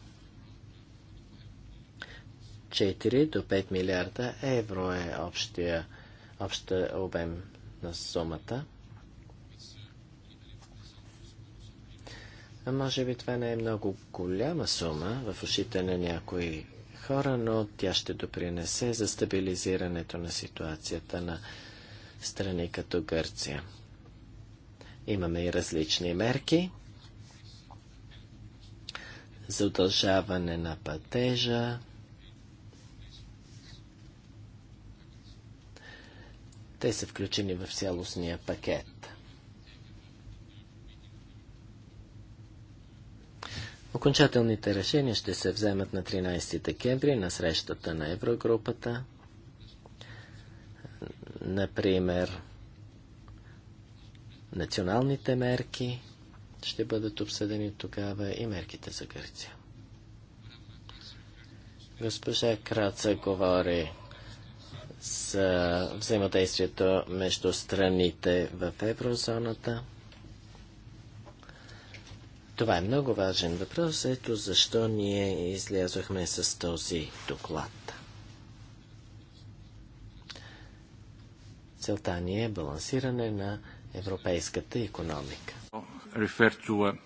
S1: 4 до 5 милиарда евро е общия обща обем на сумата. А може би това не е много голяма сума в ушите на някои хора, но тя ще допринесе за стабилизирането на ситуацията на страни като Гърция. Имаме и различни мерки за удължаване на пътежа, Те са включени в цялостния пакет. Окончателните решения ще се вземат на 13 декември на срещата на Еврогрупата. Например, националните мерки ще бъдат обсъдени тогава и мерките за Гърция. Госпожа Краца говори с взаимодействието между страните в еврозоната. Това е много важен въпрос. Ето защо ние излязохме с този доклад. Целта ни е балансиране на европейската економика. Uh,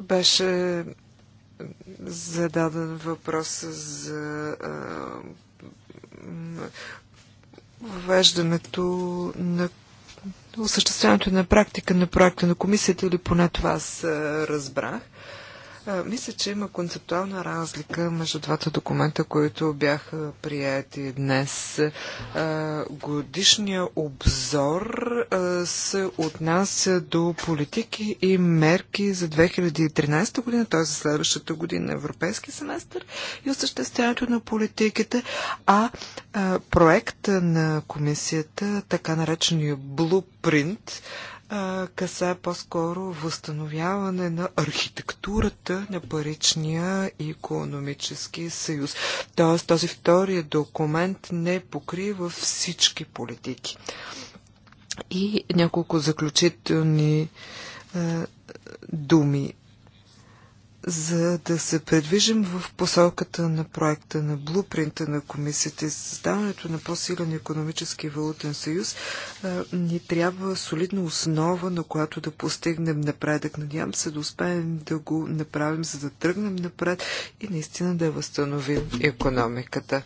S2: Беше зададен въпрос за въвеждането на осъществяването на практика на проекта на комисията или поне това аз разбрах. Мисля, че има концептуална разлика между двата документа, които бяха прияти днес. Годишния обзор се отнася до политики и мерки за 2013 година, т.е. за следващата година европейски семестър и осъществяването на политиките, а проекта на комисията, така наречения Blueprint, касае по-скоро възстановяване на архитектурата на паричния и економически съюз. Тоест този втория документ не покрива всички политики. И няколко заключителни думи за да се предвижим в посоката на проекта на блупринта на комисията и създаването на по-силен економически и валутен съюз, ни трябва солидна основа, на която да постигнем напредък. Надявам се да успеем да го направим, за да тръгнем напред и наистина да възстановим економиката.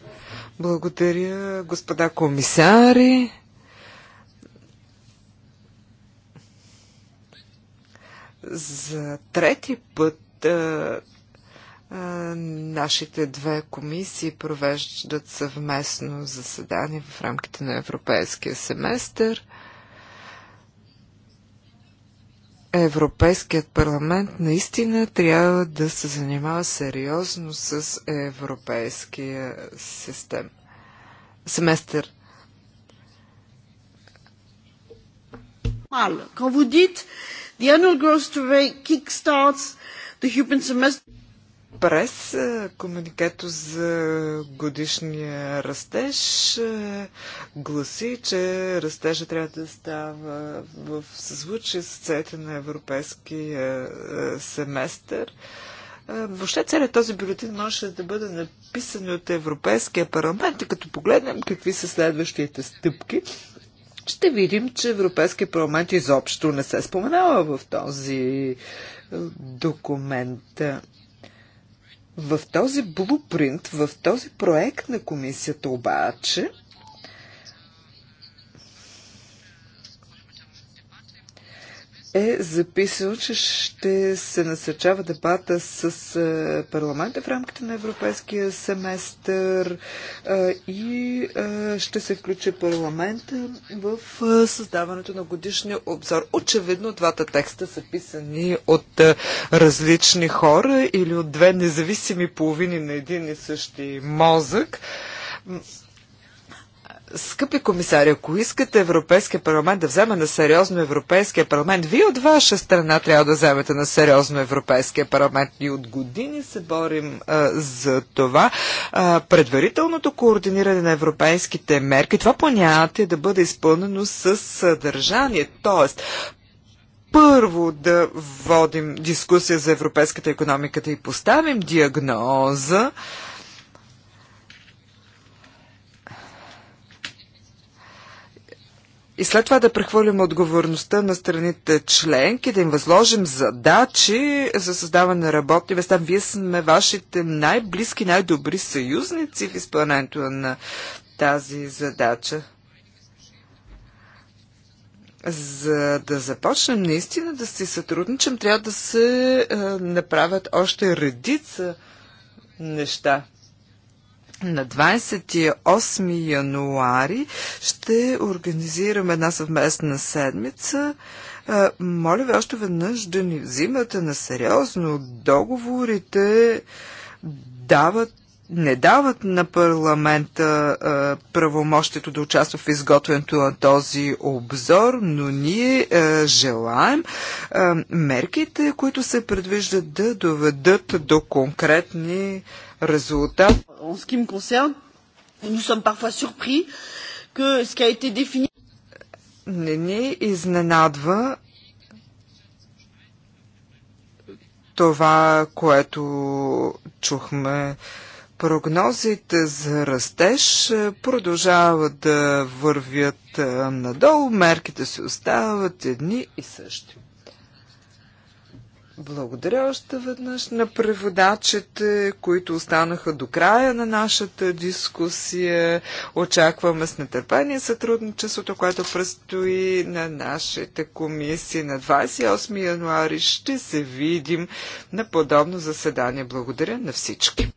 S2: Благодаря, господа комисари. За трети път нашите две комисии провеждат съвместно заседание в рамките на европейския семестър. Европейският парламент наистина трябва да се занимава сериозно с европейския систем. Семестър. Mal, quand vous the annual growth rate kickstarts през е, комуникето за годишния растеж е, гласи, че растежа трябва да става в съзвучие с целите на европейския е, семестър. Въобще целият този бюлетин може да бъде написан от Европейския парламент и като погледнем какви са следващите стъпки, ще видим, че Европейския парламент изобщо не се споменава в този е, документ. В този блупринт, в този проект на комисията обаче, е записал, че ще се насърчава дебата с е, парламента в рамките на европейския семестър е, и е, ще се включи парламента в създаването на годишния обзор. Очевидно, двата текста са писани от различни хора или от две независими половини на един и същи мозък. Скъпи комисари, ако искате Европейския парламент да вземе на сериозно Европейския парламент, вие от ваша страна трябва да вземете на сериозно Европейския парламент. и от години се борим а, за това. А, предварителното координиране на европейските мерки, това понятие да бъде изпълнено с съдържание. Тоест, първо да водим дискусия за европейската економиката и поставим диагноза, И след това да прехвърлим отговорността на страните членки, да им възложим задачи за създаване на работни места. Вие сме вашите най-близки, най-добри съюзници в изпълнението на тази задача. За да започнем наистина да си сътрудничам, трябва да се е, направят още редица неща. На 28 януари ще организираме една съвместна седмица. Е, моля ви още веднъж да ни взимате на сериозно. Договорите дават не дават на парламента е, правомощието да участва в изготвянето на този обзор, но ние е, желаем мерките, които се предвиждат да доведат до конкретни резултати en ce qui me concerne, nous sommes parfois surpris que ce qui a été défini. Не ни изненадва това, което чухме. Прогнозите за растеж е, продължават да вървят е, надолу, мерките се остават едни и същи. Благодаря още веднъж на преводачите, които останаха до края на нашата дискусия. Очакваме с нетърпение сътрудничеството, което предстои на нашите комисии. На 28 януари ще се видим на подобно заседание. Благодаря на всички.